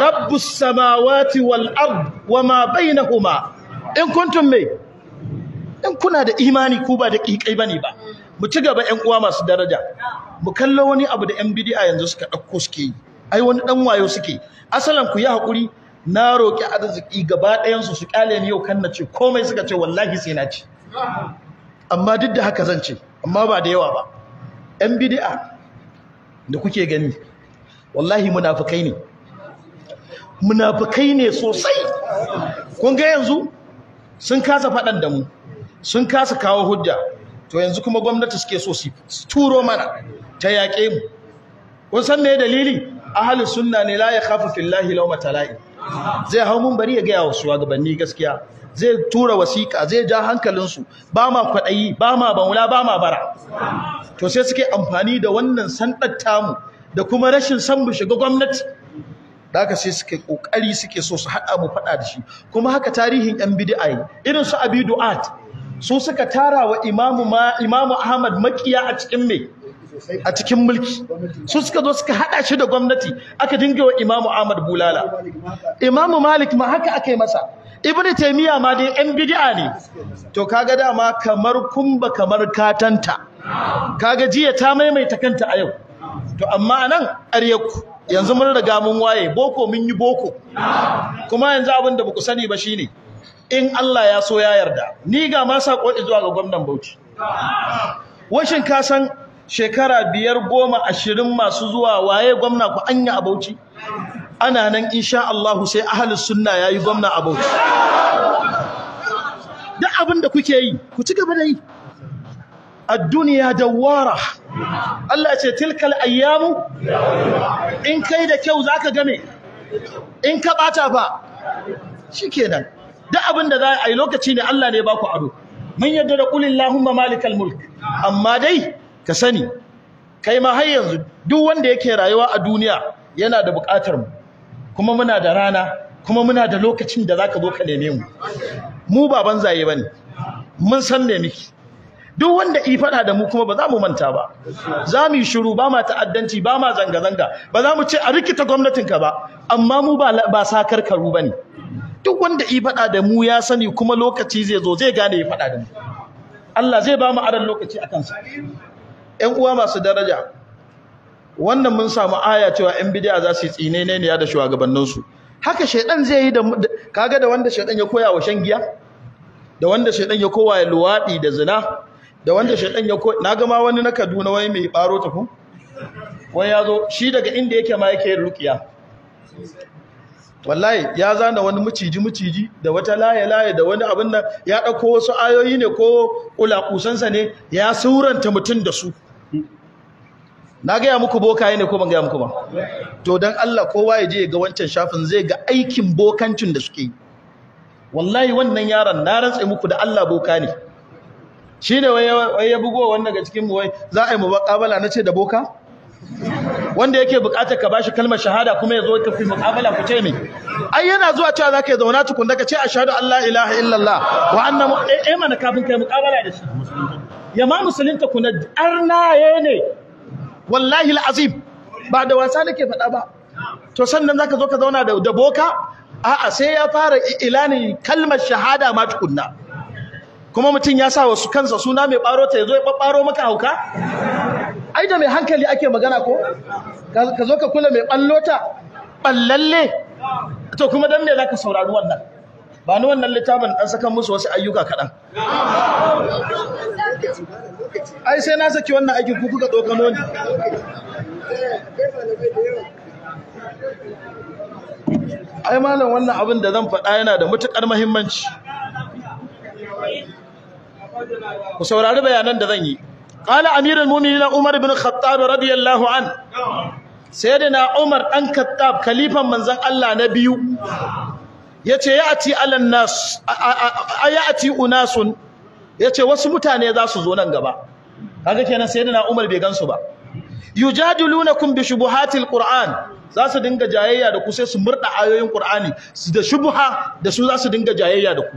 rabbus samawati wal ard wama bainahuma in kuntum me in kuna da imani ku ba da kikai bane ba mu ci gaba ƴan uwa masu daraja mu kallo wani abu da ƴan bid'a yanzu suka dauko suke yi ai wani dan wayo suke asalan ku yi hakuri na roki arziki gaba ɗayan su su kyale ni yau kan na ce komai suka ce wallahi sai na ci amma duk da haka zan ce amma ba da yawa ba yan bid'a da kuke gani wallahi munafukai ne Munafukai ne sosai kun ga yanzu sun kasa faɗan da mu sun kasa kawo hujja to yanzu kuma gwamnati suke so su turo mana ta yaƙe mu kun san me dalili ahlus sunna ne la yakhafu fillahi lau tala'i zai hau mun bari ya gaya wasu gabanni gaskiya zai tura wasiƙa zai ja hankalinsu ba ma kwaɗayi ba ma banwula ba ma bara to sai suke amfani da wannan sanɗar tamu da kuma rashin san mu shiga gwamnati da haka sai suke ƙoƙari suke so su haɗa mu faɗa da shi kuma haka tarihin yan bid'a irin su abi du'at su suka tara wa imamu ahmad makiya a cikin me a cikin mulki su suka zo suka haɗa shi da gwamnati aka dinga wa imamu ahmad bulala imamu malik ma haka aka yi masa ibn taymiya ma dai yan bid'a ne to kaga dama kamar kumba kamar katanta kaga jiya ta maimaita kanta a yau to amma anan aryaku yanzu mun riga mun waye boko mun yi boko kuma yanzu abin da baku sani ba shine in Allah ya so ya yarda ni ga ma sako zuwa ga gwamnan Bauchi washin ka san shekara biyar goma ashirin masu zuwa waye gwamna ku anya a Bauchi ana nan insha Allah sai ahlus sunna yayi gwamna a Bauchi da abin da kuke yi ku ci gaba da yi ad-dunya dawara Allah ce tilkal ayyamu in kai da kyau zaka game in ka bata fa shikenan Da abin da za a lokaci ne Allah ne ba ku ado mun yadda da lahumma malikal mulk amma dai ka sani kai ma har yanzu duk wanda yake rayuwa a duniya yana da buƙatar mu kuma muna da rana kuma muna da lokacin da za ka zo ka neme mu mu ba banzaye bane mun san me miki duk wanda i faɗa da mu kuma ba za mu manta ba za mu yi shiru ba ma ta'addanci ba ma zanga-zanga ba za mu ce a rikita gwamnatinka ba amma mu ba sakar karu ba ne duk wanda i fada da mu ya sani kuma lokaci zai zo zai gane ya fada da mu Allah zai ba mu aran lokaci a kansa ‘yan uwa masu daraja wannan mun samu aya cewa yan bid'a za su yi tsine ne ya da shugabanninsu haka shaidan zai yi da kaga da wanda shaidan ya koya wa shan giya da wanda shaidan ya kowa ya luwaɗi da zina da wanda shaidan ya koya na gama wani na kaduna wai mai ɓaro tafi wani ya zo shi daga inda yake ma yake rukiya wallahi ya zana wani miciji miciji da wata laye laye da wani abin nan ya ɗauko wasu ayoyi ne ko ƙulaƙusansa ne ya suranta mutum da su na gaya muku bokaye ne ko ban gaya muku ba to dan Allah kowa ya je ga wancan shafin zai ga aikin bokancin da suke yi wallahi wannan yaron na rantsa muku da Allah boka ne shine wai ya bugo wannan ga cikin mu wai za a yi na nace da boka wanda yake bukatar ka bashi kalmar shahada kuma ya zo ka fi muqabala ku ce mai. ai yana zuwa cewa zaka yi zauna tukun daga ce ashhadu an la ilaha illallah wa annan eh, eh mana kafin kai muqabala da shi ya ma musulunta kuna arnaye ne wallahi alazim ba da wasa nake faɗa ba to sannan zaka zo ka zauna da boka a'a sai ya fara ilanin kalmar shahada ma tukunna kuma mutum ya sa wasu kansa suna mai baro ta yazo ya babbaro maka hauka ai da mai hankali ake magana ko ka zo ka kula mai ballota ballalle to kuma dan me zaka saurari wannan ba ni wannan littafin dan saka musu wasu ayyuka kaɗan ai sai na saki wannan aikin ku kuka tsokano ne ai malam wannan abin da zan faɗa yana da matuƙar muhimmanci ku saurari bayanan da zan yi qala amirul mu'minin umar ibn khattab radiyallahu an sayyidina umar ɗan khattab khalifan manzon Allah na biyu yace ati alan nas ati unasun yace wasu mutane za su zo nan gaba kaga kenan sai dana Umar bai gansu ba yujadilunakum bi shubuhatil qur'an za su dinga jayayya da ku sai su murda ayoyin qur'ani da shubuha da su za su dinga jayayya da ku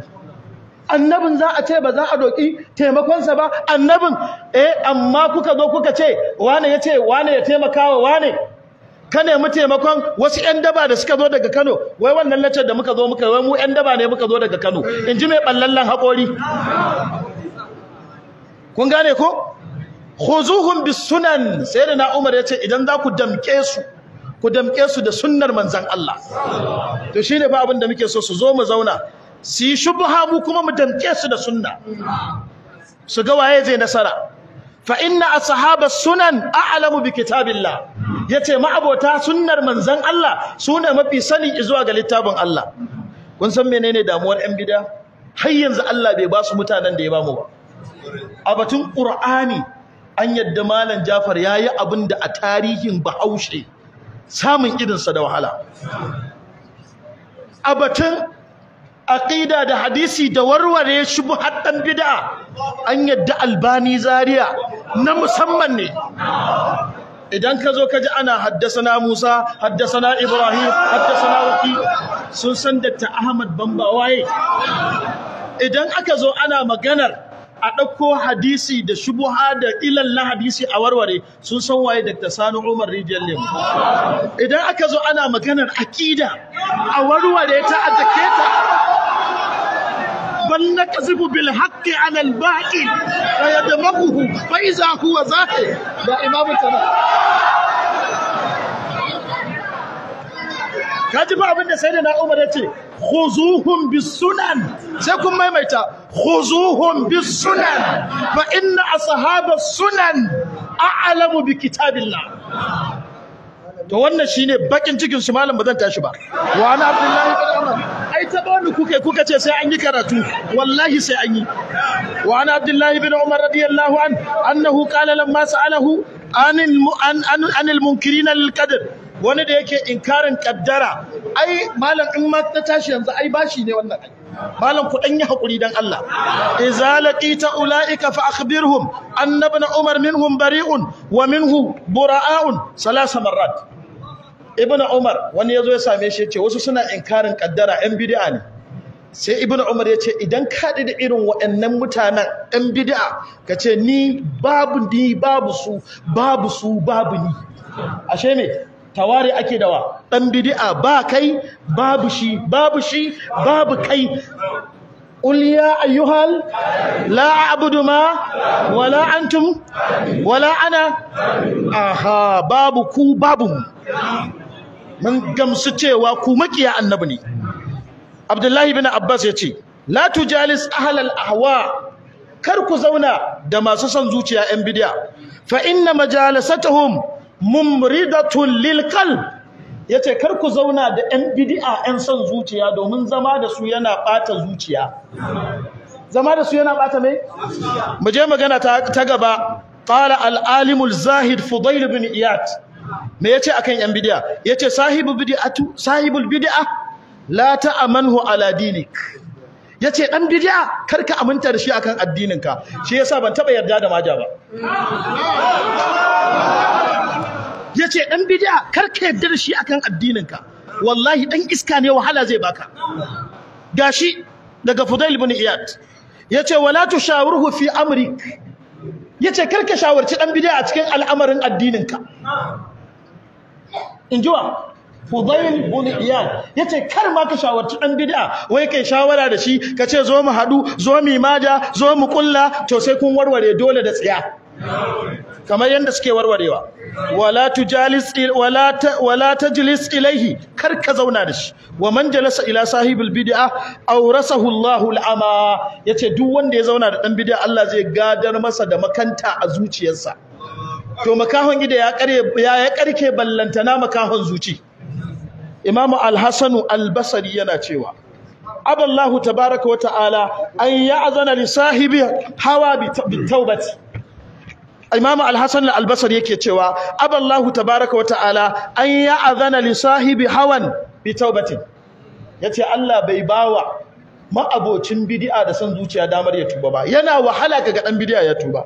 annabin za a ce ba za a doki taimakonsa ba annabin eh amma kuka zo kuka ce wane ya ce wane ya taimakawa wane ka nemi taimakon wasu 'yan daba da suka zo daga Kano wai wannan laccar da muka zo muka wai mu 'yan daba ne muka zo daga Kano in ji mai ballallan haƙori kun gane ko khuzuhum bisunan sayyidina Umar ce idan za ku damke su ku damke su da sunnar manzan Allah to ne fa abin da muke so su zo mu zauna su yi shubha mu kuma mu damke su da sunna su ga waye zai nasara fa inna ashabas sunan a'lamu bi kitabillah Ya ce ma'abota sunnar manzan Allah su ne mafi sani zuwa ga littafin Allah kun san menene damuwar yan bid'a har yanzu Allah bai ba su mutanen da ya ba mu ba a batun qur'ani an yadda malam Jafar ya yi abin da a tarihin Bahaushe samun irinsa da wahala a batun aqida da hadisi da warware shi buhaddan bid'a an yadda albani Zariya na musamman ne idan ka zo ka ji ana haddasana Musa haddasana Ibrahim haddasana Waki sun san Dr. Ahmad Bamba waye idan aka zo ana maganar a ɗauko hadisi da shubuha da ilan na hadisi a warware sun san waye Dr. Sani Umar Rijiyar Lemu idan aka zo ana maganar aƙida a warware ta a ta? بل نكذب بالحق على الباطل فيدمغه فإذا هو زاهق ده إمام Ka ji ba abin da sayyidina Umar ya ce khuzuhum sunan. sai kun maimaita khuzuhum sunan. fa inna ashabas sunan a'lamu bi kitabillah to wannan shine bakin cikin su malam ba zan tashi ba wa ana abdullahi bin ai ta bani kuka kuka ce sai an yi karatu wallahi sai an yi wa ana abdullahi bin umar radiyallahu an annahu qala lamma sa'alahu anil anil munkirina lil qadr wani da yake inkarin kaddara ai malam in ma ta tashi yanzu ai bashi ne wannan ai malam ku dan yi hakuri dan Allah izalati ta ulaika fa akhbirhum anna ibn umar minhum bari'un wa minhu bura'un salasa marrat ibn umar wani yazo ya same shi yace wasu suna inkarin kaddara yan bid'a ne sai ibn umar yace idan ka da irin waɗannan mutanen yan bid'a kace ni babu ni babu su babu su babu ni ashe me tawari ake dawa Ɗan bid'a ba kai babu shi babu shi babu kai قل يا أيها لا أعبد ما ولا أنتم ولا أنا أها بابكو بابم Mun gamsu cewa ku makiya annabi ne Abdullahi bin Abbas yace la tujalis ahlal ahwa kar ku zauna da masu son zuciya yan bidiya fa inna majalasatuhum mumridatun lil qalb yace kar ku zauna da yan bid'a yan son zuciya domin zama da su yana bata zuciya zama da su yana bata mai mu je magana ta gaba qala al alimul zahid bin ibn iyad me yace akan yan bid'a yace sahibu bid'atu sahibul bid'a la ta'amanhu ala dinik yace dan bid'a ka aminta da shi akan addininka shi yasa ban taba yarda da maja ba ya ce ɗan bidiya kar ka yarda da shi akan addininka wallahi ɗan iska ne wahala zai baka gashi daga Fudail bin Iyad ya ce wala tu tushawiruhu fi amrik yace kar ka shawarci ɗan bidiya a cikin al'amarin addininka injiwa Fudail bin Iyad ya ce kar ma ka shawarci ɗan bidiya wai kai shawara da shi ka ce zo mu hadu zo mu imaja, zo mu kulla to sai kun warware dole da tsiya kamar yadda suke warwarewa wala tujalis wala wala tajlis ilaihi kar ka zauna da shi wa man jalasa ila sahibul bid'a awrasahu Allahu al'ama yace duk wanda ya zauna da dan bid'a Allah zai gadar masa da makanta a zuciyarsa to makahon gida ya kare ya ya karke ballantana makahon zuci Imam Al-Hasan Al-Basri yana cewa aballahu tabaraka wa ta'ala an ya'zana li sahibi hawa bi tawbati imamu al-hasan al-albasri yake cewa aballahu tabaraka wata'ala an azana li sahibi hawan bi taubatin yace Allah bai bawa ma'abocin bid'a da son zuciya damar ya tuba ba yana wahala ga dan bid'a ya tuba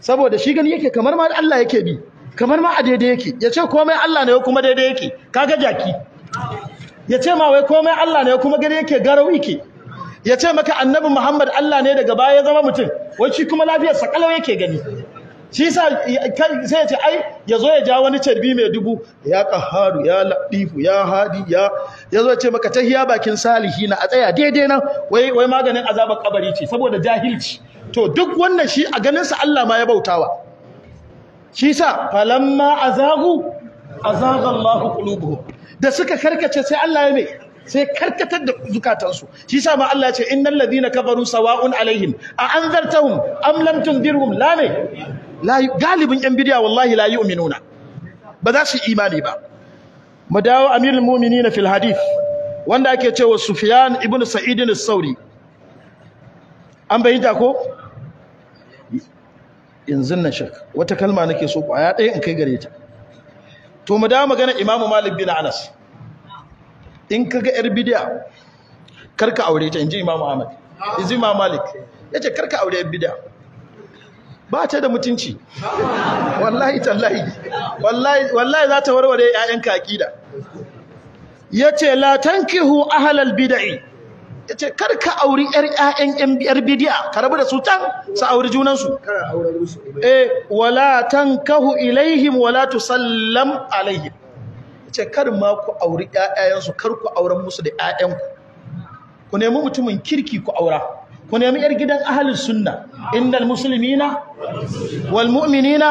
saboda shi gani yake kamar ma Allah yake bi kamar ma a daidai yake yace komai Allah ne kuma daidai yake kaga jaki yace ma wai komai Allah ne kuma gari yake garau yake yace maka annabi Muhammad Allah ne daga baya ya zama mutum wai shi kuma lafiyar sa kalau yake gani shi sa sai ya ce ai ya zo ya ja wani carbi mai dubu ya kaharu ya latifu ya hadi ya ya zo ce maka tahiya bakin salihi na a tsaya daidai nan wai wai maganin azabar kabari ce saboda jahilci to duk wannan shi a ganin sa Allah ma ya bautawa shi sa falamma azagu azaga Allahu qulubuhum da suka karkace sai Allah ya mai sai karkatar da zukatansu shi sa ma Allah ce innal ladina kafaru sawa'un alaihim a anzartahum am lam tunzirhum la ne galibin yan bidiya wallahi la yu'minuna ba za su imani ba mu dawo amirul mu'minina fil hadith wanda ake cewa sufyan ibnu sa'id as-sauri an bayyana ko yanzu na shak wata kalma nake so kwaya ɗaya in kai gare ta to mu dawo magana imamu malik bin anas in kaga yar bidiya karka aure ta inji imamu ahmad inji imamu malik ya ce karka aure yar bidiya ba ta da mutunci wallahi tallahi wallahi za ta warware 'ya'yanka aƙida ya ce latankihu ahalal bida'i ya ce karka aure yar ƴaƴan yar bidiya ka rabu da su tan su aure junansu eh wala tankahu ilaihim wala tusallam alaihim ce kar ma ku auri ƴaƴayensu kar ku auren musu da ƴaƴanku ku nemi mutumin kirki ku aura ku nemi yar gidan ahlus sunna innal muslimina wal mu'minina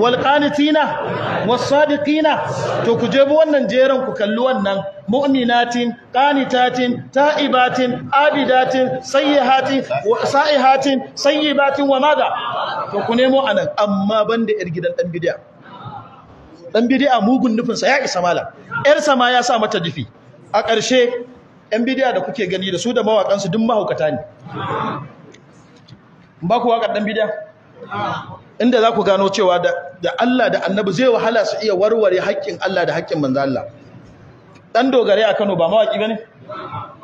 wal qanitina was sadiqina to ku je wannan jeran ku kalli wannan mu'minatin qanitatin ta'ibatin abidatin sayyihatin sa'ihatin sayyibatin wa madha to ku nemo anan amma banda yar gidan dan bid'a dan bidi'a mugun nufinsa ya isa malam ƴarsa ma ya sa mata jifi. a ƙarshe yan bidiya da kuke gani da su da mawakan su duk mahaukata ne ba ku waka ɗan bidiya? inda za ku gano cewa da Allah da Annabi zai wahala su iya warware haƙƙin Allah da haƙƙin manzo Allah dan dogare a Kano ba mawaki bane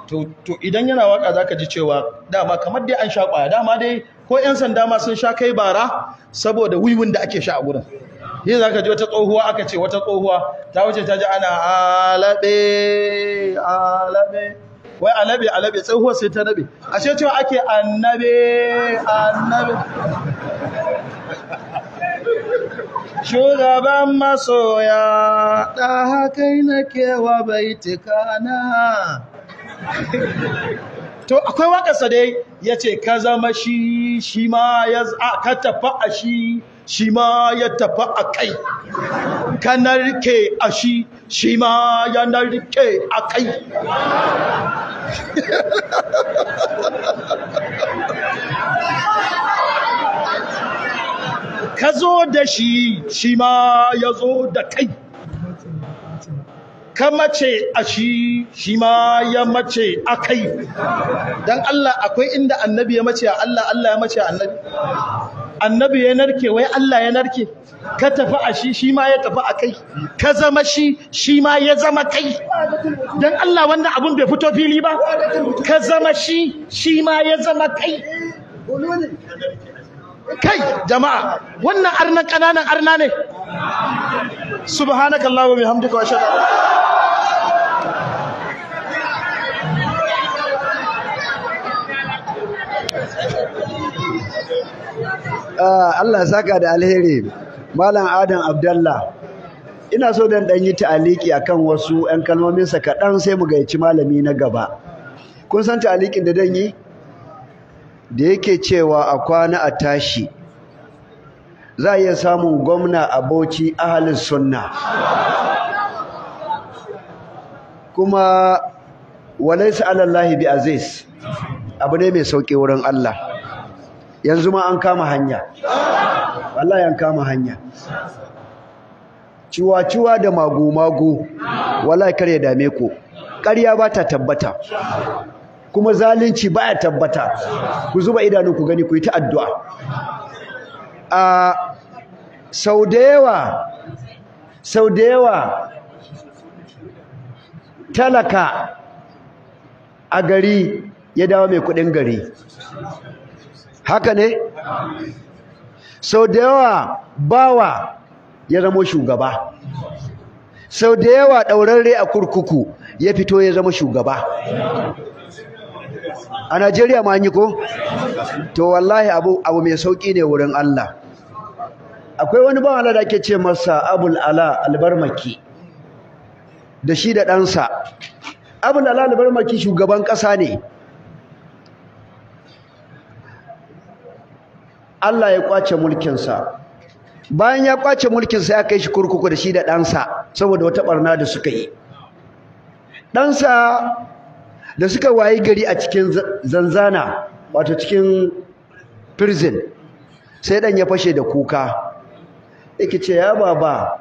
to to idan yana waka zaka ji cewa dama kamar dai an sha kwaya dama dai ko 'yan sanda ma sun sha kai bara saboda wuiwun da ake sha a gudun yi za ka ji wata tsohuwa aka ce wata tsohuwa ta wuce ta ji ana alabe alabe wai alabe alabe tsohuwa sai ta nabe ashe cewa ake annabe annabe shugaban masoya ɗa haka yi na kewa baitika na to akwai waƙarsa dai ya ce ka zama shi shi ma ya ka tafa a shi shi ma ya tafa a kai ka narke a shi shi ma ya narke a kai <laughs> ka zo da shi shi ma ya zo da kai ka mace a shi shi ma ya mace a kai don Allah akwai inda annabi ya mace a Allah Allah ya mace a annabi annabi ya narke wai Allah ya narke ka tafi a shi shi ma ya tafi a kai ka zama shi shi ma ya zama kai don Allah wannan abun bai fito fili ba ka zama shi shi ma ya zama kai kai jama'a wannan arnan kananan arna ne subhanakallahu wa bihamdika wa ashhadu an ah, Allah saka da alheri Malam Adam Abdullah. ina so dan dan yi ta'aliki akan wasu ɗan kalmomin sa kaɗan sai mu gayyaci malami na gaba kun san ta'alikin da dan yi da yake cewa a kwana a tashi za a iya samun gwamna aboci ahalin sunna kuma walaisa alallahi bi aziz abu ne mai sauƙi wurin Allah yanzu ma an kama hanya wallahi an kama hanya ciwa-ciwa da magu-magu wallahi kar ya dame ku ƙarya ba ta tabbata kuma zalunci ba ya tabbata ku zuba idanu ku gani ku yi ta addu'a a sau da yawa sau da yawa talaka a gari ya dawo mai kudin gari haka ne sau da yawa bawa ya zamo shugaba sau da yawa ɗaurarre a kurkuku ya fito ya zama shugaba a Najeriya ma an yi ko to wallahi abu abu mai sauki ne wurin Allah akwai wani bawan Allah da ake ce masa Abul Ala Albarmaki da shi da ɗansa Abul Ala Albarmaki shugaban ƙasa ne Allah ya kwace mulkinsa bayan ya kwace mulkinsa ya kai shi kurkuku da shi da ɗansa saboda wata ɓarna da suka yi ɗansa da suka wayi gari a cikin zanzana wato cikin prison sai dan ya fashe da kuka yake ce ya baba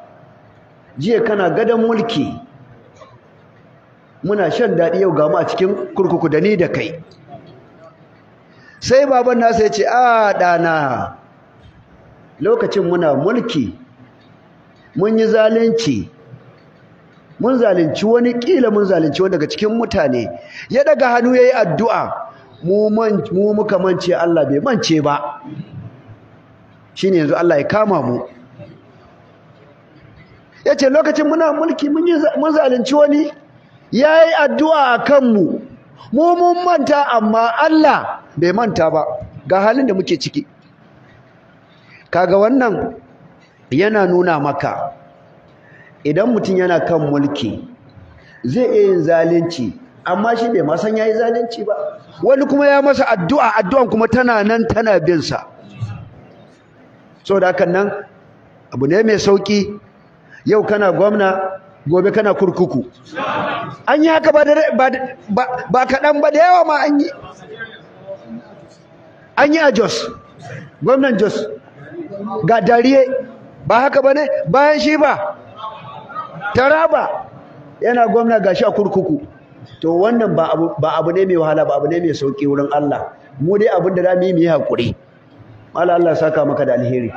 jiya kana gadon mulki muna shan daɗi yau ga mu a cikin kurkuku da ni da kai sai baban nasa ya ce a ɗana lokacin muna mulki mun yi zalunci mun zalunci wani kila mun zalunci wani daga cikin mutane ya daga hannu yayi addu'a mu mu muka mance Allah bai mance ba shine yanzu Allah ya kama mu yace lokacin muna mulki mun zalunci wani yayi addu'a akan mu mu mun manta amma Allah bai manta ba ga halin da muke ciki kaga wannan yana nuna maka idan mutum yana kan mulki zai iya yin zalunci amma shi bai ma san yayi zalunci ba wani kuma ya masa addu'a addu'an kuma tana nan tana bin sa saboda hakan nan abu ne mai sauki yau kana gwamna gobe kana kurkuku an yi haka ba kaɗan ba da yawa ma an yi an yi a jos gwamnan jos ga dariye ba haka ba ne bayan shi ba taraba yana gwamna gashi a kurkuku to wannan ba abu ne mai wahala ba abu ne mai sauki wurin Allah mu dai abin da zamu yi mu yi hakuri Allah Allah saka maka da alheri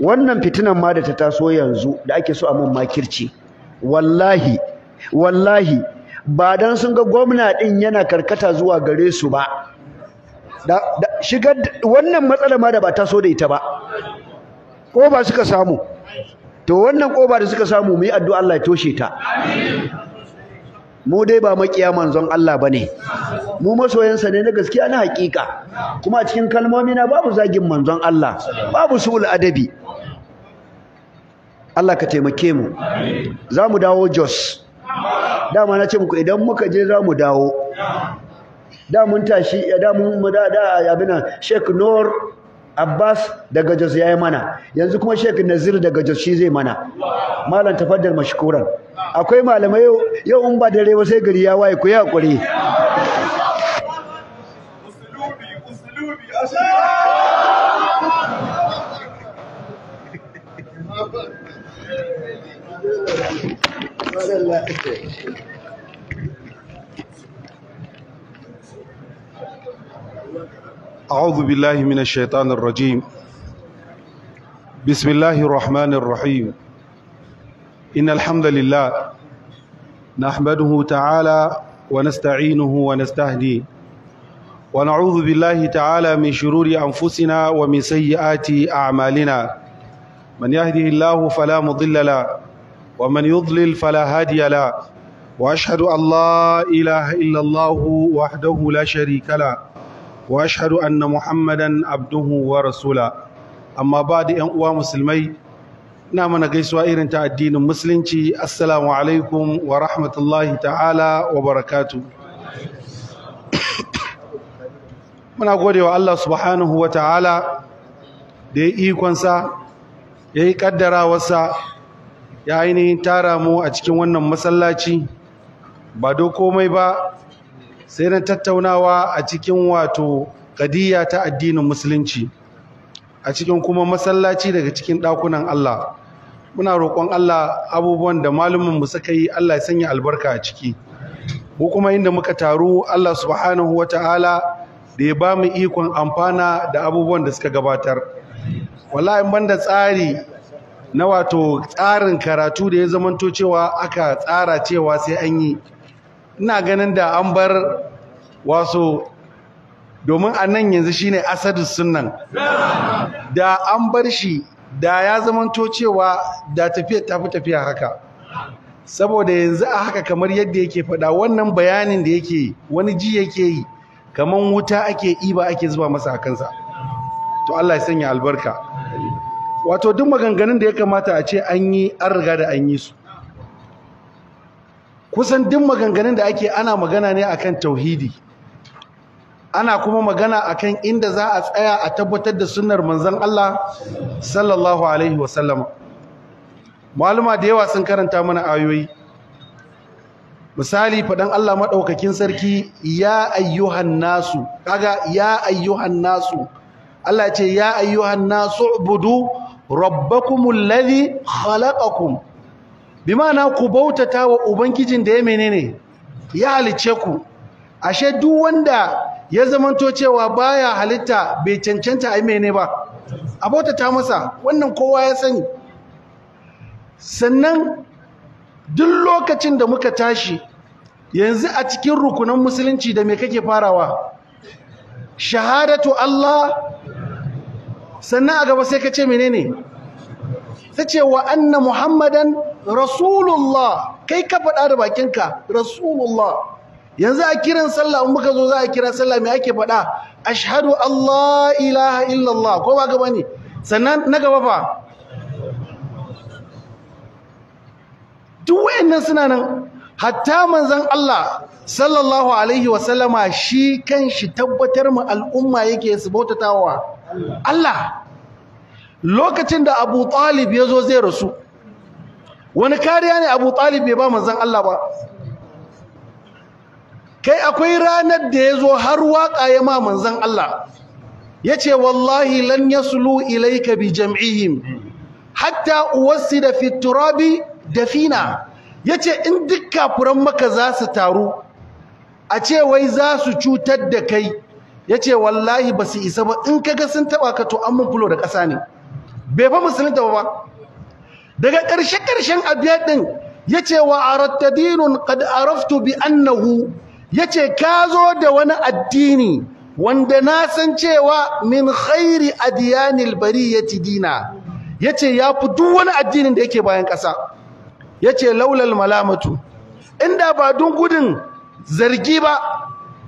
wannan fitinan ma da ta taso yanzu da ake so a mun makirci wallahi wallahi ba dan sun ga gwamna din yana karkata zuwa gare su ba da, shigar wannan matsalar ma da ba ta so da ita ba ko ba suka samu to wannan koba da suka samu mu yi addu'a Allah ya toshe ta mu dai ba makiya manzon Allah ba ne. mu masoyansa ne na gaskiya na hakika kuma a cikin kalmomi na babu zagin manzon Allah babu su'ul adabi Allah ka taimake mu za mu dawo Jos dama na ce muku idan muka je za mu dawo da mun tashi da mun da abin Sheikh Nur Abbas daga Jos yi mana yanzu kuma Sheikh Nazir daga Jos shi zai mana malam tafaddal mashkuran akwai malamai yau in ba dare ba sai gari ya waye ku yi hakuri Thank you. أعوذ بالله من الشيطان الرجيم بسم الله الرحمن الرحيم إن الحمد لله نحمده تعالى ونستعينه ونستهديه ونعوذ بالله تعالى من شرور أنفسنا ومن سيئات أعمالنا من يهده الله فلا مضل له ومن يضلل فلا هادي له وأشهد أن لا إله إلا الله وحده لا شريك له واشهد ان محمدا عبده rasula. amma ba da 'yan uwa musulmai na mana gaisuwa irin ta addinin musulunci assalamu alaikum wa rahmatullahi ta'ala wa barakatu muna godewa Allah subhanahu wa ta'ala da ya ikonsa ya yi ƙaddarawarsa ya ainihin tara mu a cikin wannan masallaci ba do komai ba sai na tattaunawa a cikin wato kadiyya ta addinin musulunci a cikin kuma masallaci daga cikin ɗakunan Allah muna roƙon Allah abubuwan da malumin mu suka yi Allah ya sanya albarka a ciki ko kuma inda muka taru Allah subhanahu wata'ala da ya ba mu ikon amfana da abubuwan da suka gabatar wallahi da tsari na wato tsarin karatu da ya zamanto cewa aka tsara cewa sai an yi ina ganin da an bar wasu domin a nan yanzu shine Asadu sunan da an bar shi da ya zamanto cewa da tafiya tafi tafiya haka saboda yanzu a haka kamar yadda yake faɗa wannan bayanin da yake wani ji yake yi kamar wuta ake iba ake zuba masa a kansa to Allah ya sanya albarka wato duk maganganun da ya kamata a ce an yi an riga da an yi su kusan duk maganganun da ake ana magana ne akan tauhidi ana kuma magana akan inda za a tsaya a tabbatar da sunnar manzon Allah sallallahu alaihi sallama maluma da yawa sun karanta mana ayoyi misali fadan Allah madaukakin sarki ya ayyuhan nasu kaga ya ayyuhan nasu Allah ce ya ayyuhan nasu ubudu rabbakumul ladhi khalaqakum bi ma'ana ku bautata wa ubangijin da ya menene ya halice ku ashe duk wanda ya zamanto cewa baya halitta bai cancanta a mene ba a bautata masa wannan kowa ya sani sannan duk lokacin da muka tashi yanzu a cikin rukunan musulunci da me kake farawa shahadatu Allah sannan a gaba sai ka ce menene sai ce wa anna muhammadan rasulullah kai ka faɗa da bakinka rasulullah yanzu a kiran sallah in muka zo za a kira sallah me ake faɗa ashhadu allah ilaha illallah ko ba gaba ne sannan na gaba fa duk wayannan suna nan hatta manzon Allah sallallahu alaihi wa sallama shi shi tabbatar mu al'umma yake su bautatawa Allah lokacin da Abu Talib yazo zai rasu wani kariya ne abu talib bai ba manzan Allah ba kai akwai ranar da ya zo har waƙa ya ma manzan Allah ya ce wallahi lan ya sulu ilaika bi jam'ihim hatta da fiturabi da fina. ya ce in duk kafuran maka za su taru a ce wai za su cutar da kai ya ce wallahi ba su isa ba in kaga sun taɓa ka to an mun fulo da ƙasa ne bai fa musulunta ba daga ƙarshe ƙarshen abiyat ya yace wa aratta dinun qad araftu bi annahu yace ka zo da wani addini wanda na san cewa min khairi adiyanil bariyati dina yace ya fi duk wani addinin da yake bayan ƙasa yace laulal malamatu inda ba dun gudun zargi ba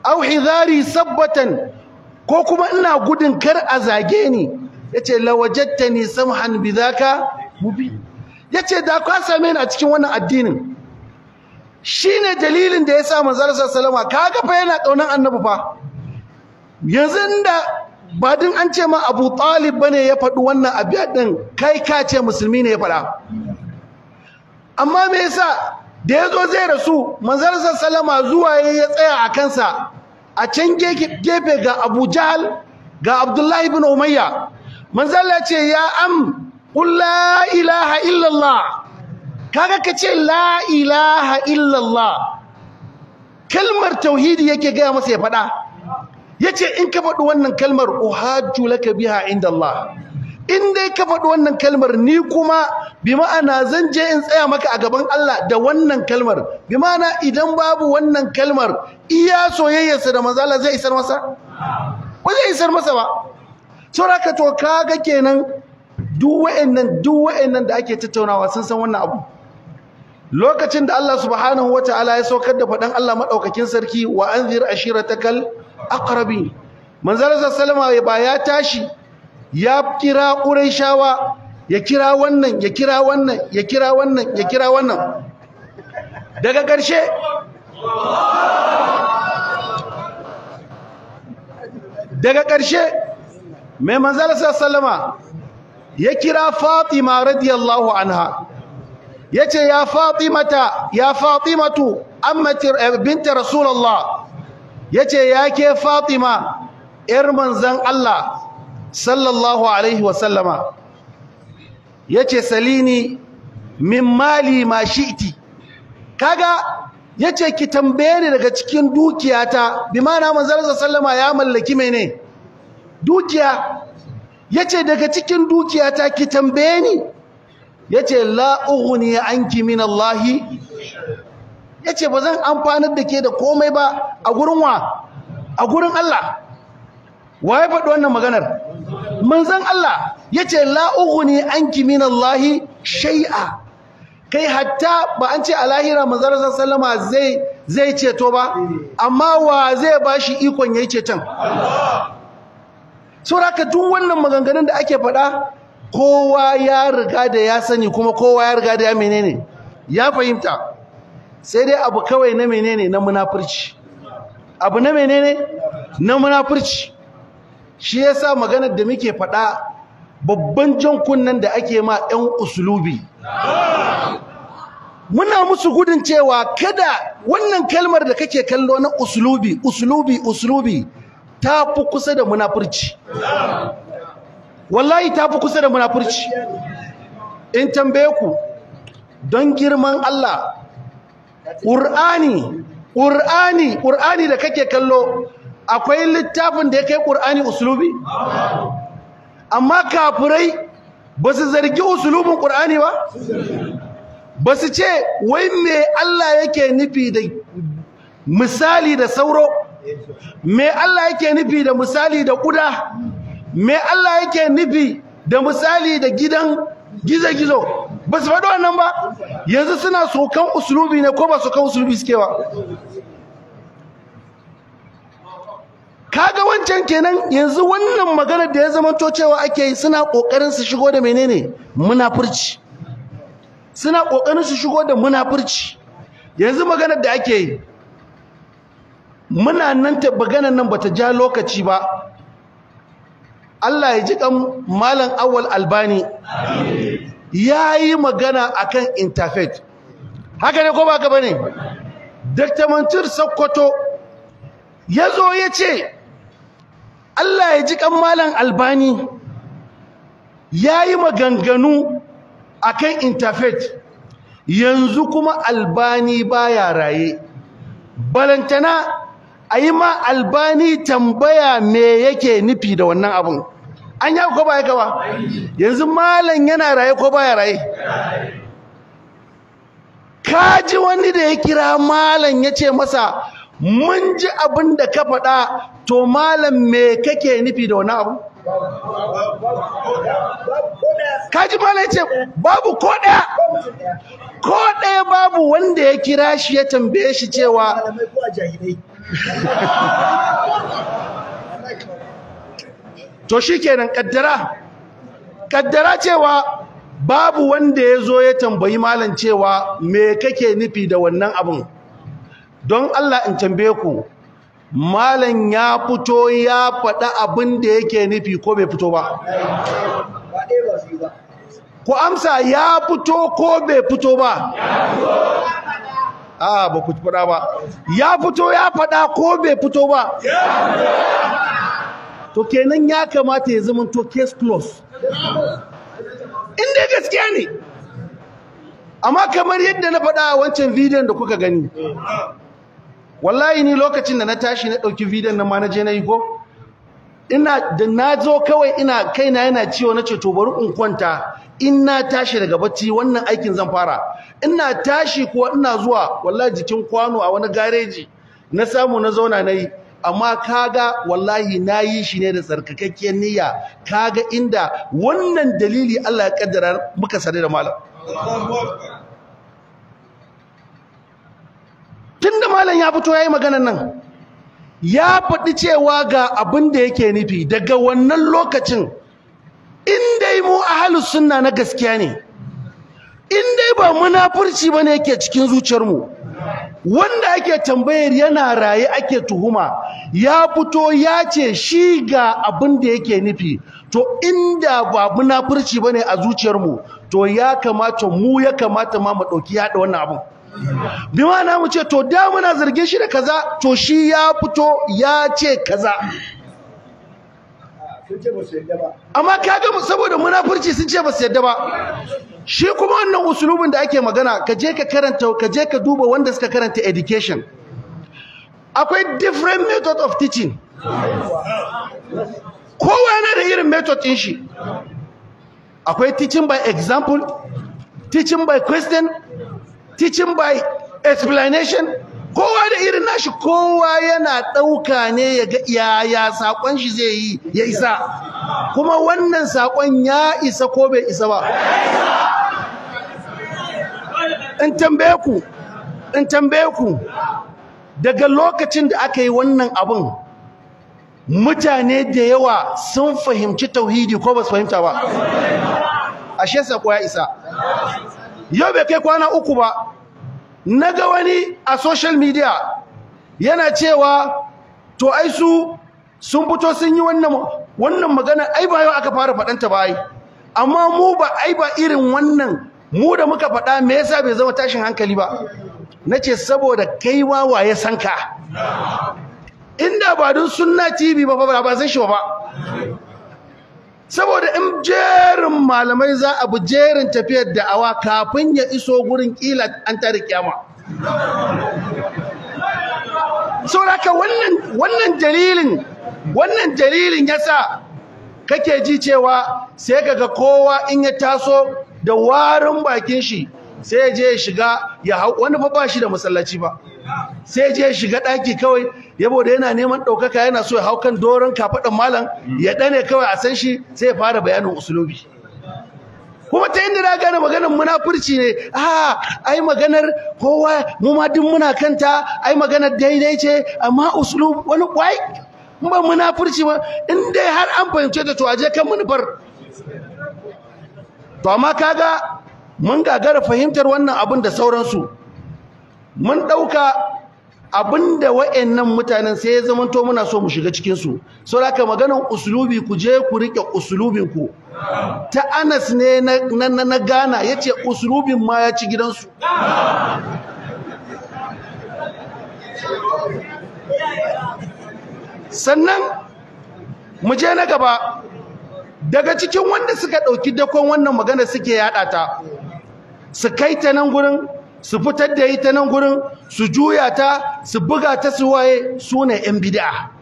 auhi zari sabbatan ko kuma ina gudun kar a zage ni yace lawajattani samhan bidaka mubi Ya ce, da kwa same ni a cikin wannan addinin Shi ne dalilin da ya yasa manzarsa salama kaga fa yana kaunan annabi fa yanzu da ba din an ce ma Abu Talib bane ya faɗi wannan abiya din kai ka ce musulmi ne ya faɗa amma me yasa da ya zo zai rasu Manzarsa Salama zuwa ya tsaya a kansa a can gefe ga Abu Jahal ga Abdullahi ibn Umayya Manzala ce ya am qul la ilaha illallah kaga ka ce la ilaha illallah kalmar tauhidi yake gaya masa ya faɗa yace in ka faɗi wannan kalmar uhajju laka biha inda Allah in dai ka faɗi wannan kalmar ni kuma bi ma'ana zan je in tsaya maka a gaban Allah da wannan kalmar bi ma'ana idan babu wannan kalmar iya soyayyarsa da manzo zai isar masa ba zai isar masa ba saboda to kaga kenan duk wa'annan duk wa'annan da ake tattaunawa sun san wannan abu lokacin da Allah subhanahu wataala ya saukar da fadan Allah madaukakin sarki wa anzir ashiratakal aqrabi Manzalar sallama ba ya tashi ya kira quraishawa ya kira wannan ya kira wannan ya kira wannan ya kira wannan daga ƙarshe daga karshe mai manzon sallama ya kira fatima radiyallahu anha ya ce ya fatimata ya fatimatu eh, binta rasulallah ya ce ya ke fatima ‘yar manzan Allah sallallahu alaihi wasallama ya ce salini min mali ma shi'ti kaga ya ce ki tambaye ni daga cikin dukiyata bi mana manzan sallama ya mallaki mene dukiya Ya ce daga cikin dukiyata ki tambaye ni Ya ce la'uhuni ya an ki min ce ba zan amfanar da ke da komai ba a gurin wa a gurin Allah Wa ya faɗi wannan maganar manzan Allah Ya yace la an anki min Allahi shai'a. kai hatta ba an ce a lahira manzon sallama zai ceto ba amma wa zai ba shi ikon ya yi ceton Allah saboda duk wannan maganganun da ake faɗa kowa ya riga da ya sani kuma kowa ya riga da ya menene ya fahimta sai dai abu kawai na menene na munafurci abu na menene na munafurci shi yasa maganar da muke faɗa babban jan kunnen da ake ma 'yan usulubi muna musu gudun cewa kada wannan kalmar da kake kallo na usulubi usulubi usulubi ta fi kusa da munafurci wallahi ta fi kusa da munafurci in tambaye ku don girman Allah ƙur'ani ƙur'ani ƙur'ani da kake kallo akwai littafin da ya kai ƙur'ani usulubi amma kafurai ba su zargi usulubin ƙur'ani ba ba su ce wai me Allah yake nufi da misali da sauro me Allah yake nufi da misali da kuda me Allah yake nufi da misali da gidan gizo-gizo ba su faɗi wannan ba yanzu suna sokan usulubi ne ko ba kan usulubi suke ba kaga wancan kenan yanzu wannan maganar da ya zamanto cewa ake yi suna ƙoƙarin su shigo da menene munafurci suna ƙoƙarin su shigo da munafurci yanzu maganar da ake yi muna nan ta bagana nan bata ja lokaci ba Allah ya ji kan malam awwal albani ya yi magana akan interfaith haka ne ko ba ka bane Dr. Mansur Sokoto ya zo ya ce Allah ya ji kan malam albani ya yi maganganu akan interfaith yanzu kuma albani baya raye balantana a yi ma albani tambaya me yake nufi da wannan abin an yi ko ba ya yanzu malam yana raye ko ba ya raye ka ji wani da ya kira malam ya ce masa mun ji abin da ka faɗa to malam me kake nufi da wannan abin ji malam ya ce babu ko ɗaya ko ɗaya babu wanda ya kira shi ya tambaye shi cewa to shi kenan kaddara kaddara cewa babu wanda ya zo ya tambayi malam cewa me kake nufi da wannan abin don Allah in tambaye ku malam ya fito ya faɗa abin da yake nufi ko bai fito ba ku amsa ya fito ko bai fito ba a ba ku faɗa ba ya fito ya faɗa ko bai fito ba to kenan ya kamata ya zama to case close inda gaskiya ne amma kamar yadda na faɗa a wancan bidiyon da kuka gani wallahi ni lokacin da na tashi na ɗauki bidiyon na ma na je na yi ko ina da zo kawai ina kaina yana ciwo na ce to bari in kwanta in na tashi daga bacci wannan aikin zan fara ina tashi kuwa ina zuwa wallahi jikin kwano a wani gareji na samu na zauna nayi amma kaga wallahi nayi shi ne da tsarkakakkiyar niyya kaga inda wannan dalili Allah ya kaddara muka sare da malam tunda malam ya fito yayi maganar nan ya faɗi cewa ga abin da yake nufi daga wannan lokacin in dai mu ahalus sunna na gaskiya ne in dai ba munafurci bane yake cikin zuciyarmu wanda ake tambayar yana raye ake tuhuma ya fito ya ce shi ga abin da yake nufi to inda ba munafurci bane a zuciyarmu to ya kamata mu ya kamata ma mu dauki yaɗa wannan abin bi ma'ana mu ce to da muna zargin shi da kaza to shi ya fito ya ce kaza amma kaga saboda munafurci sun ce ba su yadda ba shi kuma wannan usulubin da ake magana ka je ka karanta ka je ka duba wanda suka karanta education akwai different method of teaching kowa yana da irin method din shi akwai teaching by example teaching by question teaching by explanation kowa da irin nashi kowa yana ɗauka ne yaga yaya sakon shi zai yi ya isa kuma wannan sakon ya isa ko bai isa ba in tambaye ku in tambaye ku daga lokacin da aka yi wannan abun, mutane da yawa sun fahimci tauhidi ko ba su fahimta ba ashe saƙo ya isa yau bai kai kwana uku ba na ga wani a social media yana cewa to ai su sun fito sun yi wannan magana ai ba yau aka fara faɗanta ba amma mu ba ai ba irin wannan mu da muka faɗa me yasa bai zama tashin hankali ba nace saboda kai ma waye sanka inda ba don sunna tv ba ba san shi ba saboda in jerin malamai za a bi jerin tafiyar da'awa kafin ya iso gurin kila an tare kyama saboda wannan wannan dalilin wannan dalilin yasa kake ji cewa sai kaga kowa in ya taso da warin bakin shi sai ya je ya shiga ya hau wani ba ba shi da masallaci ba sai je shiga ɗaki kawai yabo da yana neman ɗaukaka yana so ya hau kan doron kafaɗin malam ya dane kawai a san shi sai ya fara bayanin usulobi kuma ta inda na gane maganar munafurci ne a ah, ai maganar kowa mu ma duk muna kanta ai maganar daidai ce amma usulobi wani kwai ba munafurci ba in dai har an fahimce ta to aje kan munfar to amma kaga mun gagara fahimtar wannan abin da sauransu mun ɗauka abinda wa'annan mutanen sai ya zamanto muna so mu shiga cikinsu, su saboda ka maganar usulubi ku je ku rike usulubin ku ta Anas ne na na, na ce yace usulubin ma ya ci gidansu sannan mu je na gaba daga cikin wanda suka ɗauki dakon wannan magana suke yaɗa ta su kai ta nan gurin su fitar da ita nan gurin su juya ta su buga ta su waye su ne yan bid'a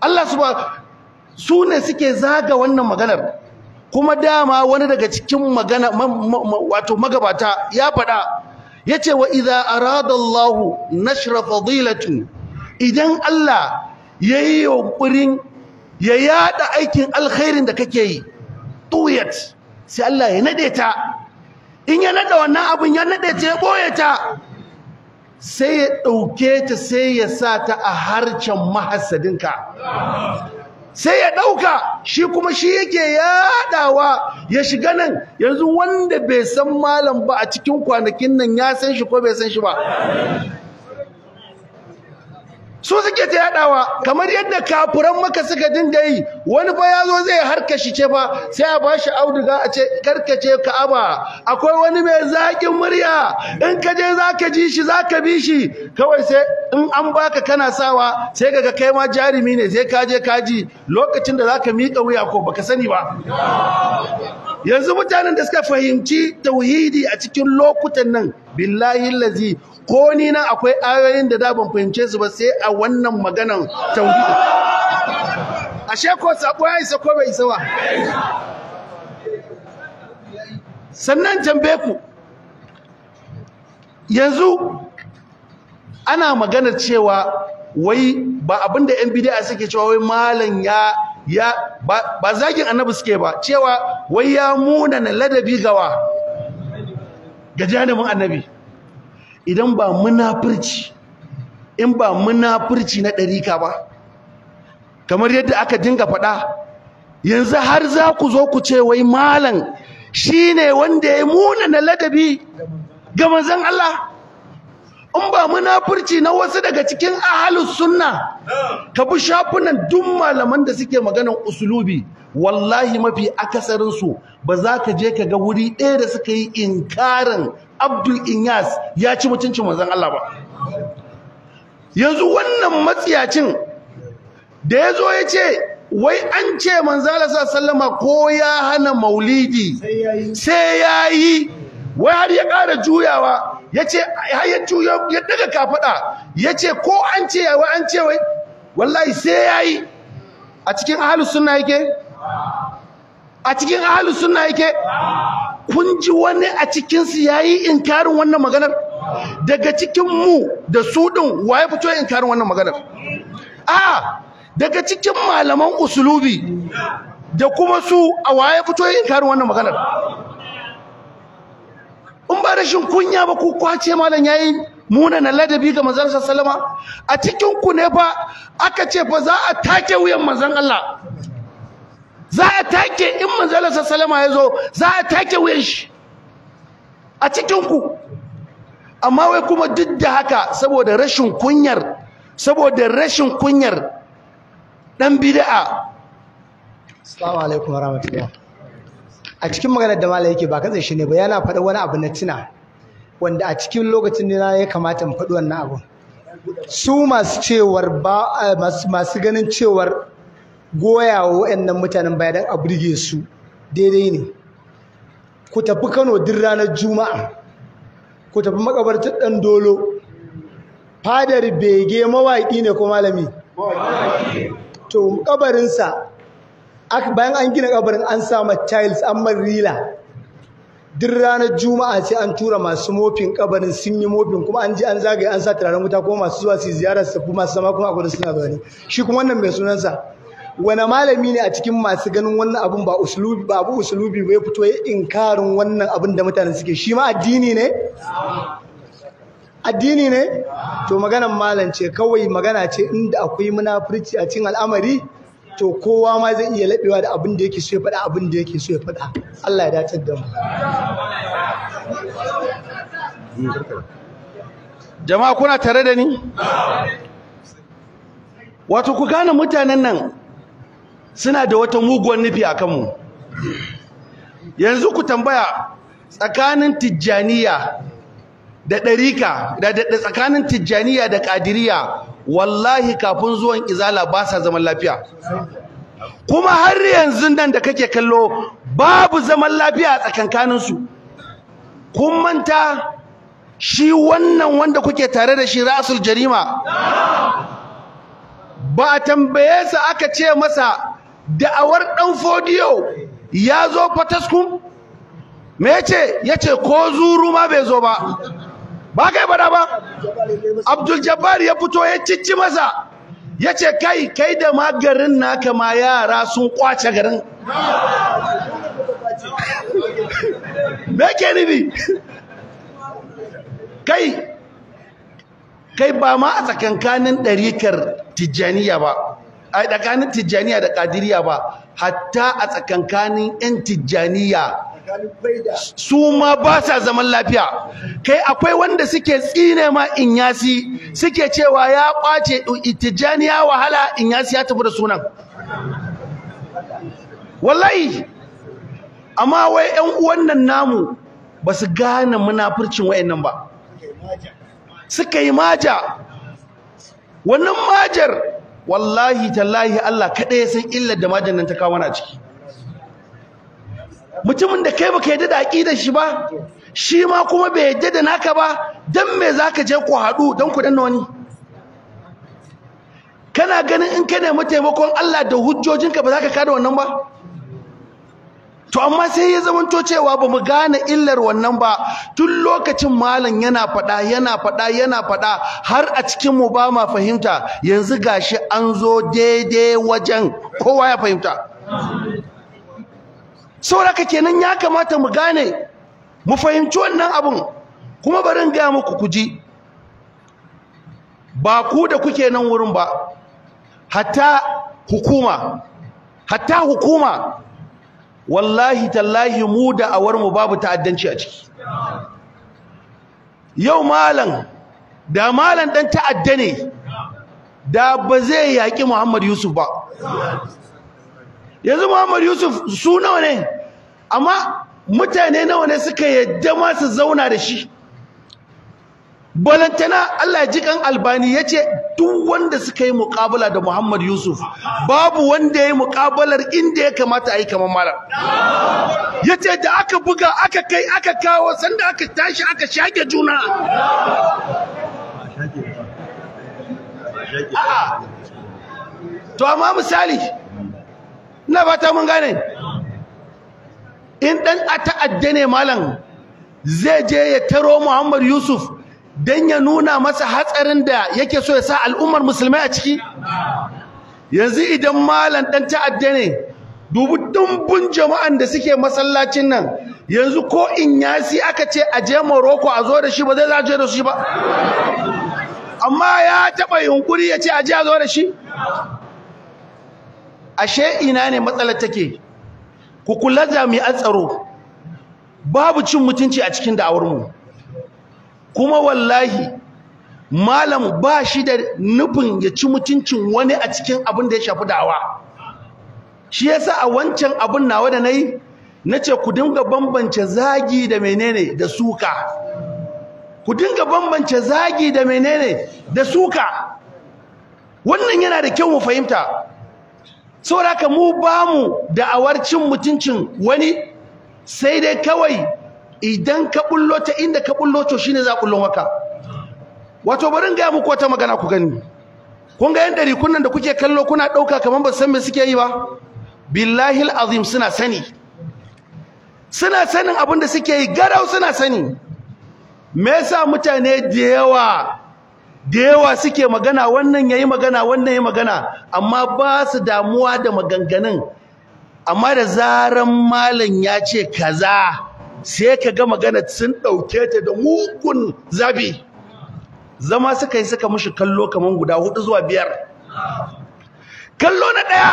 Allah ba su ne suke zaga wannan maganar kuma dama wani daga cikin magana wato magabata ya faɗa Ya ce wa iza a radallahu nashra fadilatu idan Allah yayi yunƙurin, ya yada aikin alkhairin da kake yi tuyat sai Allah ya nade ta in ya nada wannan abun ya naɗe ta ya boye ta sai ya dauke ta sai ya sa ta a harcen mahasadinka sai ya dauka shi kuma shi yake yadawa ya shiga nan yanzu wanda bai san malam ba a cikin kwanakin nan ya san shi ko bai san shi ba su suke ta yadawa kamar yadda kafuran maka suka dinga yi wani fa ya zo zai harkashi ce fa sai a bashi auduga a ce karkace ka'aba akwai wani mai zaƙin murya in ka je za ka ji shi za bi shi kawai sai in an baka kana sawa sai ka ga kai ma jarumi ne sai ka je ka ji lokacin da zaka ka miƙa wuya ko baka sani ba yanzu mutanen da suka fahimci tauhidi a cikin lokutan nan billahi lazi ko ni nan akwai ayoyin da da ban fahimce su ba sai a wannan maganan tauhidi ashe ko sako ya isa ko bai isa ba sannan jambe ku yanzu ana maganar cewa wai ba abinda yan bid'a suke cewa wai malam ya ya ba zagin annabi suke ba cewa wai ya munana ladabi gawa ga janibin annabi idan ba munafurci in ba munafurci na ɗarika ba kamar yadda aka dinga faɗa yanzu har za ku zo ku ce wai malam ne wanda ya muna na ladabi ga manzon Allah in ba munafurci na wasu daga cikin ahalus sunna ka bi shafunan duk malaman da suke maganan usulubi wallahi mafi akasarin su ba za ka je ka ga wuri ɗaya da suka yi inkarin Abdul Inyas ya ci mutuncin manzon Allah ba yanzu wannan matsiyacin da ya zo ya ce wai an ce manzala sallama ko ya hana maulidi sai ya yi wai har ya ƙara juyawa ya ce har ya juyo ya daga kafaɗa ya ce ko an ce ya wai an ce wai wallahi sai ya yi a cikin ahalus sunna yake a cikin ahalus sunna yake kun ji wani a cikinsu ya yi inkarin wannan maganar daga cikin mu da su ɗin wa ya fito inkarin wannan maganar a daga cikin malaman usulubi da kuma su a wa ya fito inkarin wannan maganar in ba rashin kunya ba ku kwace malam yayi muna na ladabi ga manzon sallama a cikin ku ne ba aka ce fa za a take wuyan manzon Allah za a take in manzon sallama ya zo za a take wuyan shi a cikin ku amma wai kuma duk da haka saboda rashin kunyar saboda rashin kunyar dan bid'a assalamu alaikum warahmatullahi a cikin maganar da malam yake ba katse shi ne ba yana faɗa wani abu na tuna wanda a cikin lokacin da ya kamata mu faɗi wannan abu su masu cewar ba eh, masu ganin cewar goyawa waɗannan mutanen baya dan a burge su daidai ne ku tafi Kano duk ranar Juma'a ku tafi makabartar ɗan dolo fadar bege mawaƙi ne ko malami to kabarinsa bayan an gina kabarin an sama tiles an marila duk ranar juma'a sai an tura masu mofin kabarin sun yi mofin kuma an ji an zagaye an sa turaren wuta kuma masu zuwa su ziyarar su masu sama kuma akwai suna zaune shi kuma wannan mai sunansa wani malami ne a cikin masu ganin wannan abun ba usulubi ba abu usulubi bai fito ya inkarin wannan abun da mutane suke shi ma addini ne addini ne to maganan malam ce kawai magana ce inda akwai munafurci a cikin al'amari to kowa ma zai iya laɓewa da abin da yake so ya faɗa abin da yake so ya faɗa Allah ya dace da mu jama'a kuna tare da ni wato ku gane mutanen nan suna da wata muguwar nufi a kanmu yanzu ku tambaya tsakanin tijjaniya da ɗarika da tsakanin tijjaniya da ƙadiriya wallahi kafin zuwan izala ba sa zaman lafiya kuma har yanzu nan da kake kallo babu zaman lafiya a tsakankaninsu kun manta shi wannan wanda kuke tare da shi rasul jarima ba a tambaye sa aka ce masa da'awar dan fodiyo ya zo fataskun me yace yace ko zuru ma bai zo ba ba kai bada ba abdul jabbar ya fito ya cicci masa ya ce kai kai da ma garin naka ma yara sun kwace garin me ke nufi kai kai ba ma a tsakankanin ɗarikar tijjaniya ba a tsakanin tijjaniya da ƙadiriya ba hatta a tsakankanin 'yan tijjaniya su ma ba sa zaman lafiya kai akwai wanda suke tsine ma inyasi suke cewa ya kwace itijaniya wahala inyasi ya tafi da sunan wallahi amma wai 'yan uwan namu ba su gane munafurcin wayannan ba suka yi maja wannan majar wallahi tallahi Allah kaɗai ya san illar da majan nan ta kawo na ciki mutumin da kai baka yadda da aqidar shi ba shi ma kuma bai yadda da naka ba dan me zaka je ku haɗu dan ku danna wani kana ganin in ka nemi taimakon Allah da hujjojinka ba za ka kada wannan ba to amma sai ya zamanto cewa ba mu gane illar wannan ba tun lokacin malam yana faɗa yana faɗa yana faɗa har a cikin mu ba ma fahimta yanzu gashi an zo daidai wajen kowa ya fahimta sauraka kenan ya kamata mu gane mu fahimci wannan abun kuma bari in gaya muku kuji ba ku da kuke nan wurin ba hatta hukuma hatta hukuma wallahi tallahi mu da awar mu babu ta'addanci a ciki yau malam da malam dan ta'adda ne da ba zai yaƙi Muhammad Yusuf ba yanzu Muhammad Yusuf su nawa ne amma mutane nawa ne suka yadda ma zauna da shi balantana Allah jikan albani ya ce duk wanda suka yi muƙabala da Muhammad Yusuf babu wanda ya yi muƙabalar inda ya kamata a yi kamar malam ya ce da aka buga aka kai aka kawo sanda aka tashi aka shage juna to amma misali ina fata mun gane in dan a ta'adda ne malam zai je ya taro Muhammad Yusuf dan ya nuna masa hatsarin da yake so ya sa al'ummar musulmai a ciki yanzu idan malam dan ta'adda ne dubu dumbun jama'an da suke masallacin nan yanzu ko in yasi aka ce a je Morocco a zo da shi ba zai za je da shi ba amma ya taba yunkuri ya ce a je a zo da shi ashe ina ne matsalar take ku kula jami'an tsaro babu cin mutunci a cikin da'awarmu kuma wallahi malam ba shi da nufin ya ci mutuncin wani a cikin abin da ya shafi da'awa shi yasa a wancan abin nawa da nayi nace ku dinga bambance zagi da menene da suka ku dinga bambance zagi da menene da suka wannan yana da kyau mu fahimta saboda ka mu bamu da awarcin mutuncin wani sai dai kawai idan ka bullo ta inda ka bullo to shine za kullon waka wato bari ga muku wata magana ku gani kun ga yan dari kunnan da kuke kallo kuna dauka kaman ba san me suke yi ba billahi alazim suna sani suna sanin abin da suke yi garau suna sani me yasa mutane da yawa da yawa suke magana wannan yayi magana wannan yayi magana amma ba su damuwa da maganganun amma da zaran malam ya ce kaza sai ka ga magana sun ɗauke ta da mugun zabi zama suka yi suka mushi kallo kaman guda hudu zuwa biyar kallo na ɗaya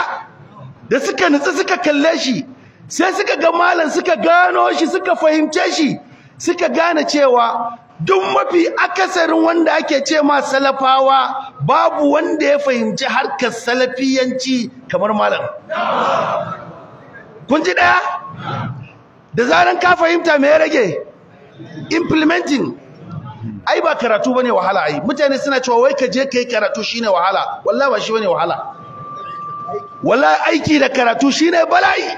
da suka nutsu suka kalle shi sai suka ga malam suka gano shi suka fahimce shi suka gane cewa duk mafi akasarin wanda ake ce ma salafawa babu wanda ya fahimci harkar salafiyanci kamar malam kun ji daya da zaran ka fahimta me ya rage implementing ai ba karatu bane wahala ai mutane suna cewa wai ka je kai karatu shine wahala wallahi ba shi bane wahala wallahi aiki da karatu shine bala'i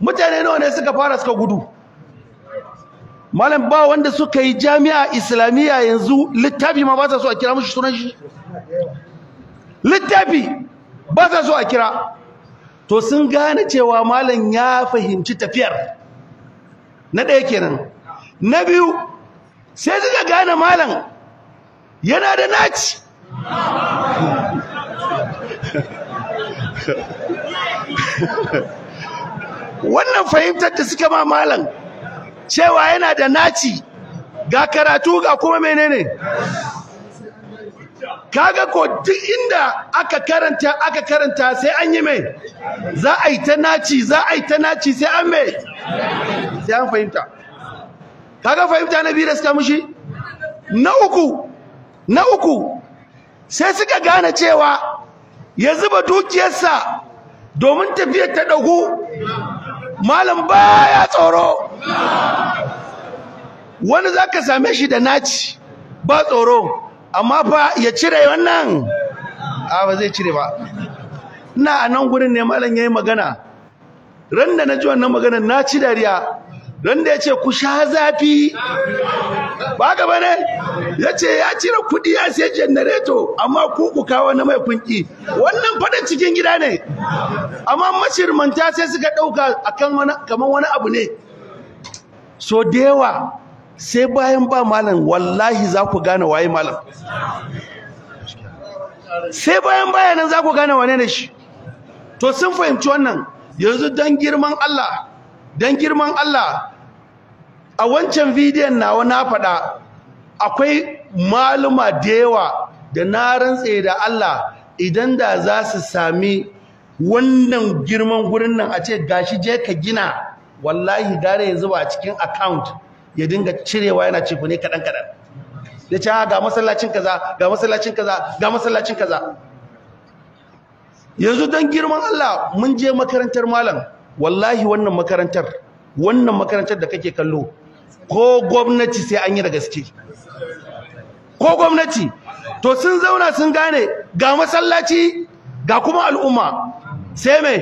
mutane nawa ne suka fara suka gudu malam ba wanda suka yi jami'a islamiyya yanzu littafi ma ba so a kira mushi sunan shi littafi ba so a kira to sun gane cewa malam ya fahimci tafiyar na ɗaya kenan na biyu sai suka gane malam yana da naci <laughs> wannan fahimtar da suka ma malam cewa yana da naci ga karatu ga kuma menene kaga ko duk inda aka karanta aka karanta sai an yi mai za a yi ta naci za a yi ta naci sai an mai sai an fahimta kaga fahimta na biyu da suka mushi na uku na uku sai suka gane cewa ya zuba dukiyarsa domin tafiyar ta dagu malam baya tsoro wani za ka same shi da naci ba tsoro amma fa ya cire wannan a ba zai cire ba ina a nan gurin ne malam ya yi magana ran da na ji wannan magana na ci dariya ran da ya ce ku sha zafi ba ka bane ya ce ya cire kuɗi ya sai janareto amma ku ku kawo na mai kunki wannan faɗin cikin gida ne amma mashirmanta sai suka ɗauka akan wani kamar wani abu ne so da yawa sai bayan ba malam wallahi za ku gane waye malam sai bayan bayanan za ku gane wane ne shi to sun fahimci wannan yanzu don girman Allah don girman Allah a wancan bidiyon nawa na faɗa akwai maluma da yawa da na rantse da Allah idan da za su sami wannan girman gurin nan a ce gashi je ka gina wallahi gare ya zuba a cikin account ya dinga cirewa yana cefa ne kaɗan kaɗan ya ce ah, ga masallacin kaza ga masallacin kaza ga masallacin kaza yanzu don girman Allah mun je makarantar malam wallahi wannan makarantar wannan makarantar da kake kallo ko gwamnati sai an yi da gaske ko gwamnati to sun zauna sun gane ga masallaci ga kuma al'umma sai mai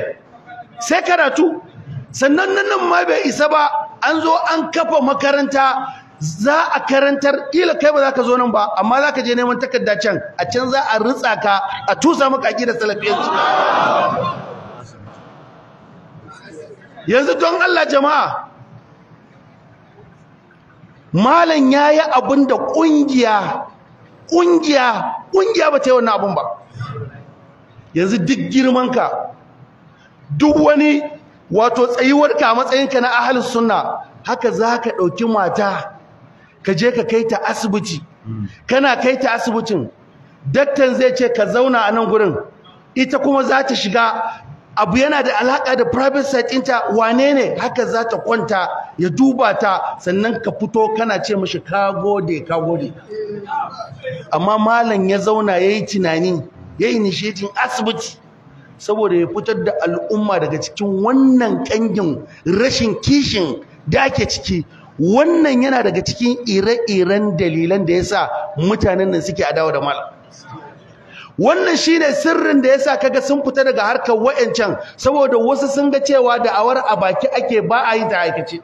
sai karatu sannan nan ma bai isa ba an zo an kafa makaranta za a karantar kila kai ba za ka zo nan ba amma za ka je neman takarda can a can za a ritsa ka a tusa maka aƙidar salafiyanci yanzu don Allah jama'a malam yi abun da ƙungiya, kungiya kungiya ba ta yi wannan abin ba yanzu duk girman ka duk wani wato tsayuwar ka a matsayinka na ahlus sunna haka zaka ɗauki mata ka je ka kai ta asibiti kana kai ta asibitin daktar zai ce ka zauna a nan gurin ita kuma za ta shiga abu yana da alaka da private site ɗinta wane ne haka za ta kwanta ya duba ta sannan ka fito kana ce mashi ka gode ka gode amma malam ya zauna ya yi tunani ya yi nishedin asibiti saboda ya fitar da al'umma daga cikin wannan kangin rashin kishin da ake ciki wannan yana daga cikin ire-iren dalilan da ya sa mutanen nan suke adawa da malam wannan shine sirrin da ya yasa kaga sun fita daga harkar wa'ancan saboda wasu sun ga cewa da awar a baki ake ba a yi ta aikace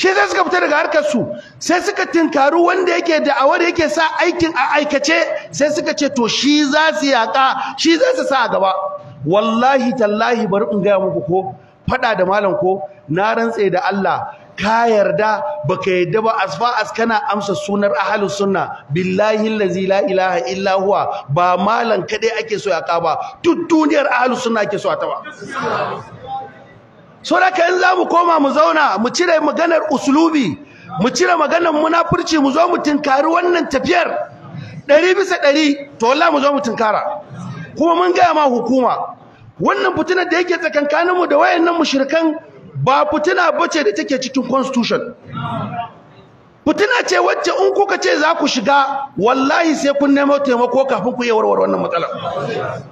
shi sai suka fita daga harkar su sai suka tinkaru wanda yake da awar yake sa aikin a aikace sai suka ce to shi za su yaƙa shi za su sa a gaba wallahi tallahi bari in gaya muku ko faɗa da malam ko na rantse da Allah ka yarda baka yarda ba asfa as kana amsa sunar ahlus sunna billahi allazi la ilaha illa huwa ba malam kade ake so ya ba duk duniyar ahlus sunna ake so ta ba so da yin za mu koma mu zauna mu cire maganar usulubi mu cire maganar munafurci mu zo mu kari wannan tafiyar ɗari bisa ɗari to wallah mu zo mu kara kuma mun gaya ma hukuma wannan fitinar da yake tsakankaninmu da wayannan mushrikan ba fitina bace da take cikin constitution fitina ce wacce in kuka ce za ku shiga wallahi sai kun nemo taimako kafin ku yi warware wannan matsalar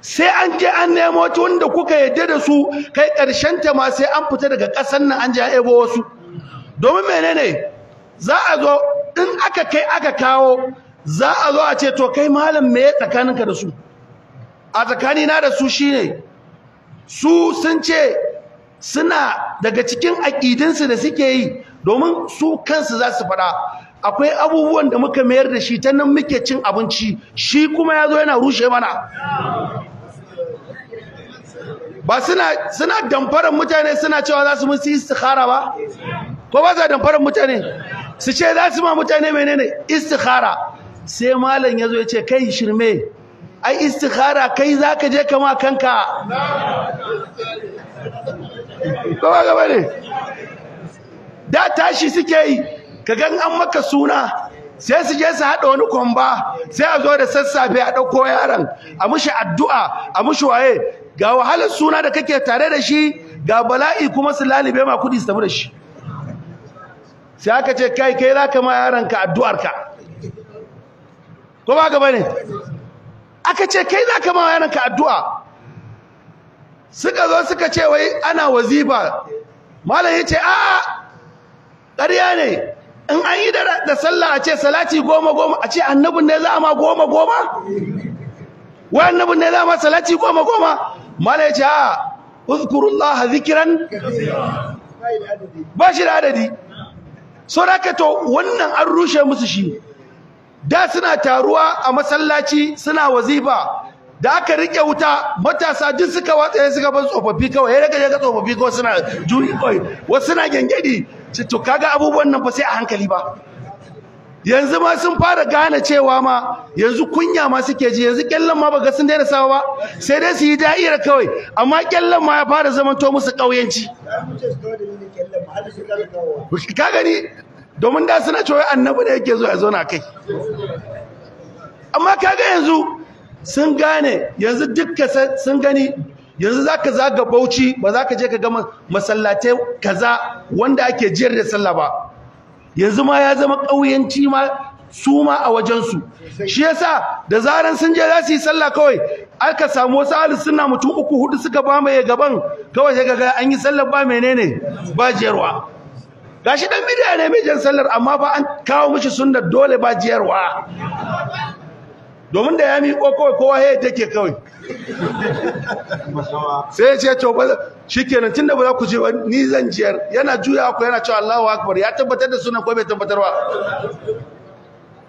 sai an je an nemo ta wanda kuka yadda da su kai ƙarshen ta ma sai an fita daga ƙasar nan an je ebo wasu domin menene za a zo in aka kai aka kawo za a zo a ce to kai malam me tsakaninka da su a tsakanina da su shine su sun ce suna daga cikin aƙidinsu da suke yi domin su kansu za su faɗa akwai abubuwan da muka mayar da shi ta nan muke cin abinci shi kuma ya zo yana rushe mana ba suna damfarar mutane suna cewa za su musu istikhara ba ko ba za damfarar mutane su ce za su ma mutane menene istikhara sai malam ya zo ya ce kai shirme ai istikhara kai za ka je kama kanka ko ba gaba ne da tashi suke yi ka gan an maka suna sai su je su haɗa wani kwamba sai a zo da sassafe a ɗauko yaron a mushi addu'a a mushi waye ga wahalar suna da kake tare da shi ga bala'i kuma su lalibe ma kuɗi su tafi da shi sai aka ce kai kai za ka ma addu'ar addu'arka ko ba gaba ne aka ce kai za ka ma ka addu'a suka zo suka ce wai ana wazifa malam ya ce a'a ƙarya ne in an yi da sallah a ce salati goma goma a ce annabin ne za a ma goma goma wa annabin ne za a ma salati goma goma mala ce a uzkurullaha zikiran ba shi da adadi so raka to wannan an rushe musu shi da suna taruwa a masallaci suna wazifa da aka rike wuta matasa duk suka watsa suka ban tsofaffi kawai ya rage ga tsofaffi kawai suna juyi kawai wasu suna gyangyadi ce to kaga abubuwan nan ba sai a hankali ba yanzu ma sun fara gane cewa ma yanzu kunya ma suke ji yanzu kyallan ma baga sun daina sawa ba sai dai su yi da'ira kawai amma kyallan ma ya fara to musu ƙauyenci ka gani domin da suna cewa annabi da yake zo ya na kai amma kaga yanzu sun gane yanzu dukka sun gani yanzu za ka zaga Bauchi ba za ka je ka ga masallatai kaza wanda ake jiyar da sallah ba yanzu ma ya zama ƙauyenci ma su ma a wajensu shi yasa da zaran sun je za su yi sallah kawai aka samu wasu ahlus suna mutum uku hudu suka ba mai gaban kawai sai ga an yi sallah ba menene ba jiyarwa gashi dan bid'a ne mai jan sallar amma ba an kawo mishi sunnar dole ba jiyarwa domin da ya miƙo kawai kowa ya take kawai sai ya ce to shi kenan tun da ba za ku je ni zan jiyar yana juya ku yana cewa Allahu akbar ya tabbatar da sunan ko bai tabbatar ba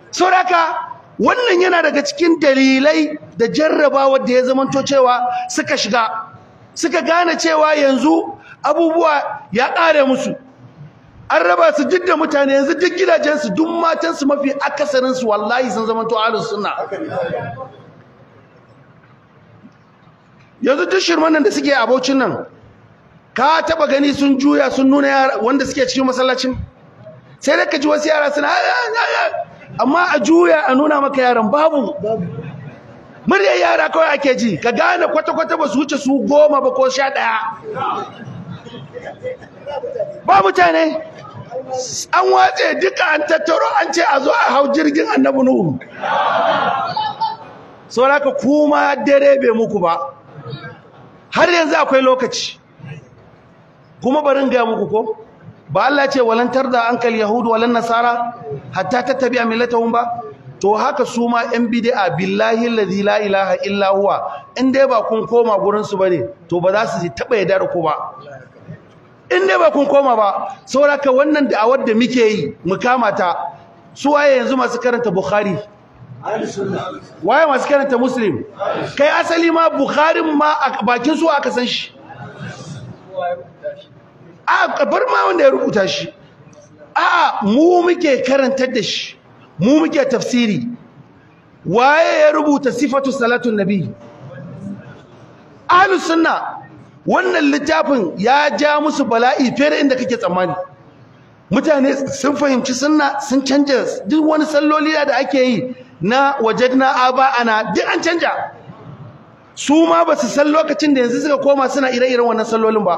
saboda wannan yana daga cikin dalilai da jarrabawar da ya zamanto cewa suka shiga suka gane cewa yanzu abubuwa ya ƙare musu an raba su duk da mutane yanzu duk gidajensu duk matansu mafi akasarinsu wallahi sun zama to sunna yanzu duk shirman nan da suke a abocin nan ka taba gani sun juya sun nuna wanda suke cikin masallacin sai da ka ji wasu yara suna amma a juya a nuna maka yaran babu murya yara kawai ake ji ka gane kwata-kwata ba su wuce su goma ba ko sha ɗaya ba mutane an watse duka an tattaro an ce a zo a hau jirgin annabi nuhu saboda haka kuma dare bai muku ba har yanzu akwai lokaci kuma barin gaya muku ko ba Allah ce walantar da ankal yahudu walan nasara hatta tattabi'a millatahum ba to haka su ma yan bid'a billahi allazi la ilaha illa huwa in dai ba kun koma gurin su bane to ba za su taba dara ku ba in dai ba kun koma ba sauraka wannan da'awar da muke yi mu kama ta su waye yanzu masu karanta bukhari waye masu karanta muslim kai asali ma bukharin ma bakin su aka san shi a bar ma wanda ya rubuta shi a mu muke karanta da shi mu muke tafsiri waye ya rubuta sifatu salatu nabi ahlus sunna wannan littafin ya ja musu bala'i fiye da inda kake tsammani mutane sun fahimci sunna sun canja duk wani salloli da ake yi na wajadna aba ana duk an canja su ma ba su san lokacin da yanzu suka koma suna ire-iren wannan sallolin ba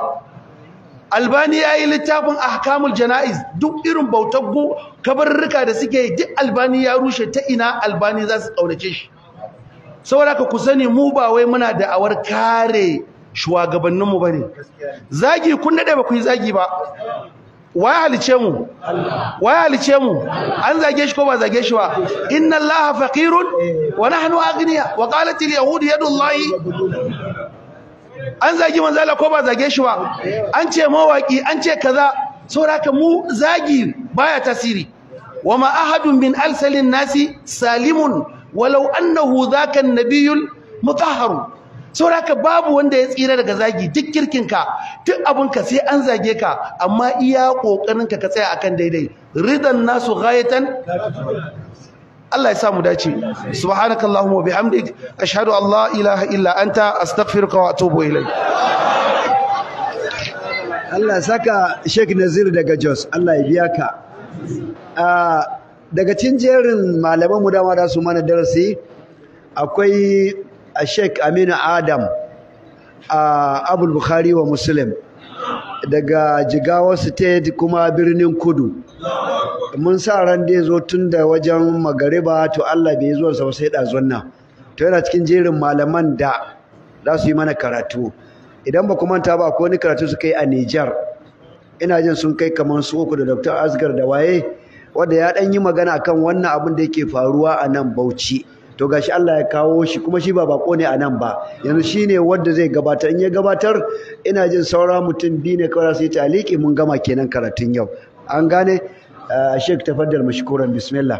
albani ya yi littafin ahkamul jana'iz duk irin bautar kabarurruka da suke yi duk albani ya rushe ta ina albani za su ƙaunace shi saboda ka ku sani mu ba wai muna da awar kare shugabanninmu ba ne zagi kun daɗe ba ku yi zagi ba wa ya halice mu wa ya halice mu an zage shi ko ba zage shi ba inna allaha faqirun wa nahnu aghniya wa qalat al yahud yadullahi an zagi manzala ko ba zage shi ba an ce mawaki an ce kaza saboda mu zagi baya tasiri wa ma ahadun min alsalin nasi salimun walau annahu dhaka an-nabiyul mutahharu saboda babu wanda ya tsira daga zagi duk kirkinka duk abinka sai an zage ka amma iya kokarinka ka tsaya akan daidai ridan nasu ghayatan Allah ya sa mu dace subhanakallahumma wa bihamdik ashhadu an la ilaha illa anta astaghfiruka wa atubu ilayk Allah saka Sheikh Nazir daga Jos Allah ya biya ka daga cin jerin malaman mu dama da su mana darasi akwai a sheik aminu adam a abul bukhari wa muslim daga Jigawar state kuma birnin kudu mun sa ran da zo tun da wajen magariba to allah bai zuwa sa sai ɗazon nan to yana cikin jerin malaman da za su yi mana karatu idan ba kuma ta ba ko wani karatu suka yi a nijar ina jin sun kai kamar su uku da dr asgar da waye wanda ya ɗan yi magana kan wannan abin da yake faruwa a nan bauchi to gashi Allah ya kawo shi kuma shi ba bako ne a nan ba yanzu shi ne wanda zai gabata in ya gabatar ina jin saura mutum biyu ne kawai sai ta aliki mun gama kenan karatun yau an gane a eh, shek tafaddar mashikuran bismillah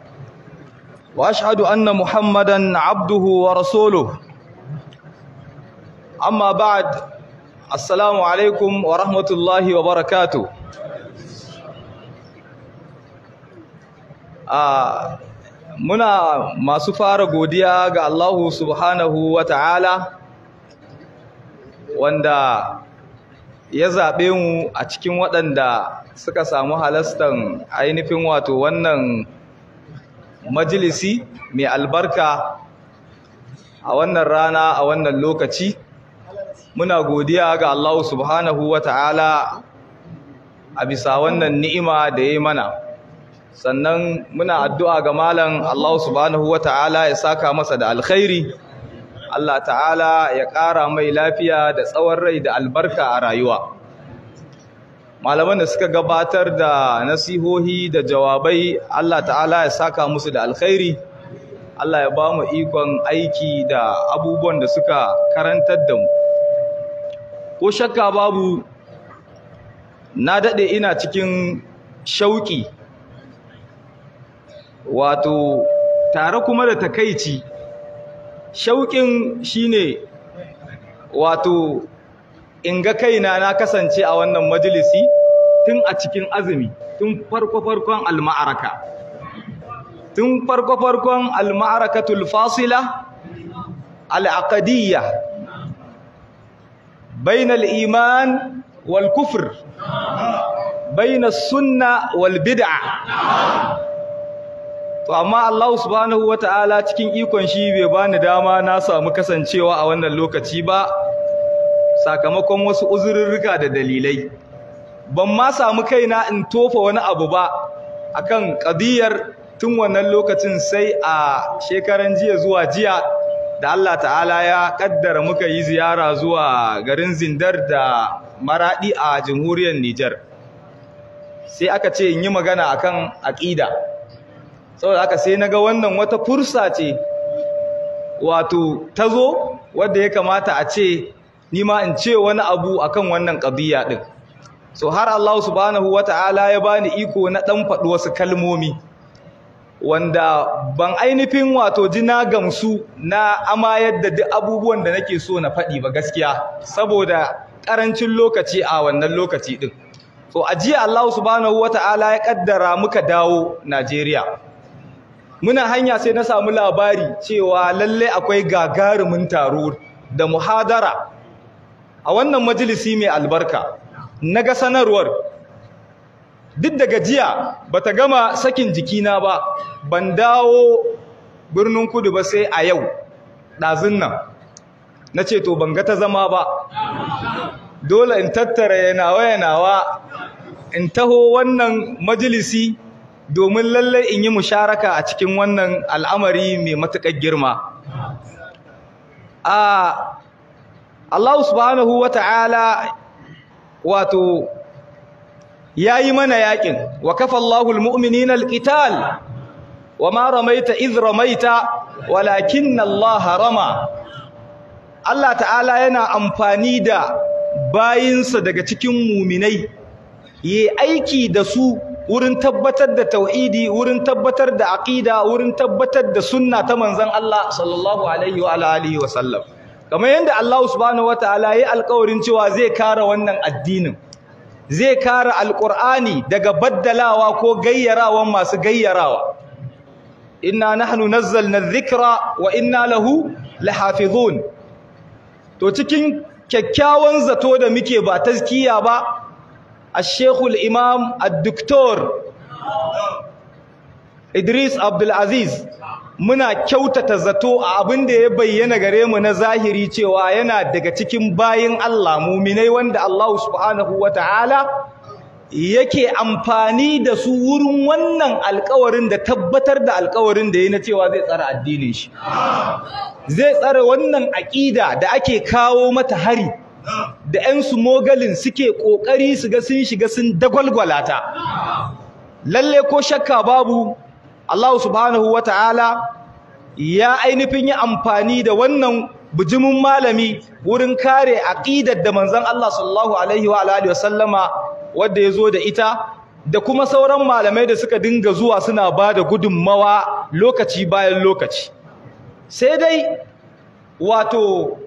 wa ashadu an na muhammadan abduhu wa rasulu amma ba'ad assalamu alaikum wa rahmatullahi wa barakatu a muna masu fara godiya ga allahu subhanahu wa ta'ala wanda ya zaɓe mu a cikin waɗanda suka samu halastan ainihin wato wannan majalisi mai albarka a wannan rana a wannan lokaci muna godiya ga Allah subhanahu ta'ala a bisa wannan ni'ima da ya mana sannan muna addu'a ga malam Allah subhanahu ta'ala ya saka masa da alkhairi Allah ta'ala ya ƙara mai lafiya da tsawon rai da albarka a rayuwa malaman da suka gabatar da nasihohi da jawabai Allah ta'ala ya saka musu da alkhairi Allah ya ba mu ikon aiki da abubuwan da suka karantar da mu ko shakka babu na daɗe ina cikin shauƙi wato tare kuma da takaici shauƙin shine wato in ga kaina na kasance a wannan majalisi tun a cikin azumi tun farko-farkon alma'araka tun farko-farkon alma'arakatul fasila al'aqadiyya bainal iman wal kufr bainal sunna wal bid'a to amma Allah subhanahu wata'ala cikin ikon shi bai bani dama na samu kasancewa a wannan lokaci ba sakamakon wasu uzururruka da dalilai ban ma samu kaina in tofa wani abu ba akan ƙadiyar tun wannan lokacin sai a shekaran jiya zuwa jiya da Allah ta'ala ya kaddara muka yi ziyara zuwa garin Zindar da Maradi a jamhuriyar Nijar sai aka ce in yi magana akan aƙida saboda aka sai naga wannan wata fursa ce wato tazo wanda ya kamata a ce ni ma in ce wani abu akan wannan qadiya ɗin. so har Allah subhanahu wata'ala ya bani iko na ɗan faɗi wasu kalmomi wanda ban ainihin wato jina gamsu na amayar da duk abubuwan da nake so na faɗi ba gaskiya saboda ƙarancin lokaci a wannan lokaci ɗin so a jiya Allah subhanahu wata'ala ya ƙaddara muka dawo Najeriya muna hanya sai na samu labari cewa lalle akwai gagarumin taro da muhadara a wannan majalisi mai albarka na ga sanarwar duk da gajiya ba ta gama sakin jikina ba ban dawo birnin kudu ba sai a yau ɗazin nan na ce to ban ga ta zama ba dole in tattara yanawa yanawa in taho wannan majalisi domin lallai in yi musharaka a cikin wannan al'amari mai matuƙar girma a Allah subhanahu wa ta'ala wato ya yi mana yaƙin wa kafa Allahul mu'minin alƙital wa ma ramaita iz ramaita walakin Allah harama. Allah ta'ala yana amfani da bayinsa daga cikin muminai yi aiki da su wurin tabbatar da tauhidi wurin tabbatar da aƙida, wurin tabbatar da sunna ta manzon Allah sallallahu alaihi wa alihi wa sallam kamar yadda Allah subhanahu wataala ya alƙawarin cewa zai kare wannan addinin zai kare alkur'ani daga baddalawa ko gayyarawan masu gayyarawa inna nahnu nazzalna dhikra wa inna lahu lahafizun to cikin kyakkyawan zato da muke ba taskiya ba al imam ad-doktor Idris Abdul Aziz muna kyautata zato a abin da ya bayyana gare mu na zahiri cewa yana daga cikin bayin Allah muminai wanda Allah subhanahu ta'ala yake amfani da su wurin wannan alkawarin da tabbatar da alkawarin da ya na cewa zai tsara addinin shi zai tsara wannan aƙida da ake kawo mata hari da 'yan su mogalin suke ƙoƙari su ga sun shiga sun dagwalgwalata lalle ko shakka babu Allah subhanahu wa ta'ala ya ainihin yi amfani da wannan bijimin malami wurin kare ƙidar da manzan Allah sallallahu alaihi wa sallama wasallama ya zo da ita da kuma sauran malamai da suka dinga zuwa suna ba da gudunmawa lokaci bayan lokaci sai dai wato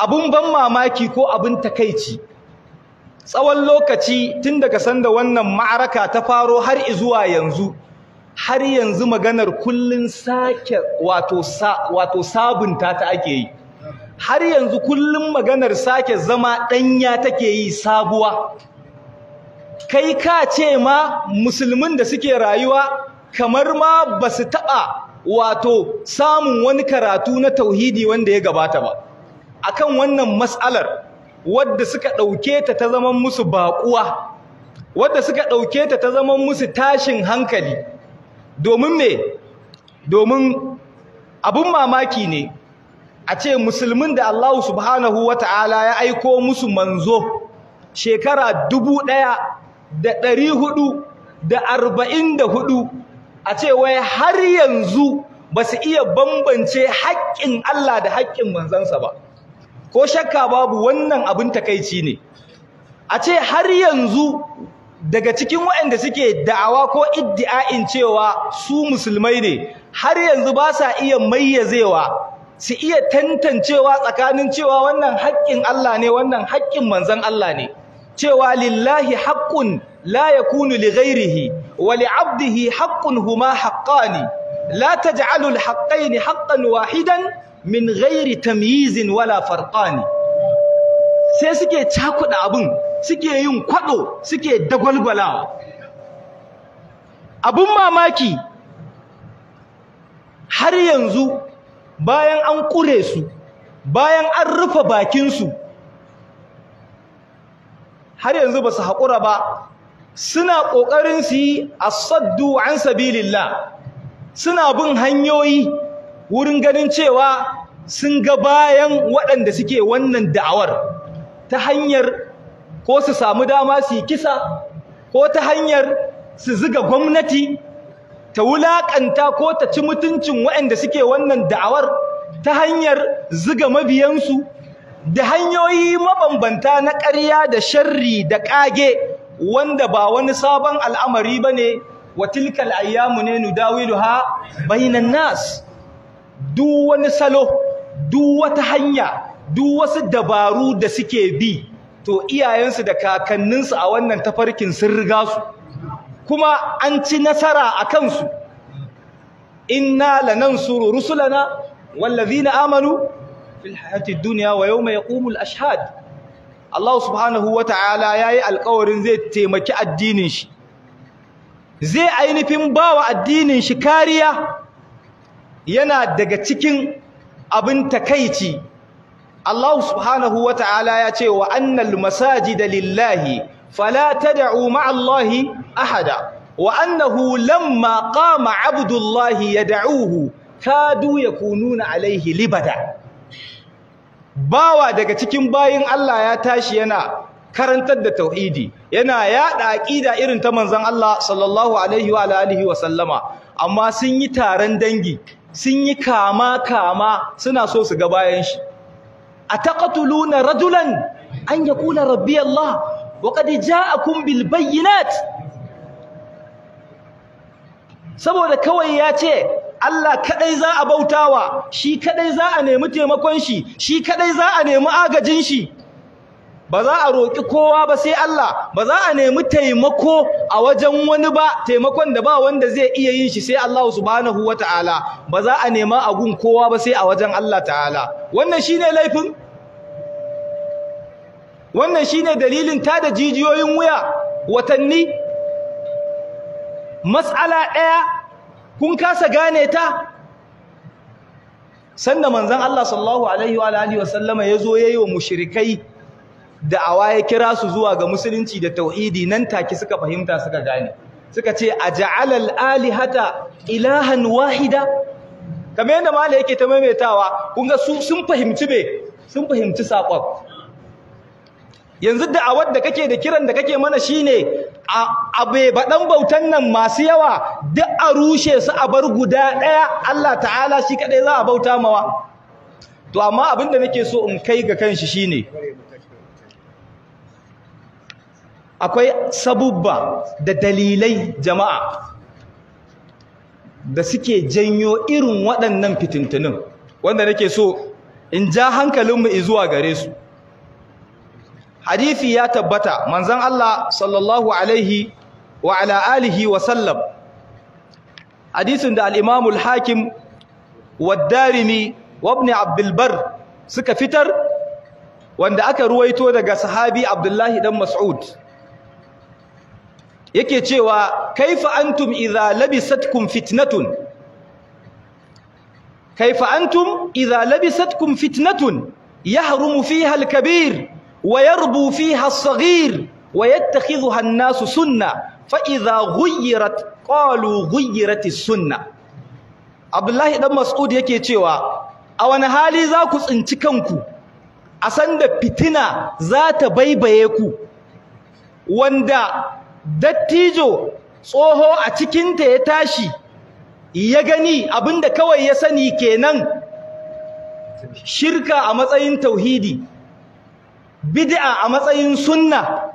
abin ban mamaki ko abin takaici, tsawon lokaci tun daga sanda wannan ma'araka ta faro har zuwa yanzu har yanzu maganar kullun sake wato sabunta ta ake yi har yanzu kullun maganar sake zama ɗanya take yi sabuwa kai ka ce ma musulmin da suke rayuwa kamar ma ba su taɓa wato samun wani karatu na tauhidi wanda ya gabata ba akan wannan matsalar, wadda suka ɗauke ta ta zama musu baƙuwa wadda suka ɗauke ta ta zama musu tashin hankali domin me domin abun mamaki ne a ce musulmin da Allah subhanahu wa ta'ala ya aiko musu manzo shekara dubu ɗaya da ɗari hudu da arba'in da hudu a ce wai har yanzu ba su iya bambance haƙƙin Allah da haƙƙin manzansa ba ko shakka babu wannan abin takaici ne a ce har yanzu daga cikin waɗanda suke da'awa ko iddi'ain cewa su musulmai ne har yanzu ba sa iya mayyazewa su iya tantancewa tsakanin cewa wannan haƙƙin Allah ne wannan haƙƙin manzon Allah ne cewa lillahi haƙƙun la yakunu li ghairihi wa li 'abdihi haƙƙun huma haqqani la taj'alul haqqaini haqqan wahidan min ghairi tamyizin wala farqani sai suke cakuɗa abin suke yin kwado suke dagwalgwalawa abun mamaki har yanzu bayan an kure su bayan an rufe bakinsu har yanzu ba su haƙura ba suna ƙoƙarin su yi asaddu an sabilillah suna bin hanyoyi wurin ganin cewa sun ga bayan waɗanda suke wannan da'awar ta hanyar ko su samu dama su yi kisa ko ta hanyar su ziga gwamnati ta wulaƙanta ko ta ci mutuncin waɗanda suke wannan da'awar ta hanyar ziga mabiyansu da hanyoyi mabambanta na ƙarya da sharri da ƙage wanda ba wani sabon al'amari ba ne wa tilkal ayyamu ne ha bainan nas duk wani salo duk wata hanya duk wasu dabaru da suke bi to iyayensu da kakanninsu a wannan tafarkin sun riga su kuma an ci nasara a kansu inna lanansuru rusulana wallazina amanu fil hayati dunya wa yawma yaqumul ashad Allah subhanahu wata'ala yayi alƙawarin zai taimaki addinin shi zai ainihin bawa addinin shi kariya yana daga cikin abin takaici Allah subhanahu wa ta'ala ya ce wa annal masajida lillahi fala tad'u ma'allahi ahada wa annahu lamma qama abdullahi ya yad'uhu kadu yakununa alaihi libada bawa daga cikin bayin Allah ya tashi yana karantar da tauhidi yana yada aqida irin ta manzon Allah sallallahu alaihi wa alihi wa sallama amma sun yi taron dangi sun yi kama kama suna so su ga bayan shi ataqtuluna rajulan an yaqula rabbi Allah wa qad ja'akum bayyinat saboda kawai ya ce Allah kadai za a bautawa shi kadai za a nemi taimakon shi shi kadai za a nemi agajin shi ba za a roƙi kowa ba sai Allah ba za a nemi taimako a wajen wani ba taimakon da ba wanda zai iya yin shi sai Allah subhanahu wataala ba za a nema a gun kowa ba sai a wajen Allah ta'ala wannan shine laifin wannan shine dalilin ta da jijiyoyin wuya watanni matsala ɗaya kun kasa gane ta sanda manzon Allah sallallahu alaihi wa alihi wa sallama yazo yayi wa mushrikai Da da'awa ya kira su zuwa ga musulunci da tauhidi nan take suka fahimta suka gane suka ce a al-alihata ilahan wahida kamar yadda mala yake ta maimaitawa kun ga su sun fahimci be sun fahimci sakon yanzu da'awar da kake da kiran da kake mana shine a baɗan bautan nan masu yawa duk a rushe su a bar guda ɗaya Allah ta'ala shi kaɗai za a bauta mawa to amma abin da nake so in kai ga kanshi shine akwai sabubba da dalilai jama'a da suke janyo irin waɗannan fitintunin wanda nake so in ja hankalinmu zuwa gare su hadithi ya tabbata manzon Allah sallallahu alaihi wa ala alihi wa sallam hadisin da Al'imamul hakim wa darimi wa suka fitar wanda aka ruwaito daga sahabi Abdullahi dan Mas'ud yake cewa kaifa antum idza labisatkum fitnatun kaifa antum idza labisatkum fitnatun yahrumu fiha al-kabir wa yarbu fiha as-saghir wa yattakhidhuha an-nasu sunnah fa idza ghayyirat qalu ghayyirat as-sunnah Abdullahi dan Mas'ud yake cewa a wani hali za ku tsinci kanku a sanda fitina za ta baibaye ku wanda dattijo tsoho a cikinta ya tashi ya gani abinda kawai ya sani kenan shirka a matsayin tauhidi bid'a a matsayin sunna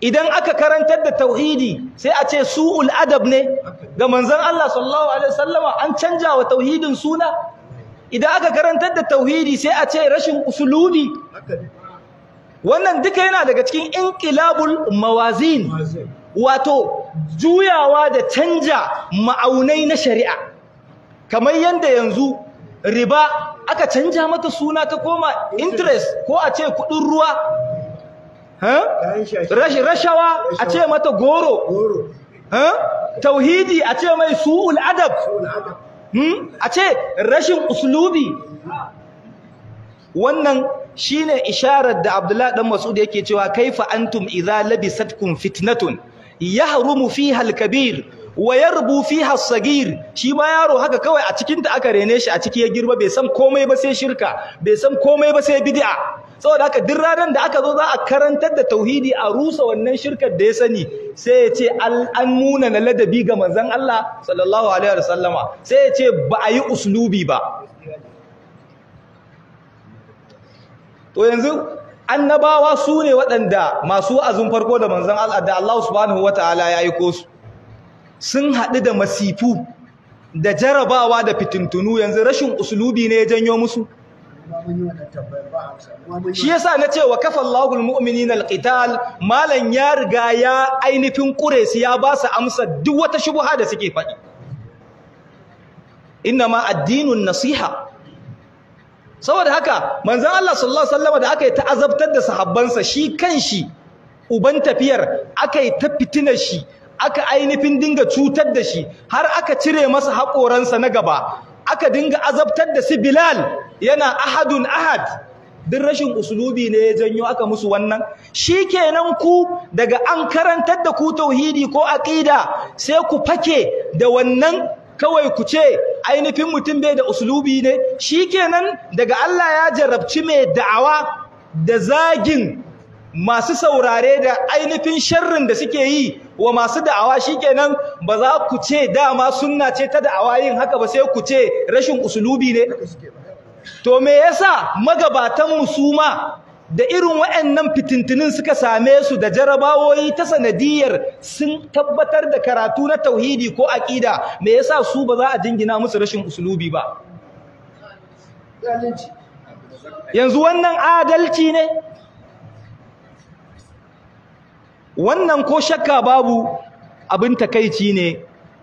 idan aka karantar da tauhidi sai a ce su'ul adab ne ga manzon Allah sallallahu alaihi wasallama an canja wa tauhidin suna idan aka karantar da tauhidi sai a ce rashin usuludi wannan duka yana daga cikin inqilabul mawazin wato juyawa da canja ma'aunai na shari'a kamar yanda yanzu riba aka canja mata suna ta koma interest ko a ce kudin ruwa rashawa a ce mata goro tauhidi a ce mai su'ul adab hmm? a ce rashin uslubi wannan shine isharar da Abdullah dan Mas'ud yake cewa kaifa antum idza labisatkum fitnatun yahrumu fiha al-kabir wa yarbu fiha as-sagir shi ma yaro haka kawai a cikin ta aka rene shi a ciki ya girma bai san komai ba sai shirka bai san komai ba sai bid'a saboda haka duk ranar da aka zo za a karantar da tauhidi a rusa wannan shirkar da ya sani sai ya ce an muna na ladabi ga manzon Allah sallallahu alaihi wasallama sai ya ce ba a yi uslubi ba to yanzu annabawa su ne waɗanda masu wa'azin farko da manzon Allah da Allah subhanahu wataala ya aiko su sun haɗu da masifu da jarabawa da fitintunu yanzu rashin usulubi ne ya janyo musu shi yasa na ce wa kafa Allahul mu'minin alqital malan ya riga ya ainihin ƙure su ya ba su amsa duk wata shubuha da suke faɗi inna ma addinin nasiha saboda haka manzon Allah sallallahu alaihi wasallam da aka yi ta azabtar da sahabbansa shi kan shi, uban tafiyar aka yi ta fitinar shi aka ainihin dinga cutar da shi har aka cire masa haƙoransa na gaba aka dinga azabtar da si Bilal yana ahadun ahad duk rashin usulubi ne ya janyo aka musu wannan Shi kenan ku daga an karantar da ku tauhidi ko aqida sai ku fake da wannan kawai ku ce ainihin mutum bai da usulubi ne shikenan daga Allah ya jarabci mai da'awa da zagin masu saurare da ainihin sharrin da suke yi wa masu da'awa shikenan ba za ku ce dama sunna ce ta da'awa yin haka ba sai ku ce rashin usulubi ne to me yasa magabatan musuma da irin waɗannan fitintunin suka same su da jarabawoyi ta sanadiyar sun tabbatar da karatu na tauhidi ko aƙida me yasa su ba za a jingina musu rashin usulubi ba yanzu wannan adalci ne wannan ko shakka babu abin takaici ne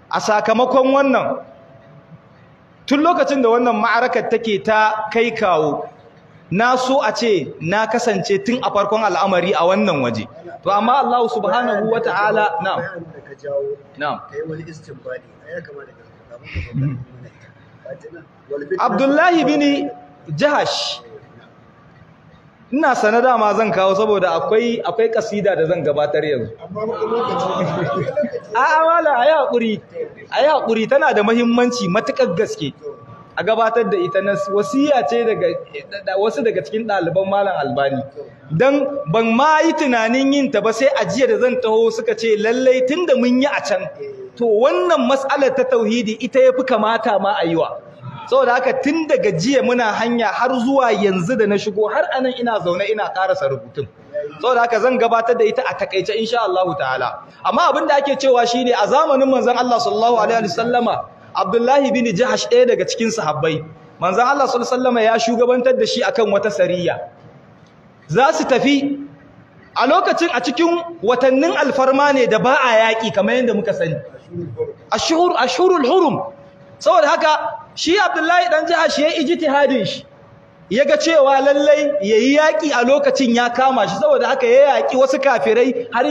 a sakamakon wannan tun lokacin da wannan ma'arakar take ta kai kawo na so a ce na kasance tun a farkon al'amari a wannan waje to amma Allah subhanahu wa ta'ala mm-hmm. na. Abdullahi Bini Jahash ina sana dama zan kawo saboda akwai akwai kasida da zan gabatar yanzu <laughs> a'a wala ayi haƙuri tana da mahimmanci matukar gaske a gabatar da ita na wasiya ce daga wasu daga cikin ɗaliban malam albani don ban ma yi tunanin yin ta ba sai ajiya da zan taho suka ce lallai tun da mun yi a can to wannan matsalar ta tauhidi ita ya fi kamata ma a yi wa saboda haka tun daga jiya muna hanya har zuwa yanzu da na shigo har anan ina zaune ina karasa rubutun saboda haka zan gabatar da ita a takaice insha Allah ta'ala amma abin da ake cewa shine a zamanin manzon Allah sallallahu alaihi wasallama abdullahi bin jahash ɗaya daga cikin sahabbai manzan Allah sallallahu ya shugabantar da shi akan wata sariya za su tafi a lokacin a cikin watannin alfarma ne da ba a yaƙi kamar yadda muka sani ashhur ashhurul hurum saboda haka shi abdullahi dan jahash ya ijtihadin shi ya ga cewa lallai yayi yaƙi a lokacin ya kama shi saboda haka ya yaƙi wasu kafirai har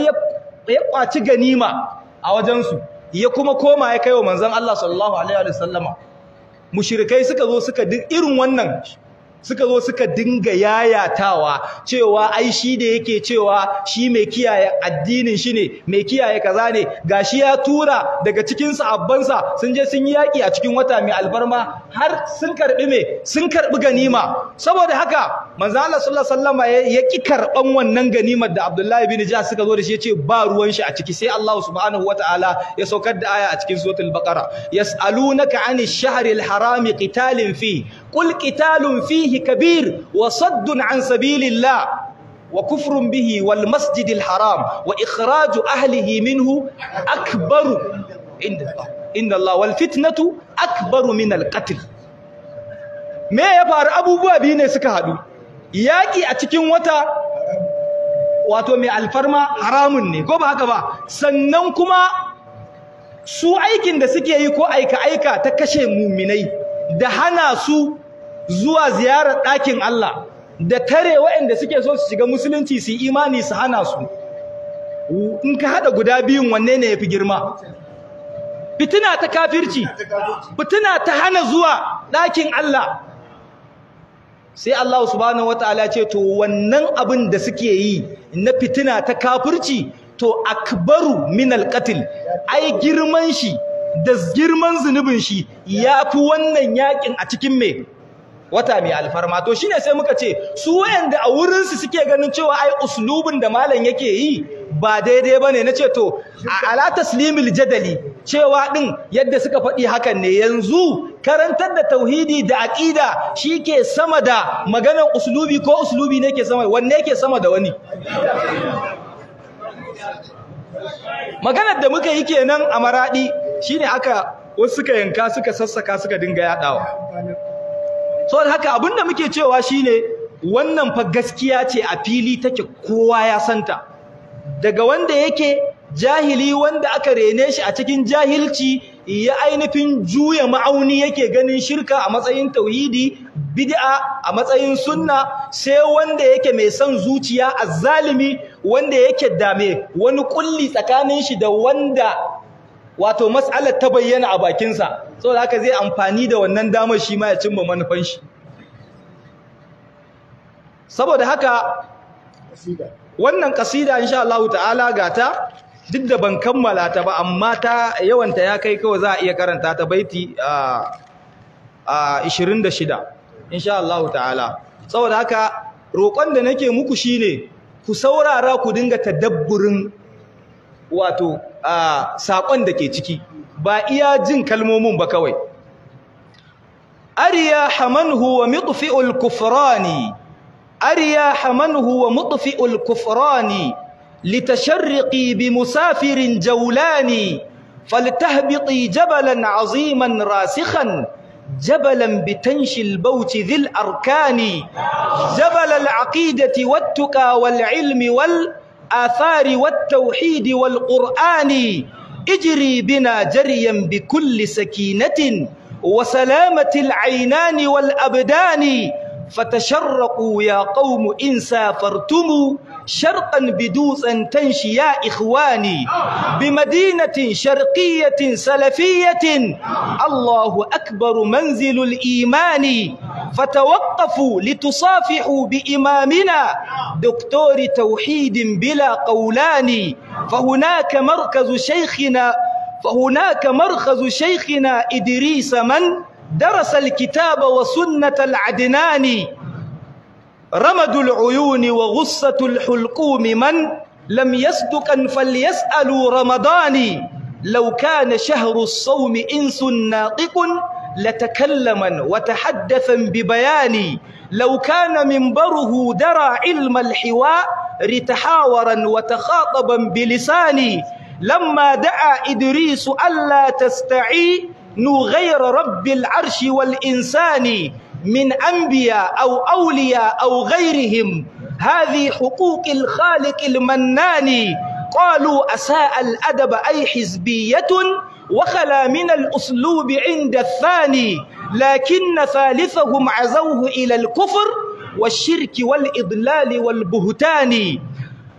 ya kwaci ganima a wajensu ya kuma koma ya kai wa manzon Allah sallallahu alaihi wa sallama suka zo suka duk irin wannan suka zo suka dinga yayatawa cewa ai shi da yake cewa shi mai kiyaye addinin shi ne mai kiyaye kaza ne ga shi ya tura daga cikin sahabbansa sun je sun yi yaki a cikin wata mai albarma har sun karbi me sun karɓi ganima saboda haka manzo Allah sallallahu alaihi wasallam ya ki karɓan wannan ganimar da Abdullahi bin Jah suka zo da shi ce ba ruwan shi a ciki sai Allah subhanahu wataala ya saukar da aya a cikin suratul baqara yasalunaka anish shahril harami qitalin fi qul qitalun فيه كبير وصد عن سبيل الله وكفر به والمسجد الحرام وإخراج أهله منه أكبر عند الله إن الله والفتنة أكبر من القتل me ya faru abubuwa biyu ne suka haɗu yaƙi a cikin wata wato mai alfarma haramun ne ko ba haka ba sannan kuma su aikin da suke yi ko aika-aika ta kashe muminai da hana su zuwa ziyarar ɗakin Allah da tare waɗanda suke so su shiga musulunci su imani su hana su in ka haɗa guda biyun wanne ne ya fi girma fitina ta kafirci fitina ta hana zuwa ɗakin Allah sai Allah subhanahu wataala ce to wannan abin da suke yi na fitina ta kafirci to akbaru min katil ai girman shi da girman zunubin shi yafi wannan yakin a cikin me wata mai alfarma to shine sai muka ce su wayanda a wurin su suke ganin cewa ai uslubin da malam yake yi ba daidai bane nace to ala taslimil jadali cewa din yadda suka faɗi hakan ne yanzu karantar da tauhidi da aqida shike sama da maganar uslubi ko uslubi ne ke sama wanne yake sama da wani maganar da muka yi kenan a maradi shine aka wasu suka yanka suka sassaka suka dinga yadawa so haka abin da muke cewa shine wannan fa gaskiya ce a fili take kowa ya santa daga wanda yake jahili wanda aka rene shi a cikin jahilci ya ainihin juya ma'auni yake ganin shirka a matsayin tauhidi bid'a a matsayin sunna sai wanda yake mai son zuciya azzalimi wanda yake dame wani kulli tsakanin shi da wanda wato mas'alar ta bayyana a bakinsa saboda haka zai amfani da wannan damar shi ma ya cimma manufan shi saboda haka wannan kasida insha Allah ta'ala ta duk da ban kammala ta ba amma ta yawanta ya kai kawai za a iya karanta ta baiti a 26 insha Allah ta'ala saboda haka roƙon da nake muku shine ku saurara ku dinga tadabburin wato saƙon da ke ciki ba iya jin kalmomin ba kawai ariya hamanhu wa mutfi'ul kufrani ariya hamanhu wa mutfi'ul kufrani litasharriqi bi musafirin jaulani faltahbiti jabalan aziman rasikhan جبلا بتنش البوت ذي الأركان جبل العقيدة wal والعلم wal. آثار والتوحيد والقرآن اجري بنا جريا بكل سكينة وسلامة العينان والأبدان فتشرقوا يا قوم إن سافرتم شرقا بدوثا تنشي يا إخواني بمدينة شرقية سلفية الله أكبر منزل الإيمان فتوقفوا لتصافحوا بإمامنا دكتور توحيد بلا قولان فهناك مركز شيخنا فهناك مركز شيخنا إدريس من درس الكتاب وسنة العدنان رمد العيون وغصة الحلقوم من لم يصدقا فليسألوا رمضاني لو كان شهر الصوم إنس ناطق لتكلما وتحدثا ببياني لو كان منبره درى علم الحواء لتحاورا وتخاطبا بلساني لما دعا إدريس ألا تستعينوا غير رب العرش والإنسان من أنبياء أو أولياء أو غيرهم هذه حقوق الخالق المنان قالوا أساء الأدب أي حزبية وخلا من الأسلوب عند الثاني لكن ثالثهم عزوه إلى الكفر والشرك والإضلال والبهتان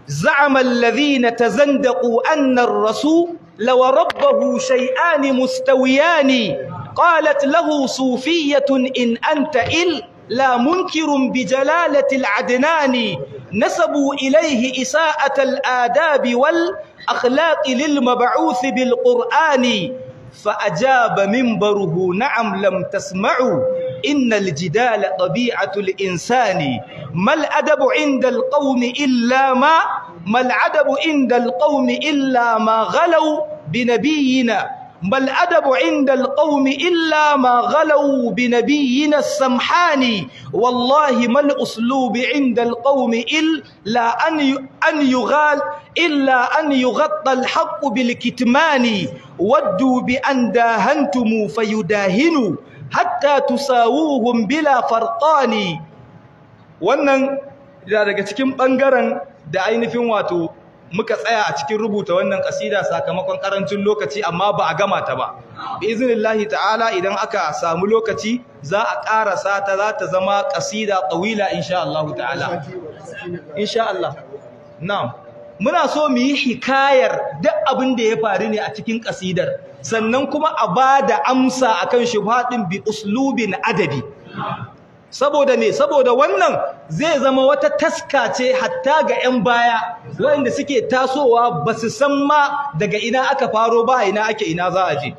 زعم الذين تزندقوا أن الرسول لوربه شيئان مستويان قالت له صوفية إن أنت إلا منكر بجلالة العدنان نسبوا إليه إساءة الآداب والأخلاق للمبعوث بالقرآن فأجاب منبره نعم لم تسمعوا إن الجدال طبيعة الإنسان ما الأدب عند القوم إلا ما ما العدب عند القوم إلا ما غلوا بنبينا bal adabu inda alqawmi illa ma ghalaw bi nabiyyina samhani wallahi mal uslubi inda alqawmi illa an an yughal illa an yughatta alhaq waddu bi an fayu dahinu, hatta tusawuhum bila farqani wannan daga cikin ɓangaren, da ainihin wato muka tsaya a cikin rubuta wannan kasida sakamakon karancin lokaci amma ba a gama ta ba biiznillahi ta'ala idan aka samu lokaci za a karasa ta za ta zama kasida tawila insha Allah ta'ala insha Allah na'am muna so mu yi hikayar duk abin da ya faru ne a cikin kasidar sannan kuma a ba da amsa akan kan din bi uslubin adabi saboda me saboda wannan zai zama wata taska ce hatta ga 'yan baya waɗanda suke tasowa ba su san ma daga ina aka faro ba ina ake ina za a je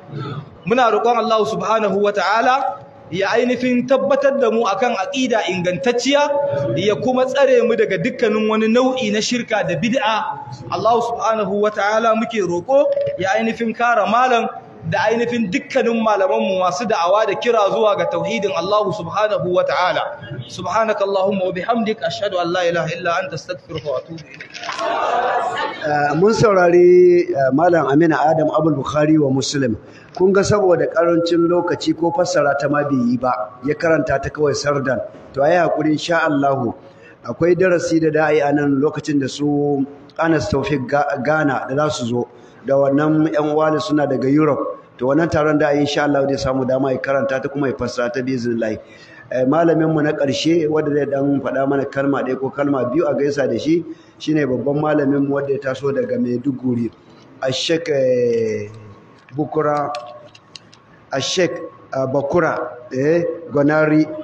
muna roƙon Allah subhanahu wataala ya ainihin tabbatar da mu akan aƙida ingantacciya ya kuma tsare mu daga dukkanin wani nau'i na shirka da bid'a Allah subhanahu wataala muke roƙo ya ainihin kara malam da ainihin dukkanin malamanmu masu da'awa da kira zuwa ga tauhidin Allah subhanahu wa ta'ala subhanaka Allahumma wa bihamdik ashadu. an la ilaha illa an astaghfiruka wa atubu uh, mun saurari uh, malam Amina Adam Abul Bukhari wa Muslim kun ga saboda karancin lokaci ko fassara ta ma bai yi ba ya karanta ta kawai sardan to ayi hakuri insha Allah akwai darasi da da'ai a nan lokacin da su Anas Taufik Gana da za su zo da wannan yan wali suna daga Europe to wannan taron da insha Allah zai samu dama ya karanta ta kuma ya fassara ta bi iznillahi eh, malamin mu na karshe wanda zai dan faɗa mana kalma ɗaya ko kalma biyu a gaisa da shi shine babban malamin mu wanda ya taso daga Maiduguri Ashek eh, Bukura Ashek eh, Bakura eh Gonari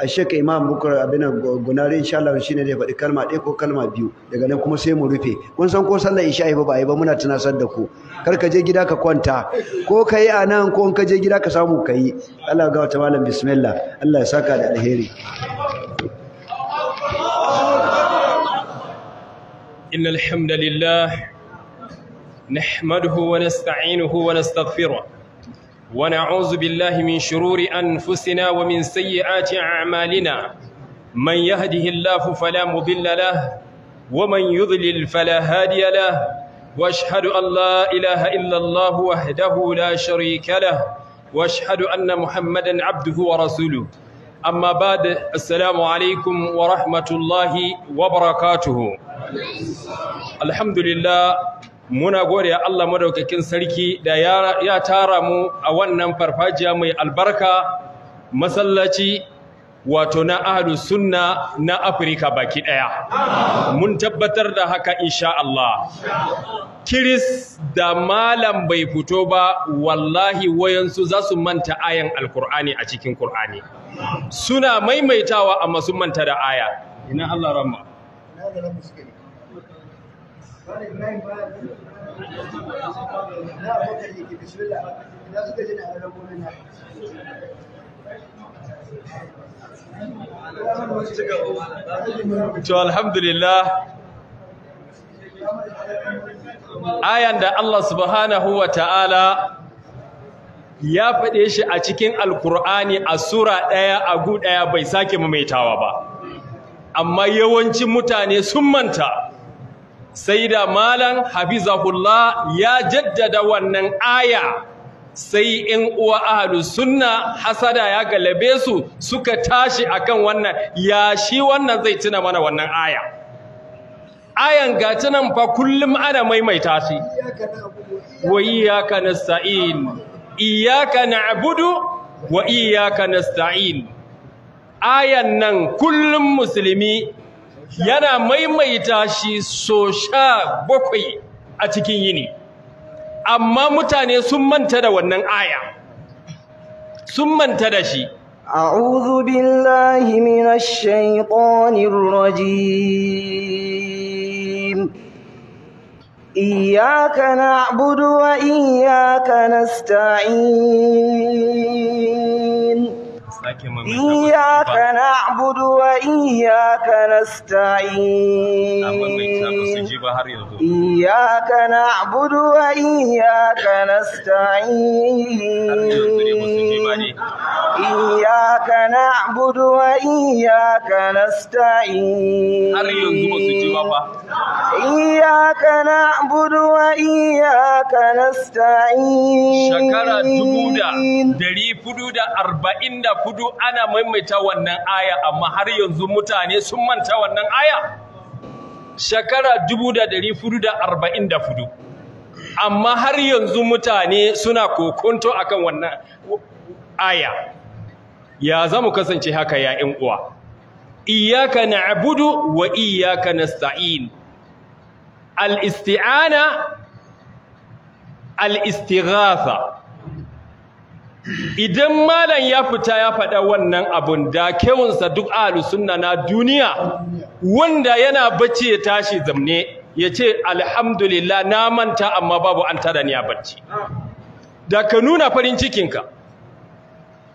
a shek imam bukar abin gunari insha Allah shine zai faɗi kalma ɗaya ko kalma biyu daga nan kuma sai mu rufe kun san ko sallar isha ba ba yi ba muna tunasar da ku kar ka je gida ka kwanta ko ka yi a nan ko in ka je gida ka samu ka yi Allah ga wata malam bismillah Allah ya saka da alheri إن الحمد لله نحمده ونستعينه ونستغفره ونعوذ بالله من شرور أنفسنا ومن سيئات أعمالنا من يهده الله فلا مضل له ومن يضلل فلا هادي له واشهد أن لا إله إلا الله وحده لا شريك له واشهد أن محمدا عبده ورسوله أما بعد السلام عليكم ورحمة الله وبركاته الحمد لله muna gode ya Allah madaukakin sarki da ya tara mu a wannan farfajiya mai albarka masallaci wato na ahlu sunna na Afirka baki daya mun tabbatar da haka insha Allah kiris da malam bai fito ba wallahi wayansu za su manta ayan alkur'ani a cikin kur'ani suna maimaitawa amma sun manta da aya ina Allah rahma to alhamdulillah ayan da Allah subhanahu wa ta'ala ya faɗe shi a cikin alkur'ani a sura ɗaya a gu ɗaya bai sake maimaitawa ba amma yawancin mutane sun manta sai da malam hafizahullah ya jaddada wannan aya sai in uwa ahlus sunna hasada ya galabe su suka tashi akan wannan ya shi wannan zai tuna mana wannan aya ayan ga tunan fa kullum ana maimaita shi wa iyyaka nasta'in iyyaka na'budu wa iyyaka nasta'in ayan nan kullum musulmi yana maimaita shi so sha bakwai a cikin yini amma mutane sun manta da wannan aya sun manta da shi a'udhu billahi minash shaitanir rajim iyyaka na'budu wa iyyaka nasta'in Iyaka na'budu wa iyaka nasta'in. Iyaka na'budu wa iyaka nasta'in. Iyaka na'budu wa iyaka nasta'in. Iyaka na'budu wa iyaka nasta'in. Shakara dubu da dari fudu da arba'in da fudu. hudu ana maimaita wannan aya amma har yanzu mutane sun manta wannan aya shekara 1444 amma har yanzu mutane suna kokonto akan wannan aya ya zamu kasance haka ya uwa? uwa iyyaka abudu wa iyyaka nasta'in al-isti'ana al-istighatha idan malam ya fita ya faɗa wannan abun da kewunsa duk ahlus sunna na duniya wanda yana bacci ya tashi zamne ya ce alhamdulillah na manta amma babu an tara ni a bacci da ka nuna farin cikinka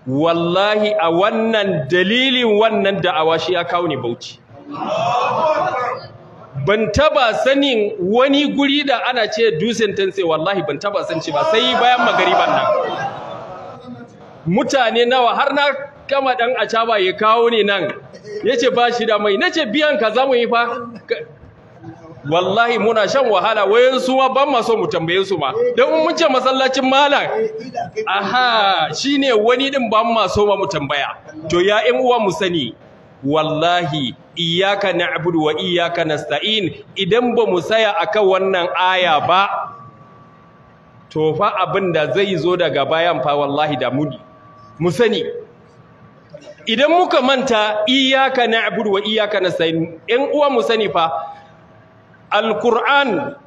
wallahi a wannan dalilin wannan da'awa shi ya kawo ni bauchi ban taba sanin wani guri da ana ce dusin tantse wallahi ban taba san ci ba sai bayan magariban nan mutane nawa har na kama dan acaba ya kawo ni nan yace ba shi da mai nace biyan ka zamu yi fa wallahi muna shan wahala wayan su ma ban ma mu tambaye su ma dan mun ce masallacin malam aha shine wani din ban ma so ma mu tambaya to ya ƴan uwa mu sani wallahi iyyaka na'budu wa iyyaka nasta'in idan ba mu saya akan wannan aya ba to fa da zai zo daga bayan fa wallahi da muni mu sani idan muka manta iyaka na'budu wa iyaka nasta'in ɗan uwa mu sani fa alquran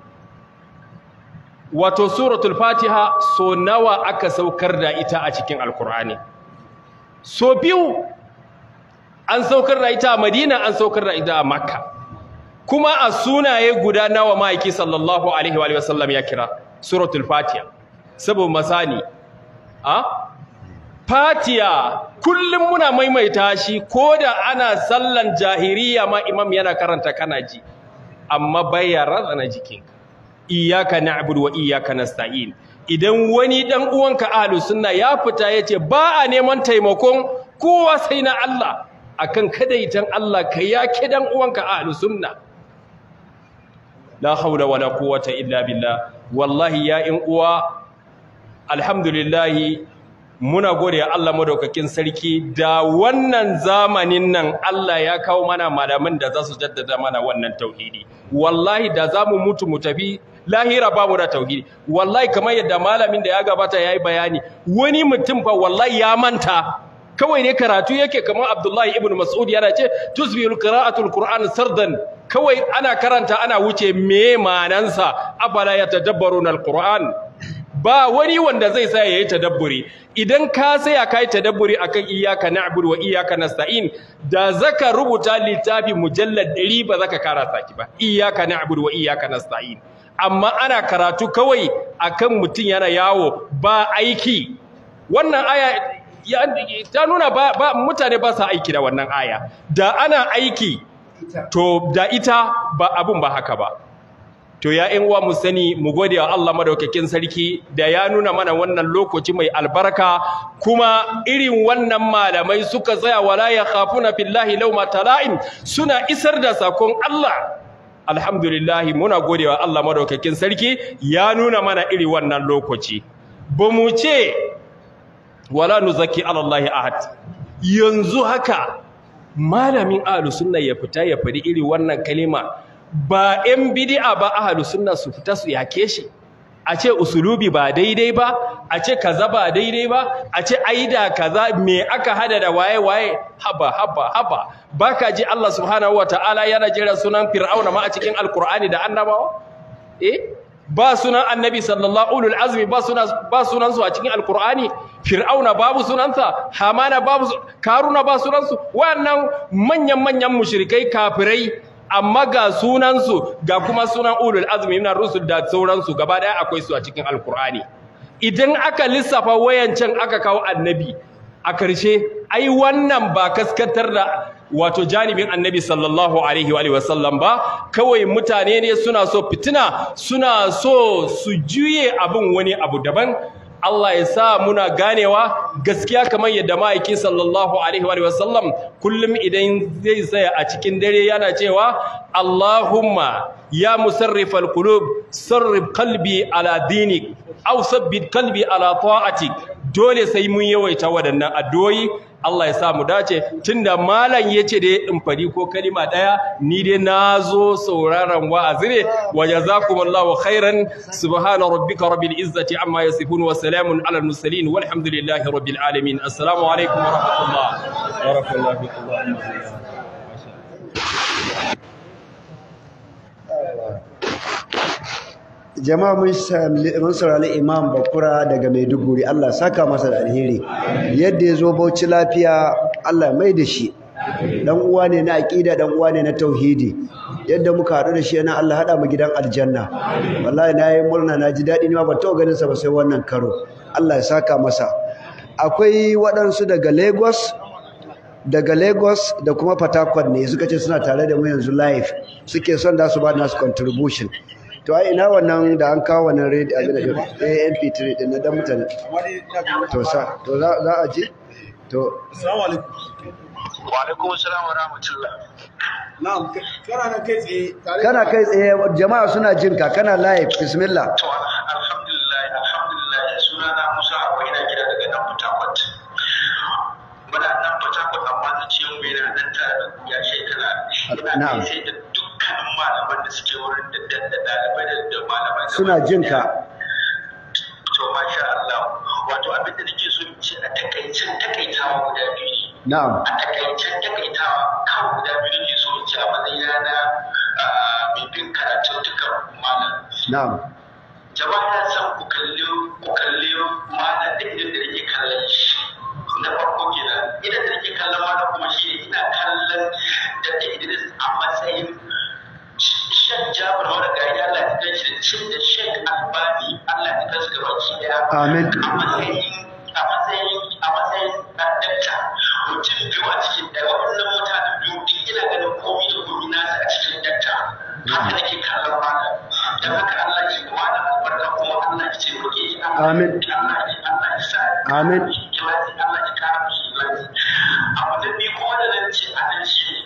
wato suratul fatiha so nawa aka saukar da ita a cikin alqur'ani so biyu an saukar da ita a madina an saukar da ita a makka kuma a sunaye guda nawa ma'aiki sallallahu alaihi wa sallam ya kira suratul fatiha saboda masani ah fatiya kullum muna maimaita shi ko da ana sallan jahiriya ma imam yana karanta kana ji amma baya jikin, jikinka iyyaka na'budu wa iyyaka nasta'in idan wani dan uwanka ahlus sunna ya fita yace ba a neman taimakon kowa sai na Allah akan kada idan Allah ka yake dan uwanka ahlus sunna la haula wala quwwata illa billah wallahi ya in uwa alhamdulillah muna gode Allah madaukakin sarki da wannan zamanin nan Allah ya kawo mana malaman da za su jaddada mana wannan tauhidi wallahi da za mu mutu mu tafi lahira mu da tauhidi wallahi kamar yadda malamin da ya gabata yayi bayani wani mutum fa wallahi ya manta kawai ne karatu yake kamar Abdullahi ibn Mas'ud yana ce tusbihul qira'atul Qur'an sardan kawai ana karanta ana wuce me manansa afala yatadabbaruna al-Qur'an ba wani wanda zai tsaya yi tadabburi idan ka tsaya kai tadabburi akan iyyaka na'budu wa iyyaka nasta'in da zaka rubuta littafi mujallad ɗari ba zaka karasa ki ba iyyaka na'budu wa iyyaka nasta'in amma ana karatu kawai akan mutun yana yawo ba aiki wannan aya ta nuna ba mutane ba sa aiki da wannan aya da ana aiki to da ita ba abun ba haka ba to ya in wa mu sani mu gode wa Allah madaukakin sarki da ya nuna mana wannan lokaci mai albarka kuma irin wannan malamai suka tsaya wala ya khafuna billahi lawma tala'in suna isar da sakon Allah alhamdulillah muna gode wa Allah madaukakin sarki ya nuna mana irin wannan lokaci ba mu ce wala nuzaki ala Allah ahad yanzu haka malamin ahlus sunna ya fita ya fadi irin wannan kalima ba 'yan bidi'a ba ahalu suna su fita su yake shi a ce usulubi ba daidai ba a ce kaza ba daidai ba a ce aida kaza me aka hada da waye waye haba haba haba Ba ka ji Allah subhanahu ta’ala yana jira sunan fir'auna ma a cikin alkur'ani da annabawa eh ba sunan annabi sallallahu alaihi azmi ba sunan ba sunan su a cikin alkur'ani fir'auna babu sunansa hamana babu karuna ba sunan su wayannan manyan manyan mushrikai kafirai amma ga sunansu ga kuma sunan ulul azmi na rusul da sauransu gaba daya akwai su a cikin alkur'ani idan aka lissafa wayancan aka kawo annabi a karshe ai wannan ba kaskantar da wato janibin annabi sallallahu alaihi wa sallam ba kawai mutane ne suna so fitina suna so su juye abin wani abu daban Allah ya sa muna ganewa gaskiya kamar yadda ma'aiki sallallahu alaihi wa sallam kullum idan zai tsaya a cikin dare yana cewa Allahumma ya musarrifal qulub sarrif qalbi ala dinik aw sabbit qalbi ala ta'atik dole sai mun yawaita waɗannan addu'o'i Allah ya sa mu dace tunda malam yace dai in fari ko kalima daya ni dai nazo sauraron wa'azi ne wa jazakumullahu khairan subhana rabbika rabbil izzati amma yasifun wa salamun alal mursalin walhamdulillahi rabbil alamin assalamu alaikum wa rahmatullah jama'a mun saurari imam bakura daga maiduguri allah saka masa da alheri yadda ya zo bauchi lafiya allah mai da shi dan uwa ne na aqida dan uwa ne na tauhidi yadda muka haɗu da shi yana allah haɗa mu gidan aljanna wallahi na yi murna na ji daɗi ni ma ban taɓa ganin sa ba sai wannan karo allah ya saka masa akwai waɗansu daga lagos daga lagos da kuma port ne suka ce suna tare da mu yanzu live suke son da su ba nasu contribution to ai ina wannan da an kawo wannan radio abin da AMP3 din na dan mutane to sa to za a ji to assalamu alaikum wa alaikum assalam wa rahmatullah na'am kana nan kai tsaye kana kai tsaye jama'a suna jin ka kana live bismillah to alhamdulillah alhamdulillah suna na Musa Hawa ina gida daga nan Port Harcourt muna nan Port Harcourt amma zuciyar mu yana nan ta ya shekara ina kai malaman da suke wurin da ɗalibai da malamai suna jin ka to masha Allah wato abin da nake so in ce a takaicin takaitawa guda biyu na'am a takaicin takaitawa kawo guda biyu ne so in ce a matsayina na ah, mai bin karatun dukkan malam na'am jama'a na san ku kalli ku kalli malam da idan da nake kallon shi na farko kenan idan da nake kallon malam kuma shi ina kallon da Idris a matsayin shan jabar Mara Gari Allah ya kai shi da cin da Shek Albani Allah ya kai su gaba ki daya. Amin. A matsayin a matsayin a matsayin mutum cikin ɗaya waɗannan mutanen biyu duk ina ganin da komi nasu a cikin ɗaɗɗa. Haka nake kallon malam. haka Allah ya yi kuma Allah ya ce Amin. Allah ya Allah ya sa. Amin. Allah ya lafiya. Abu da da nan ce a nan shi ne.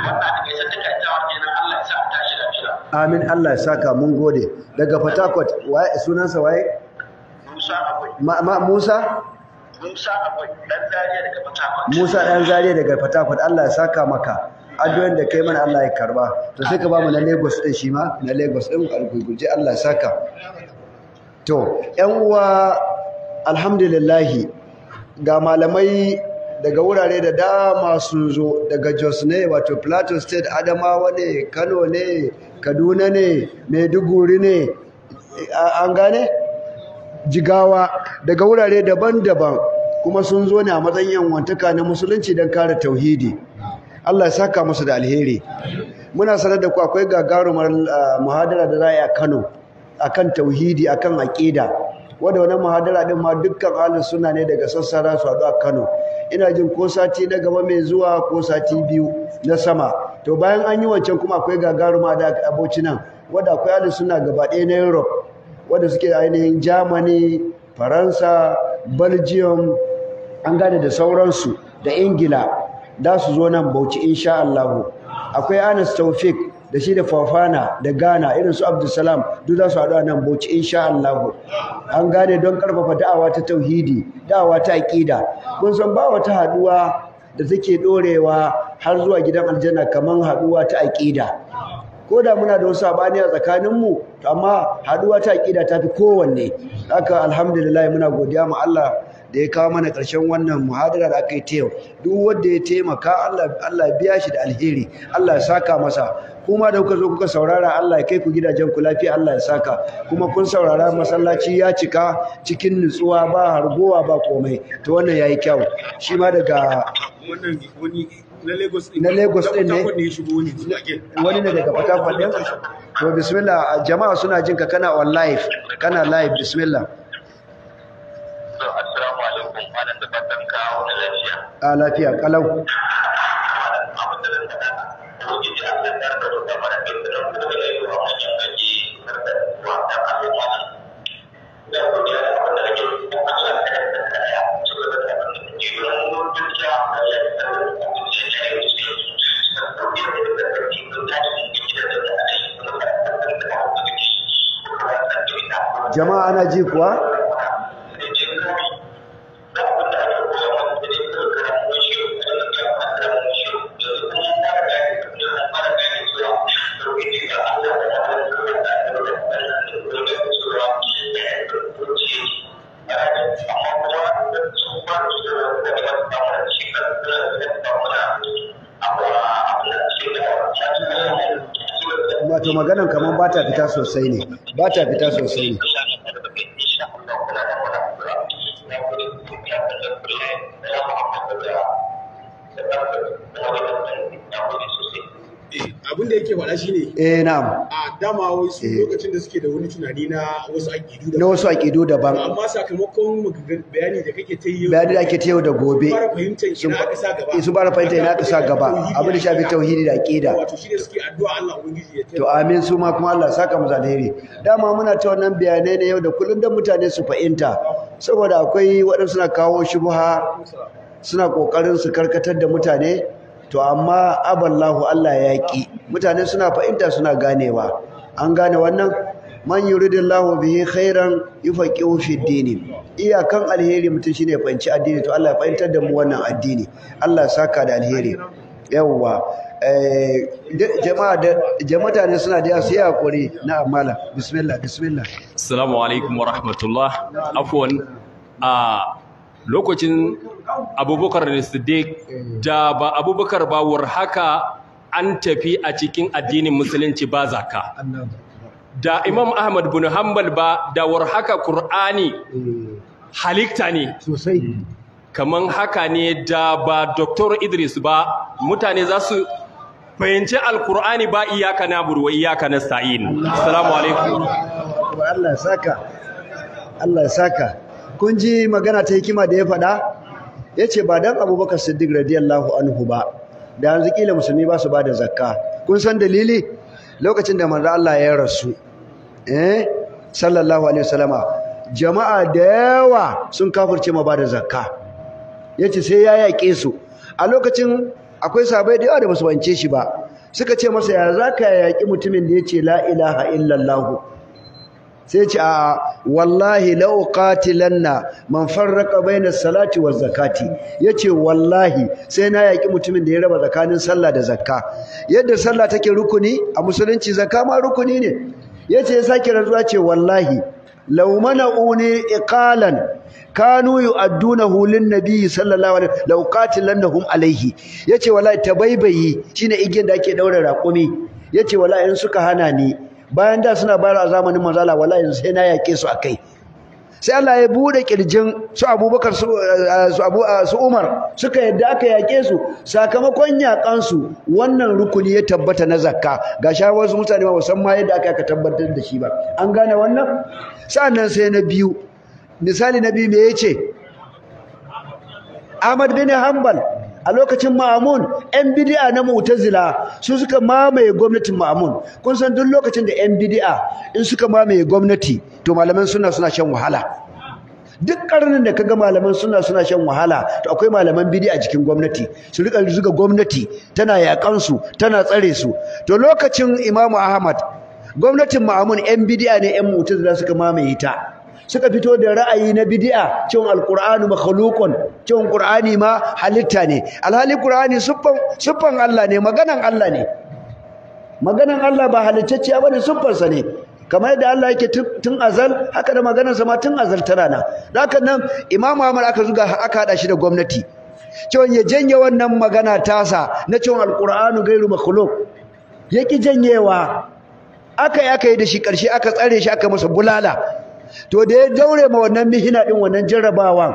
Allah ya sa amin Allah ya saka mun gode daga Fatakot waye sunansa waye Musa Abai ma Musa Musa Abai dan daga Port Musa dan Zariya daga Fatakot Allah ya saka maka addu'an da kai mana Allah ya karba to sai ka ba mu na Lagos din shi ma na Lagos din alguguje Allah ya saka to yan uwa alhamdulillah ga malamai daga wurare da dama sun zo daga jos ne wato plateau state adamawa ne kano ne kaduna ne maiduguri ne an gane jigawa daga wurare daban-daban kuma sun zo ne a matsayin yawantaka na musulunci don kare tauhidi allah ya saka musu da alheri muna sanar da ku akwai gagarumar ah, muhadara da za a yi a kano akan tauhidi akan aƙida wanda wani muhadara din ma dukkan halin suna ne daga sassara su a Kano ina jin ko sati na gaba mai zuwa ko sati biyu na sama to bayan an yi wancan kuma akwai gagaruma da aboci nan wanda akwai halin suna gaba ɗaya na Europe wanda suke ainihin Germany Faransa Belgium an gane da sauransu da Ingila da su zo nan Bauchi insha Allah akwai Anas taufik da shi da Fafana da Ghana irin su Abdulsalam duk za su haɗu a nan Bauchi insha Allah an gane don ƙarfafa da'awa ta tauhidi da'awa ta aƙida kun san ba wata haɗuwa da take ɗorewa har zuwa gidan aljanna kamar haɗuwa ta aƙida. ko da muna da wasu sabani a tsakaninmu to amma haɗuwa ta aƙida ta fi kowanne haka alhamdulillah muna godiya ma Allah da ya kawo mana ƙarshen wannan muhadara da aka yi ta yau duk wanda ya taimaka Allah biya shi da alheri Allah ya saka masa kuma da kuka zo kuka saurara Allah ya kai ku gidajen ku lafiya Allah ya saka kuma kun saurara masallaci ya cika cikin nutsuwa ba hargowa ba komai to wannan yayi kyau shi ma daga wannan wani na Lagos din ne wani ne daga Fatakwal din to bismillah jama'a suna jin ka kana on live kana live bismillah da kawo da lafiya a lafiya kalau jama'a ana ji kuwa to maganan kamar ba ta fita sosai ne ba ta fita sosai ne eh, abin da yake faɗa ne eh na'am dama wai su eh. lokacin da suke da wani tunani na wasu aƙidu na wasu aƙidu daban amma sakamakon bayani da kake ta bayani da ake ta yau da gobe su fara fahimta ina ka sa gaba eh, abin da shafi tauhidi da aƙida wato shine suke addu'a Allah ubangiji ya to amin su ma kuma Allah saka mu alheri dama muna ta wannan bayanai ne yau da kullun da mutane su fahimta saboda akwai waɗansu na kawo shubha suna kokarin su karkatar da mutane to amma aballahu Allah ya ki mutane suna fahimta suna ganewa an gane wannan man yuridillahu bihi khairan yufaqihu fi dini iyakan alheri mutum shine fahimci addini to Allah ya fahimtar da mu wannan addini Allah ya saka da alheri yawa eh jama'a jama'a ne suna da su hakuri na amala bismillah bismillah assalamu alaikum wa rahmatullah afwan a lokacin abubakar su da ba abubakar ba war haka an tafi a cikin addinin musulunci ba zaka da imam ahmad bin hanbal ba da war haka qur'ani halitta ne sosai kaman haka ne da ba dr idris ba mutane za su fahimci alkur'ani ba iyaka na burwa iyaka na sa'in assalamu alaikum Allah ya saka Allah ya saka kun ji magana ta hikima da ya faɗa Ya ce ba dan abubakar siddiq radiyallahu anhu ba da yanzu kila musulmi ba su ba da zakka kun san dalili lokacin da manzo Allah ya rasu eh sallallahu alaihi wasallama jama'a da yawa sun kafirce ma ba da zakka yace sai ya yaƙe su a lokacin akwai sabai da yawa da basu bance shi ba suka ce masa ya zaka yaki mutumin da yace la ilaha illallah sai ce a wallahi law manfan man farraqa baina salati wa zakati ce wallahi sai na yaƙi mutumin da ya raba tsakanin sallah da zakka yadda sallah take rukuni a musulunci zakka ma rukuni ne Ya ce ya sake rantsuwa ce wallahi laumana mana'uni iqalan kanu yu'addunahu lin-nabi sallallahu alaihi wasallam law qatilannahum alaihi yace wallahi tabaibayi shine igiyar da ake daura raƙumi yace wallahi in suka hana ni bayan da suna bayar a zamanin manzala wallahi sai na yake su akai sai Allah ya bude kirjin su Abubakar eh, eh, su Umar suka yadda aka yake su sakamakon yaƙansu wannan rukuni ya tabbata na zakka ga wasu mutane ba san ma yadda aka tabbatar da shi ba an gane wannan nan sai na biyu misali na biyu me ce? Ahmad bin Hambal. a lokacin ma'amun 'yan bidi'a na mu'tazila su suka mamaye gwamnatin ma'amun kun san duk lokacin da 'yan bidi'a in suka mamaye gwamnati to malaman suna suna shan wahala duk karnin da kaga malaman suna suna shan wahala to akwai malaman bidi'a a jikin gwamnati su rika zuga gwamnati tana yakan su tana tsare su to lokacin Imam Ahmad gwamnatin Ma'amun yan bidi'a ne yan mu'tazila suka mamaye ta suka fito da ra'ayi na bid'a cewa alqur'anu makhluqun cewa qur'ani ma halitta ne alhali qur'ani suffan suffan Allah ne maganan Allah ne maganan Allah ba halittacciya bane suffan sa ne kamar da Allah yake tun azal haka da maganar sa ma tun azal tana nan haka nan Imam Muhammad aka zuga aka hada shi da gwamnati cewa ya janye wannan magana tasa na cewa alqur'anu gairu makhluq yake janyewa aka yi aka yi da shi ƙarshe aka tsare shi aka masa bulala to da ya daure ma wannan mihina din wannan jarrabawan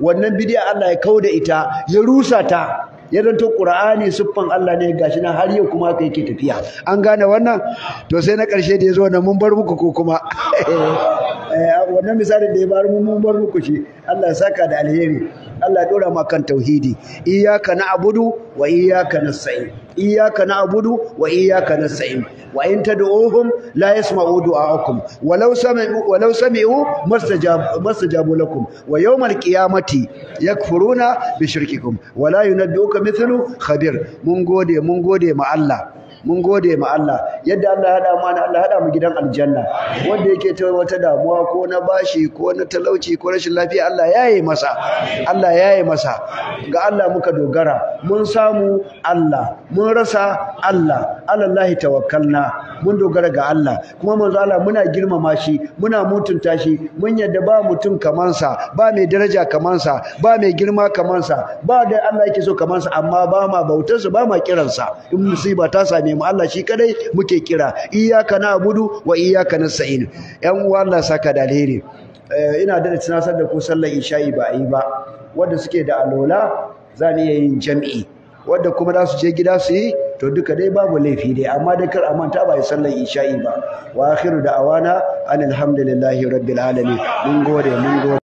wannan bidiya Allah ya kauda ita ya rusa ta ya zanto Qur'ani siffan Allah ne gashi na har yau kuma kai ke tafiya an gane wannan to sai na karshe da yazo wannan mun bar muku ko kuma <laughs> eh, eh, wannan misalin da ya bar mu mun bar muku shi Allah ya saka da alheri Allah ya dora ma kan tauhidi iyyaka na'budu wa iyyaka nasta'in iyyaka na'budu wa iyyaka nasta'in wa in tad'uhum la yasma'u du'aakum walau sami'u walau sami'u mastajabu mastajabu lakum wa yawmal qiyamati yakfuruna bi shirkikum wa la yunabbi'uka mithlu khabir mun gode mun gode ma Allah mun gode ma Allah yadda Allah ya hada ana Allah hada mu gidan aljanna wanda yake ta wata damuwa ko na bashi ko na talauci ko rashin lafiya Allah ya yi masa Allah ya yi masa ga Allah muka dogara mun samu Allah mun rasa Allah alallahi tawakkalna mun dogara ga Allah kuma manzo Allah muna girmama shi muna mutunta shi mun yadda ba mutum kamansa ba mai daraja kamansa ba mai girma kamansa ba dai Allah yake so kamansa amma ba ma bautar sa, ba ma kiransa in musiba ta same mu Allah shi kadai muke kira iyyaka na'budu wa iyyaka nasta'in yan uwa Allah saka da alheri eh, ina da tunasar da ku sallar isha'i ba yi ba wanda suke da alola za iya yin jami'i wanda kuma za su je gida su yi to duka dai babu laifi dai amma dai kar a manta ba yi sallar isha'i ba wa akhiru da awana alhamdulillahi rabbil alamin mun gode mun gode